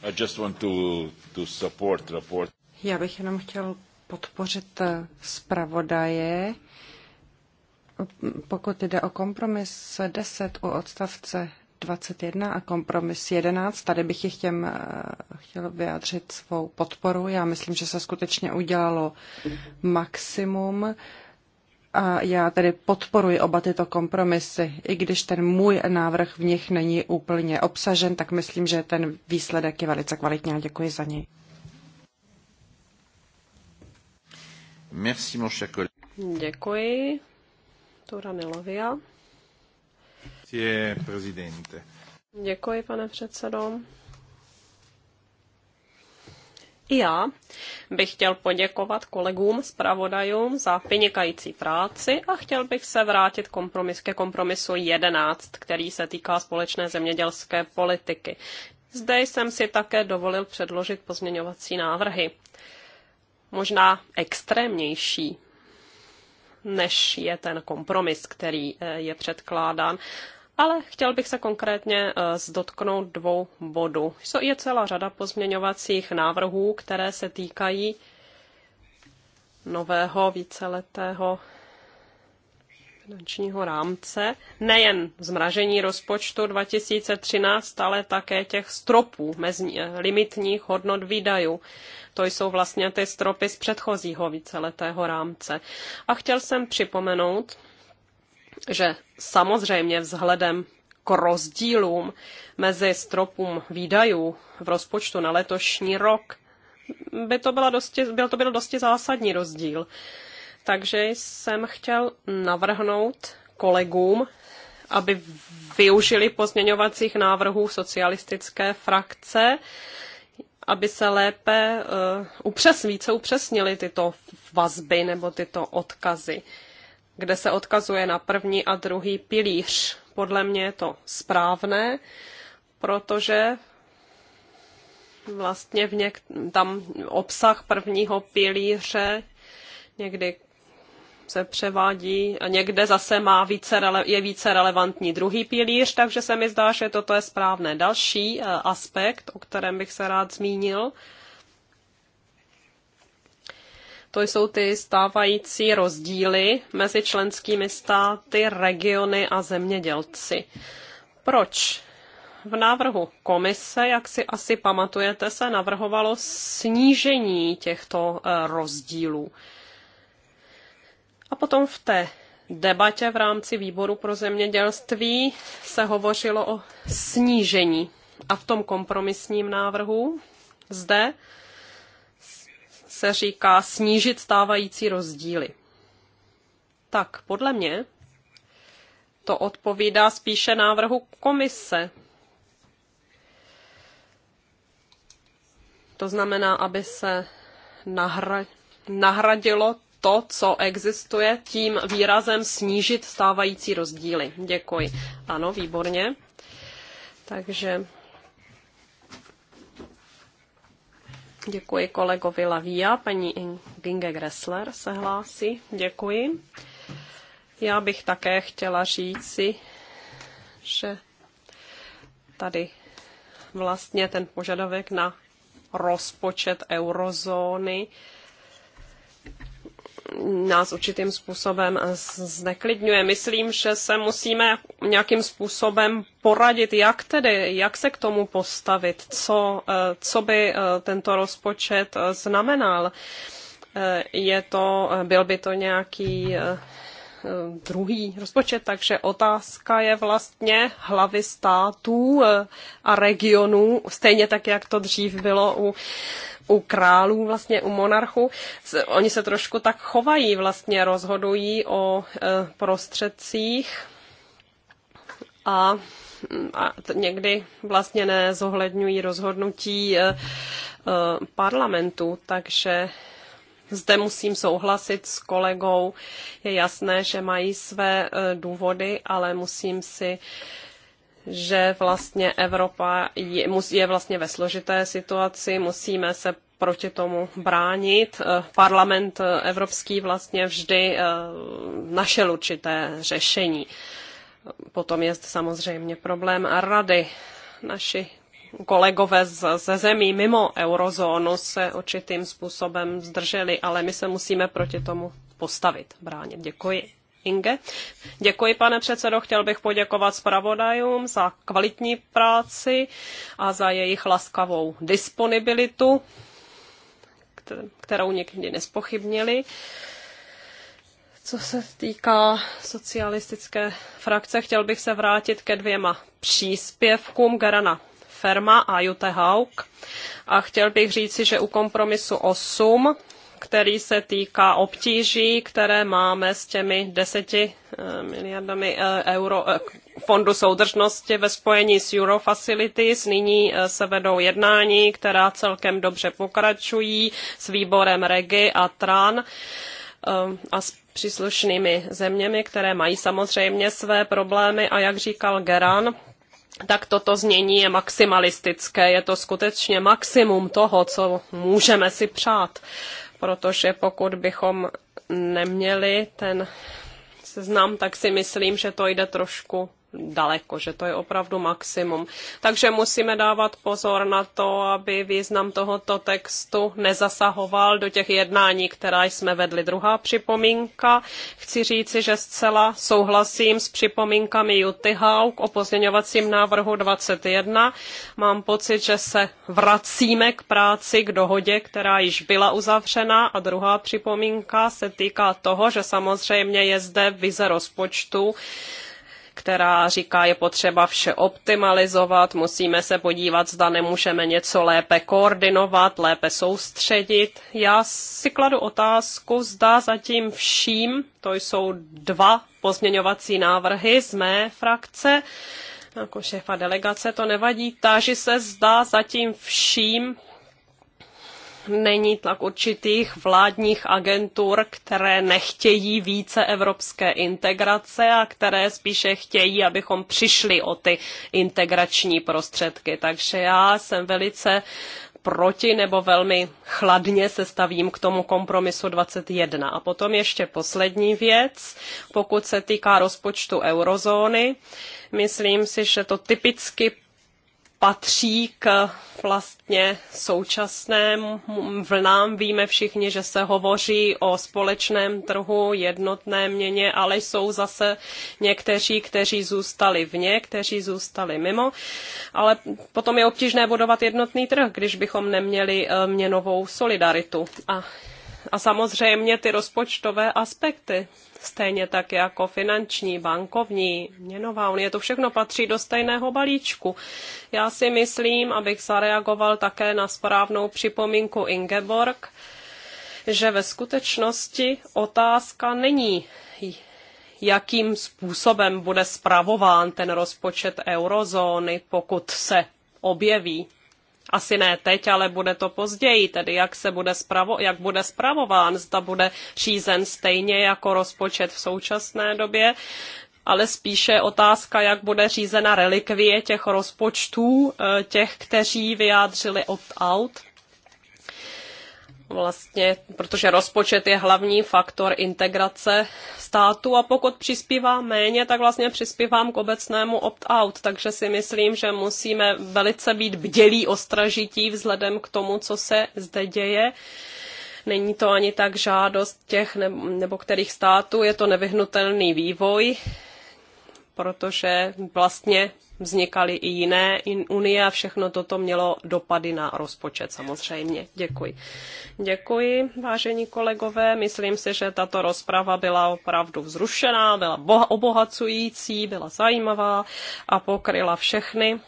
I just want to, to support report. Já bych jenom chtěl podpořit zpravodaje. Pokud jde o kompromis 10 u odstavce 21 a kompromis 11. Tady bych jich těm eh, chtěl vyjádřit svou podporu. Já myslím, že se skutečně udělalo maximum. A já tedy podporuji oba tyto kompromisy. I když ten můj návrh v nich není úplně obsažen, tak myslím, že ten výsledek je velice kvalitní a děkuji za něj. Děkuji. Děkuji, pane předsedo. I já bych chtěl poděkovat kolegům zpravodajům za vynikající práci a chtěl bych se vrátit kompromis, ke kompromisu 11, který se týká společné zemědělské politiky. Zde jsem si také dovolil předložit pozměňovací návrhy. Možná extrémnější, než je ten kompromis, který eh, je předkládán. Ale chtěl bych se konkrétně eh, dotknout dvou bodů. Je celá řada pozměňovacích návrhů, které se týkají nového víceletého finančního rámce, nejen zmražení rozpočtu 2013, ale také těch stropů, mezní, eh, limitních hodnot výdajů. To jsou vlastně ty stropy z předchozího víceletého rámce. A chtěl jsem připomenout, že samozřejmě vzhledem k rozdílům mezi stropům výdajů v rozpočtu na letošní rok by to, byla dosti, byl, to byl dosti zásadní rozdíl. Takže jsem chtěl navrhnout kolegům, aby využili pozměňovacích návrhů socialistické frakce, aby se lépe uh, upřes, více upřesnili tyto vazby nebo tyto odkazy. Uh, kde se odkazuje na první a druhý pilíř. Podle mě je to správné, protože vlastně v něk- tam obsah prvního pilíře někdy se převádí a někde zase má více, je více relevantní druhý pilíř, takže se mi zdá, že toto je správné. Další eh, aspekt, o kterém bych se rád zmínil, to jsou ty stávající rozdíly mezi členskými státy, regiony a zemědělci. Proč? V návrhu komise, jak si asi pamatujete, se navrhovalo snížení těchto eh, rozdílů. A potom v té debatě v rámci výboru pro zemědělství se hovořilo o snížení. A v tom kompromisním návrhu zde se říká snížit stávající rozdíly. Tak podle mě to odpovídá spíše návrhu komise. To znamená, aby se nahra- nahradilo to, co existuje, tím výrazem snížit stávající rozdíly. Děkuji. Ano, výborně. Takže Děkuji kolegovi Lavia. Paní Inge Gressler se hlásí. Děkuji. Já bych také chtěla říci, že tady vlastně ten požadavek na rozpočet eurozóny nás určitým způsobem zneklidňuje. Myslím, že se musíme nějakým způsobem poradit, jak tedy, jak se k tomu postavit, co, eh, co by eh, tento rozpočet eh, znamenal. Je to, byl by to nějaký druhý rozpočet, takže otázka je vlastně hlavy států a regionů, stejně tak, jak to dřív bylo u u králů, vlastně u monarchů. Oni se trošku tak chovají, vlastně rozhodují o e, prostředcích a a někdy vlastně nezohledňují rozhodnutí e, e, parlamentu, takže zde musím souhlasit s kolegou. Je jasné, že mají své důvody, ale musím si že vlastně Evropa je, je vlastně ve složité situaci, musíme se proti tomu bránit. Eh, parlament eh, evropský vlastně vždy eh, našel určité řešení. Potom je samozřejmě problém a rady. Naši kolegové ze zemí mimo eurozónu se určitým způsobem zdrželi, ale my se musíme proti tomu postavit, bránit. Děkuji. Inge. Děkuji, pane předsedo. Chtěl bych poděkovat zpravodajům za kvalitní práci a za jejich laskavou disponibilitu, kterou nikdy nespochybnili. Co se týká socialistické frakce, chtěl bych se vrátit ke dvěma příspěvkům Garana Ferma a Jute Haug. A chtěl bych říci, že u kompromisu 8 který se týká obtíží, které máme s těmi deseti eh, miliardami eh, euro eh, fondu soudržnosti ve spojení s Eurofacilities. Nyní se vedou jednání, která celkem dobře pokračují s výborem Regi a Tran a s příslušnými zeměmi, které mají samozřejmě své problémy a jak říkal Geran, tak toto znění je maximalistické. Je to skutečně maximum toho, co můžeme si přát protože pokud bychom neměli ten seznam, tak si myslím, že to jde trošku daleko, že to je opravdu maximum. Takže musíme dávat pozor na to, aby význam tohoto textu nezasahoval do těch jednání, která jsme vedli. Druhá připomínka, chci říci, že zcela souhlasím s připomínkami Juty k o pozměňovacím návrhu 21. Mám pocit, že se vracíme k práci, k dohodě, která již byla uzavřena. A druhá připomínka se týká toho, že samozřejmě je zde vize rozpočtu, která říká, je potřeba vše optimalizovat, musíme se podívat, zda nemůžeme něco lépe koordinovat, lépe soustředit. Já si kladu otázku, zda zatím vším, to jsou dva pozměňovací návrhy z mé frakce, jako šéfa delegace, to nevadí. Táži se, zda zatím vším není tlak určitých vládních agentur, které nechtějí více evropské integrace a které spíše chtějí, abychom přišli o ty integrační prostředky. Takže já jsem velice proti nebo velmi chladně se stavím k tomu kompromisu 21. A potom ještě poslední věc, pokud se týká rozpočtu eurozóny. Myslím si, že to typicky patří k vlastně současným vlnám. Víme všichni, že se hovoří o společném trhu, jednotné měně, ale jsou zase někteří, kteří zůstali vně, kteří zůstali mimo. Ale potom je obtížné budovat jednotný trh, když bychom neměli eh, měnovou solidaritu. A a samozřejmě ty rozpočtové aspekty, stejně tak jako finanční, bankovní, měnová unie, to všechno patří do stejného balíčku. Já si myslím, abych zareagoval také na správnou připomínku Ingeborg, že ve skutečnosti otázka není jakým způsobem bude spravován ten rozpočet eurozóny, pokud se objeví asi ne teď, ale bude to později, tedy jak, se bude, spravo, jak bude spravován, zda bude řízen stejně jako rozpočet v současné době, ale spíše otázka, jak bude řízena relikvie těch rozpočtů, eh, těch, kteří vyjádřili opt-out vlastně, protože rozpočet je hlavní faktor integrace státu a pokud přispívá méně, tak vlastně přispívám k obecnému opt-out, takže si myslím, že musíme velice být bdělí, ostražití vzhledem k tomu, co se zde děje. Není to ani tak žádost těch nebo, kterých států, je to nevyhnutelný vývoj, protože vlastně vznikaly i jiné unie a všechno toto mělo dopady na rozpočet samozřejmě. Děkuji. Děkuji, vážení kolegové. Myslím si, že tato rozprava byla opravdu vzrušená, byla obohacující, byla zajímavá a pokryla všechny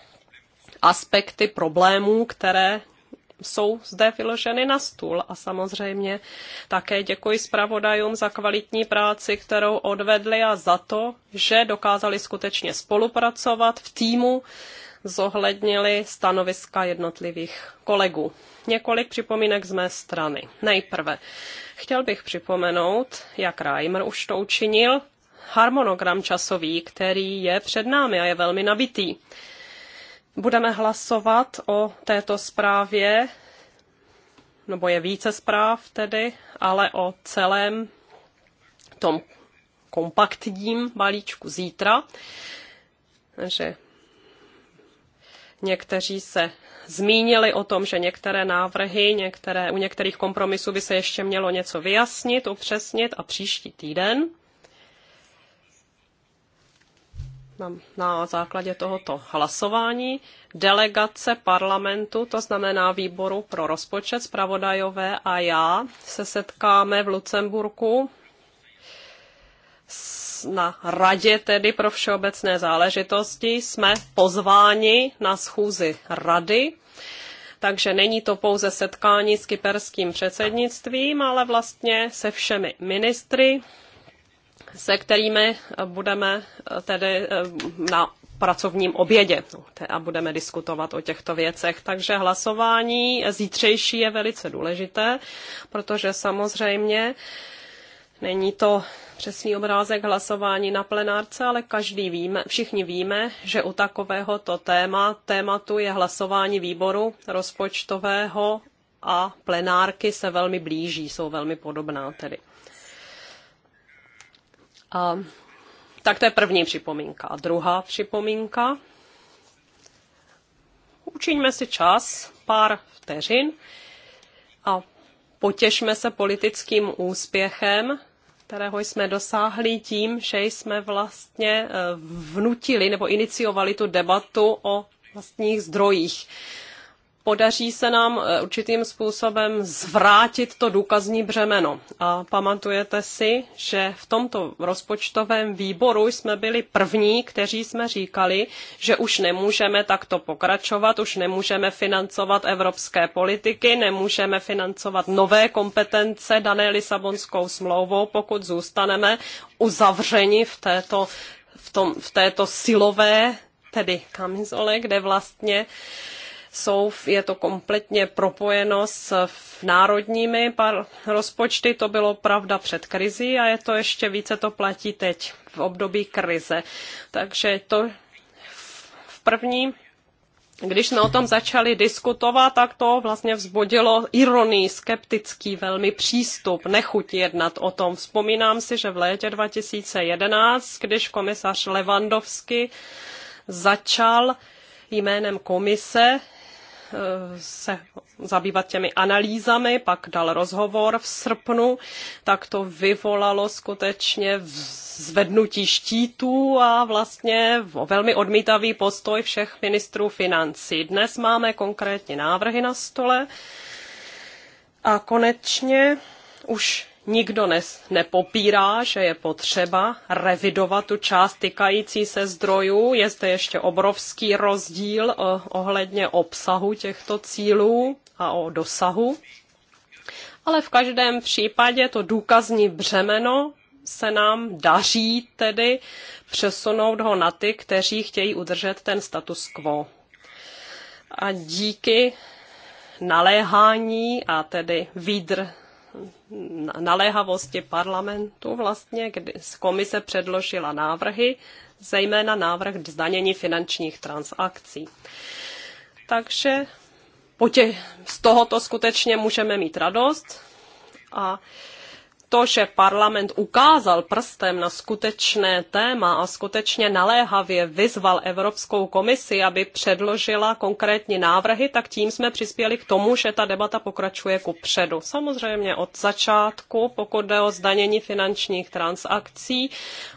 aspekty problémů, které jsou zde vyloženy na stůl. A samozřejmě také děkuji zpravodajům za kvalitní práci, kterou odvedli a za to, že dokázali skutečně spolupracovat v týmu, zohlednili stanoviska jednotlivých kolegů. Několik připomínek z mé strany. Nejprve chtěl bych připomenout, jak Reimer už to učinil, harmonogram časový, který je před námi a je velmi nabitý. Budeme hlasovat o této zprávě, nebo je více zpráv tedy, ale o celém tom kompaktním balíčku zítra. Takže někteří se zmínili o tom, že některé návrhy, některé, u některých kompromisů by se ještě mělo něco vyjasnit, upřesnit a příští týden na základě tohoto hlasování delegace parlamentu, to znamená výboru pro rozpočet, zpravodajové a já se setkáme v Lucemburku na Radě tedy pro všeobecné záležitosti. Jsme pozváni na schůzi Rady, takže není to pouze setkání s kyperským předsednictvím, ale vlastně se všemi ministry se kterými budeme eh, tedy eh, na pracovním obědě no, a budeme diskutovat o těchto věcech. Takže hlasování zítřejší je velice důležité, protože samozřejmě není to přesný obrázek hlasování na plenárce, ale každý víme, všichni víme, že u takovéhoto téma, tématu je hlasování výboru rozpočtového a plenárky se velmi blíží, jsou velmi podobná tedy. A, tak to je první připomínka. A druhá připomínka. Učiňme si čas, pár vteřin a potěšme se politickým úspěchem, kterého jsme dosáhli tím, že jsme vlastně eh, vnutili nebo iniciovali tu debatu o vlastních zdrojích podaří se nám eh, určitým způsobem zvrátit to důkazní břemeno. A pamatujete si, že v tomto rozpočtovém výboru jsme byli první, kteří jsme říkali, že už nemůžeme takto pokračovat, už nemůžeme financovat evropské politiky, nemůžeme financovat nové kompetence dané Lisabonskou smlouvou, pokud zůstaneme uzavřeni v této, v tom, v této silové, tedy kamizole, kde vlastně jsou, je to kompletně propojeno s národními rozpočty, to bylo pravda před krizí a je to ještě více to platí teď v období krize. Takže to v první když jsme o tom začali diskutovat, tak to vlastně vzbudilo ironii, skeptický velmi přístup, nechuť jednat o tom. Vzpomínám si, že v létě 2011, když komisař Levandovsky začal jménem komise Eh, se zabývat těmi analýzami, pak dal rozhovor v srpnu, tak to vyvolalo skutečně zvednutí štítů a vlastně velmi odmítavý postoj všech ministrů financí. Dnes máme konkrétně návrhy na stole a konečně už Nikdo nes, nepopírá, že je potřeba revidovat tu část týkající se zdrojů. Je zde ještě obrovský rozdíl eh, ohledně obsahu těchto cílů a o dosahu. Ale v každém případě to důkazní břemeno se nám daří tedy přesunout ho na ty, kteří chtějí udržet ten status quo. A díky naléhání a tedy výdr, naléhavosti parlamentu vlastně, kdy komise předložila návrhy, zejména návrh zdanění finančních transakcí. Takže po tě, z tohoto skutečně můžeme mít radost a to, že parlament ukázal prstem na skutečné téma a skutečně naléhavě vyzval Evropskou komisi, aby předložila konkrétní návrhy, tak tím jsme přispěli k tomu, že ta debata pokračuje ku předu. Samozřejmě od začátku, pokud jde o zdanění finančních transakcí,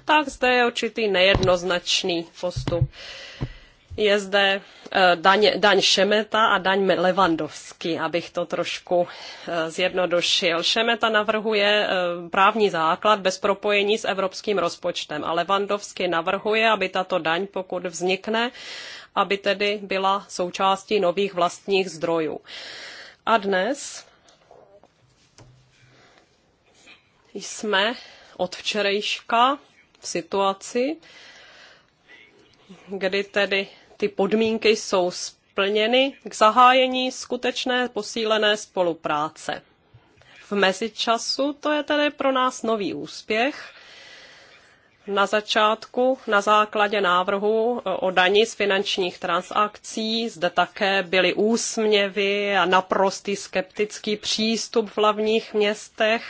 tak zde je určitý nejednoznačný postup je zde eh, daň, daň Šemeta a daň Levandovský, abych to trošku eh, zjednodušil. Šemeta navrhuje eh, právní základ bez propojení s evropským rozpočtem a Levandovský navrhuje, aby tato daň, pokud vznikne, aby tedy byla součástí nových vlastních zdrojů. A dnes jsme od včerejška v situaci, kdy tedy ty podmínky jsou splněny k zahájení skutečné posílené spolupráce. V mezičasu to je tedy pro nás nový úspěch. Na začátku, na základě návrhu eh, o daní z finančních transakcí, zde také byly úsměvy a naprostý skeptický přístup v hlavních městech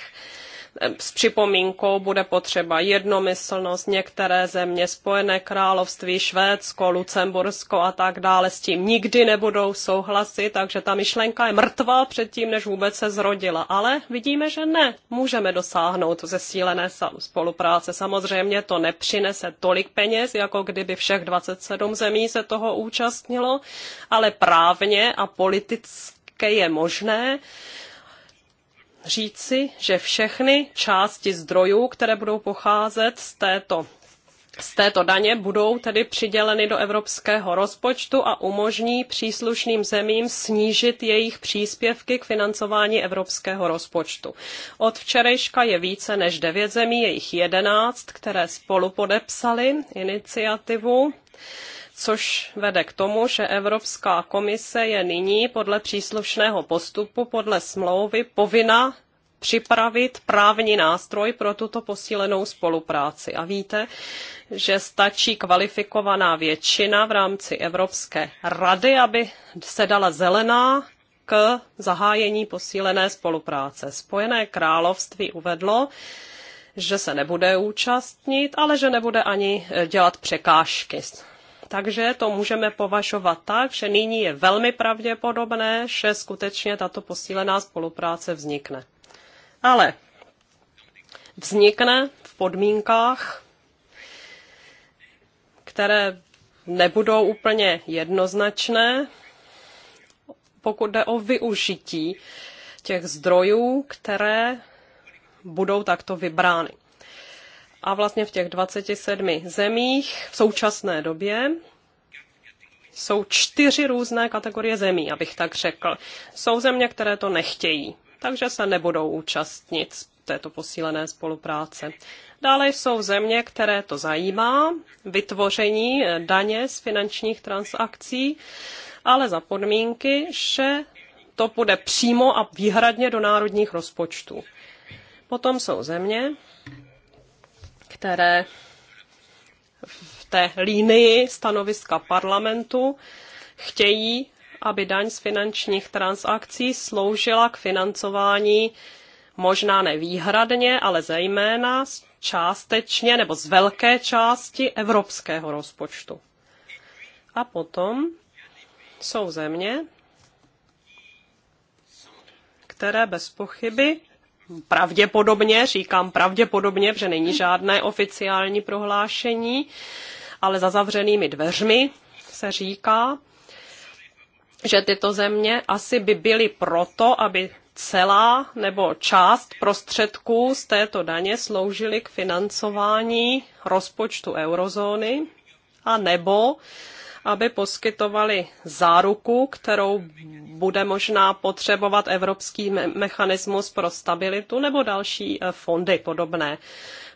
s připomínkou bude potřeba jednomyslnost. Některé země, Spojené království, Švédsko, Lucembursko a tak dále s tím nikdy nebudou souhlasit, takže ta myšlenka je mrtvá předtím, než vůbec se zrodila. Ale vidíme, že ne. Můžeme dosáhnout zesílené spolupráce. Samozřejmě to nepřinese tolik peněz, jako kdyby všech 27 zemí se toho účastnilo, ale právně a politicky je možné říci, že všechny části zdrojů, které budou pocházet z této z této daně budou tedy přiděleny do evropského rozpočtu a umožní příslušným zemím snížit jejich příspěvky k financování evropského rozpočtu. Od včerejška je více než devět zemí, jejich jedenáct, které spolu podepsali iniciativu což vede k tomu, že Evropská komise je nyní podle příslušného postupu, podle smlouvy, povinna připravit právní nástroj pro tuto posílenou spolupráci. A víte, že stačí kvalifikovaná většina v rámci Evropské rady, aby se dala zelená k zahájení posílené spolupráce. Spojené království uvedlo, že se nebude účastnit, ale že nebude ani dělat překážky takže to můžeme považovat tak, že nyní je velmi pravděpodobné, že skutečně tato posílená spolupráce vznikne. Ale vznikne v podmínkách, které nebudou úplně jednoznačné, pokud jde o využití těch zdrojů, které budou takto vybrány. A vlastně v těch 27 zemích v současné době jsou čtyři různé kategorie zemí, abych tak řekl. Jsou země, které to nechtějí, takže se nebudou účastnit této posílené spolupráce. Dále jsou země, které to zajímá, vytvoření daně z finančních transakcí, ale za podmínky, že to půjde přímo a výhradně do národních rozpočtů. Potom jsou země, které v té línii stanoviska parlamentu chtějí, aby daň z finančních transakcí sloužila k financování možná nevýhradně, ale zejména částečně nebo z velké části evropského rozpočtu. A potom jsou země, které bez pochyby pravděpodobně, říkám pravděpodobně, že není žádné oficiální prohlášení, ale za zavřenými dveřmi se říká, že tyto země asi by byly proto, aby celá nebo část prostředků z této daně sloužily k financování rozpočtu eurozóny a nebo aby poskytovali záruku, kterou bude možná potřebovat Evropský me mechanismus pro stabilitu nebo další e, fondy podobné.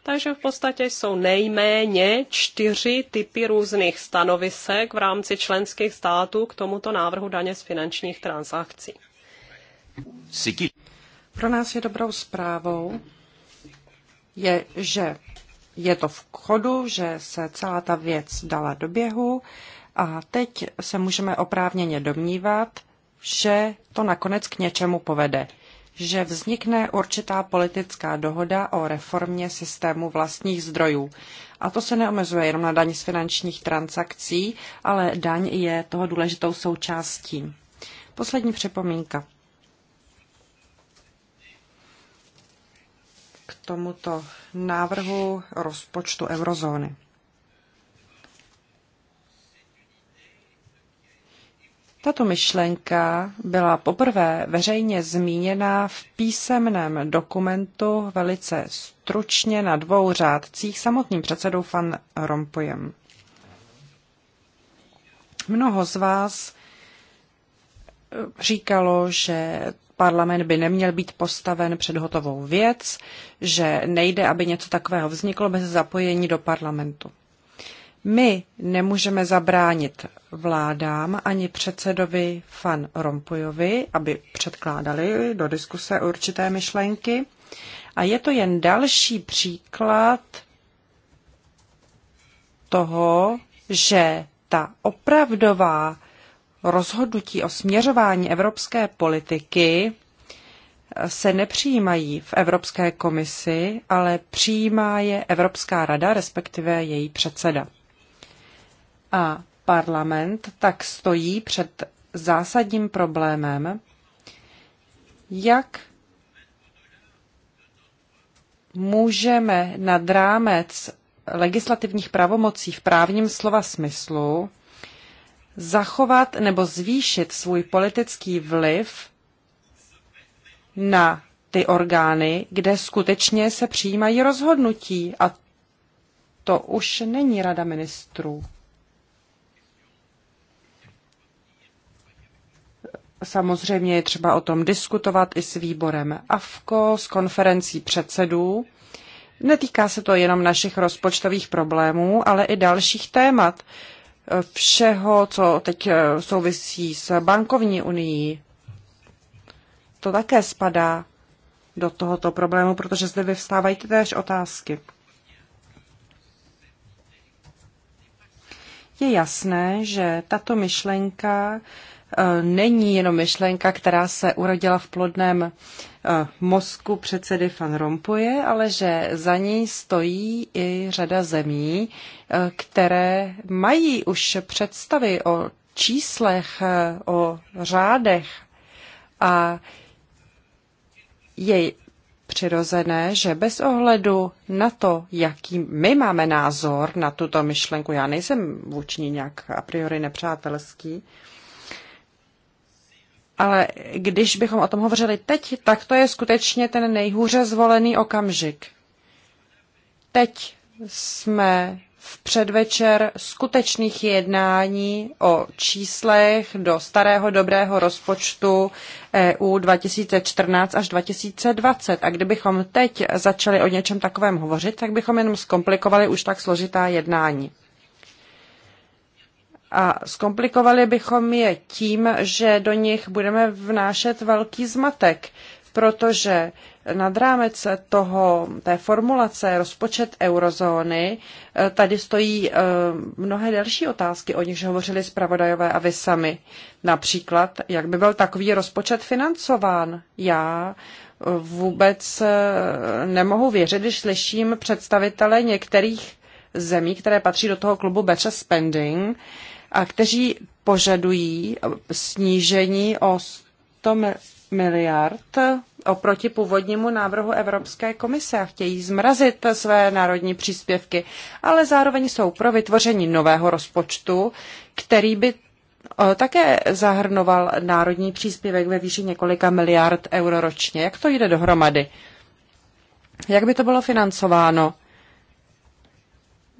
Takže v podstatě jsou nejméně čtyři typy různých stanovisek v rámci členských států k tomuto návrhu daně z finančních transakcí. Pro nás je dobrou zprávou, je, že je to v chodu, že se celá ta věc dala do běhu, a teď se můžeme oprávněně domnívat, že to nakonec k něčemu povede, že vznikne určitá politická dohoda o reformě systému vlastních zdrojů. A to se neomezuje jenom na daň z finančních transakcí, ale daň je toho důležitou součástí. Poslední připomínka. K tomuto návrhu rozpočtu eurozóny. Tato myšlenka byla poprvé veřejně zmíněna v písemném dokumentu velice stručně na dvou řádcích samotným předsedou Van Rompuyem. Mnoho z vás eh, říkalo, že parlament by neměl být postaven před hotovou věc, že nejde, aby něco takového vzniklo bez zapojení do parlamentu. My nemůžeme zabránit vládám ani předsedovi Fan Rompujovi, aby předkládali do diskuse určité myšlenky. A je to jen další příklad toho, že ta opravdová rozhodnutí o směřování evropské politiky se nepřijímají v Evropské komisi, ale přijímá je Evropská rada, respektive její předseda a parlament tak stojí před zásadním problémem, jak můžeme nad rámec legislativních pravomocí v právním slova smyslu zachovat nebo zvýšit svůj politický vliv na ty orgány, kde skutečně se přijímají rozhodnutí. A to už není Rada ministrů. Samozřejmě je třeba o tom diskutovat i s výborem AFKO, s konferencí předsedů. Netýká se to jenom našich rozpočtových problémů, ale i dalších témat. Všeho, co teď eh, souvisí s bankovní unii, to také spadá do tohoto problému, protože zde vyvstávají též otázky. Je jasné, že tato myšlenka E, není jenom myšlenka, která se urodila v plodném e, mozku předsedy Van Rompuje, ale že za ní stojí i řada zemí, e, které mají už představy o číslech, o řádech a je přirozené, že bez ohledu na to, jaký my máme názor na tuto myšlenku, já nejsem vůči ní nějak a priori nepřátelský, ale když bychom o tom hovořili teď, tak to je skutečně ten nejhůře zvolený okamžik. Teď jsme v předvečer skutečných jednání o číslech do starého dobrého rozpočtu EU 2014 až 2020. A kdybychom teď začali o něčem takovém hovořit, tak bychom jenom zkomplikovali už tak složitá jednání a zkomplikovali bychom je tím, že do nich budeme vnášet velký zmatek, protože nad rámec toho, té formulace rozpočet eurozóny, eh, tady stojí eh, mnohé další otázky, o nichž hovořili zpravodajové a vy sami. Například, jak by byl takový rozpočet financován? Já eh, vůbec nemohu věřit, když slyším představitele některých zemí, které patří do toho klubu better spending, a kteří požadují snížení o 100 miliard oproti původnímu návrhu Evropské komise a chtějí zmrazit své národní příspěvky, ale zároveň jsou pro vytvoření nového rozpočtu, který by eh, také zahrnoval národní příspěvek ve výši několika miliard euro ročně. Jak to jde dohromady? Jak by to bylo financováno?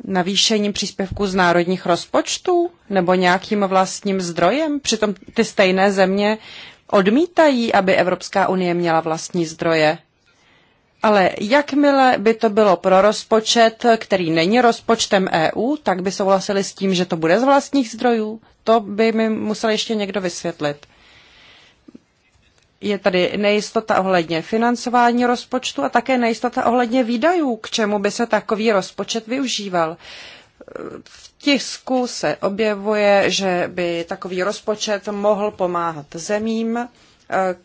navýšením příspěvků z národních rozpočtů nebo nějakým vlastním zdrojem? Přitom ty stejné země odmítají, aby Evropská unie měla vlastní zdroje. Ale jakmile by to bylo pro rozpočet, který není rozpočtem EU, tak by souhlasili s tím, že to bude z vlastních zdrojů? To by mi musel ještě někdo vysvětlit. Je tady nejistota ohledně financování rozpočtu a také nejistota ohledně výdajů, k čemu by se takový rozpočet využíval. V tisku se objevuje, že by takový rozpočet mohl pomáhat zemím, eh,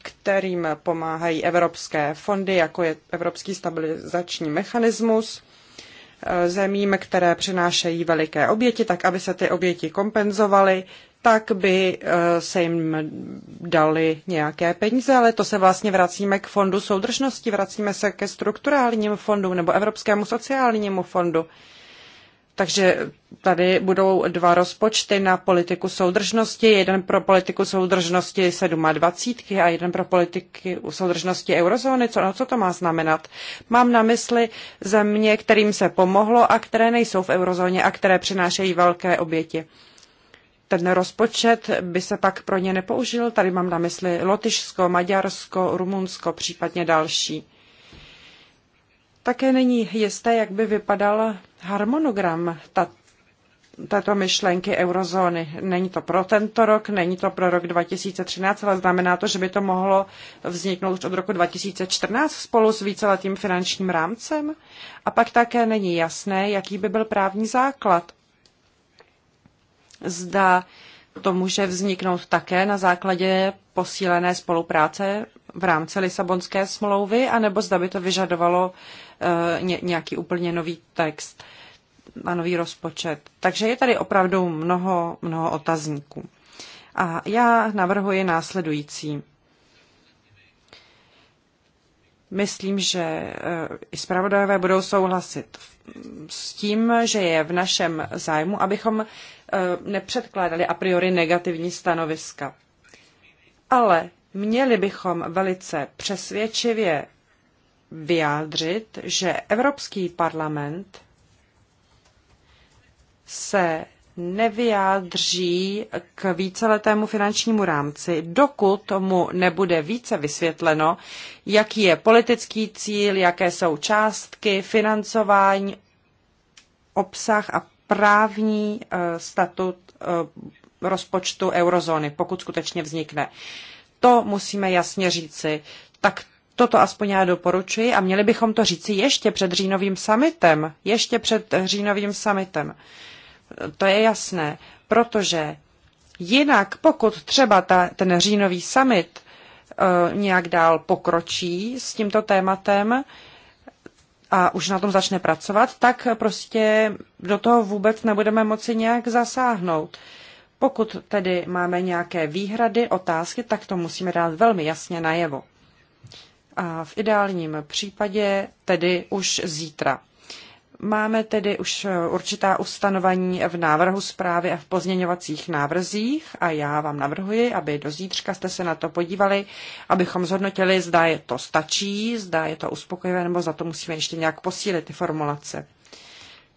kterým pomáhají evropské fondy, jako je Evropský stabilizační mechanismus, eh, zemím, které přinášejí veliké oběti, tak aby se ty oběti kompenzovaly tak by eh, se jim dali nějaké peníze, ale to se vlastně vracíme k fondu soudržnosti, vracíme se ke strukturálním fondům nebo Evropskému sociálnímu fondu. Takže tady budou dva rozpočty na politiku soudržnosti, jeden pro politiku soudržnosti 27 a jeden pro politiky soudržnosti eurozóny. Co, no, co to má znamenat? Mám na mysli země, kterým se pomohlo a které nejsou v eurozóně a které přinášejí velké oběti ten rozpočet by se pak pro ně nepoužil. Tady mám na mysli Lotyšsko, Maďarsko, Rumunsko, případně další. Také není jisté, jak by vypadal harmonogram tato této myšlenky eurozóny. Není to pro tento rok, není to pro rok 2013, ale znamená to, že by to mohlo vzniknout už od roku 2014 spolu s víceletým finančním rámcem. A pak také není jasné, jaký by byl právní základ. Zda to může vzniknout také na základě posílené spolupráce v rámci Lisabonské smlouvy, anebo zda by to vyžadovalo eh, nějaký úplně nový text a nový rozpočet. Takže je tady opravdu mnoho, mnoho otazníků. A já navrhuji následující. Myslím, že eh, i zpravodajové budou souhlasit s tím, že je v našem zájmu, abychom eh, nepředkládali a priori negativní stanoviska. Ale měli bychom velice přesvědčivě vyjádřit, že Evropský parlament se nevyjádří k víceletému finančnímu rámci, dokud tomu nebude více vysvětleno, jaký je politický cíl, jaké jsou částky, financování, obsah a právní eh, statut eh, rozpočtu eurozóny, pokud skutečně vznikne. To musíme jasně říci. Tak Toto aspoň já doporučuji a měli bychom to říci ještě před říjnovým summitem. Ještě před říjnovým summitem. To je jasné, protože jinak, pokud třeba ta, ten říjnový summit e, nějak dál pokročí s tímto tématem a už na tom začne pracovat, tak prostě do toho vůbec nebudeme moci nějak zasáhnout. Pokud tedy máme nějaké výhrady, otázky, tak to musíme dát velmi jasně najevo. A v ideálním případě tedy už zítra. Máme tedy už eh, určitá ustanovení v návrhu zprávy a v pozměňovacích návrzích a já vám navrhuji, aby do zítřka jste se na to podívali, abychom zhodnotili, zda je to stačí, zda je to uspokojivé, nebo za to musíme ještě nějak posílit ty formulace.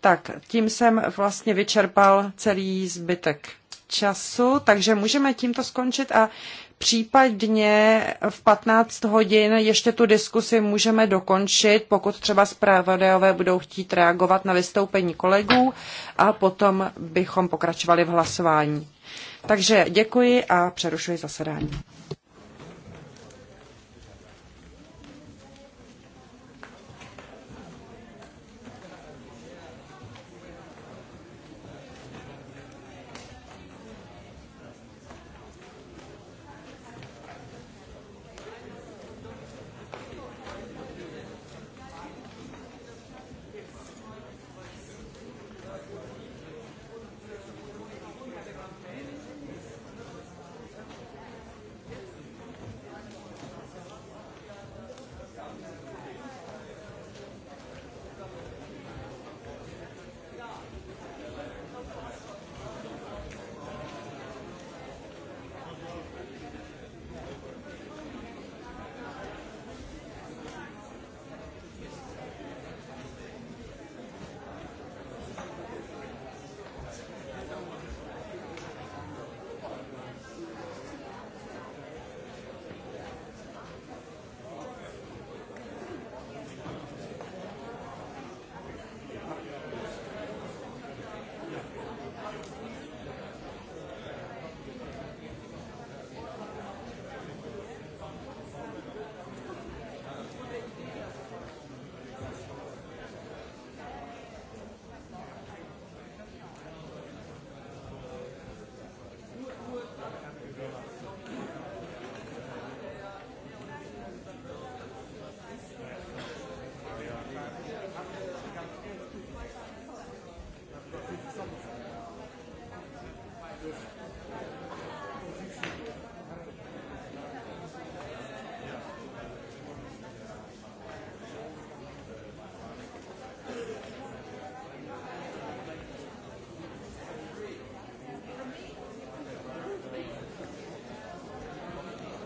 Tak, tím jsem vlastně vyčerpal celý zbytek času, takže můžeme tímto skončit a Případně v 15 hodin ještě tu diskusi můžeme dokončit, pokud třeba zpravodajové budou chtít reagovat na vystoupení kolegů a potom bychom pokračovali v hlasování. Takže děkuji a přerušuji zasedání.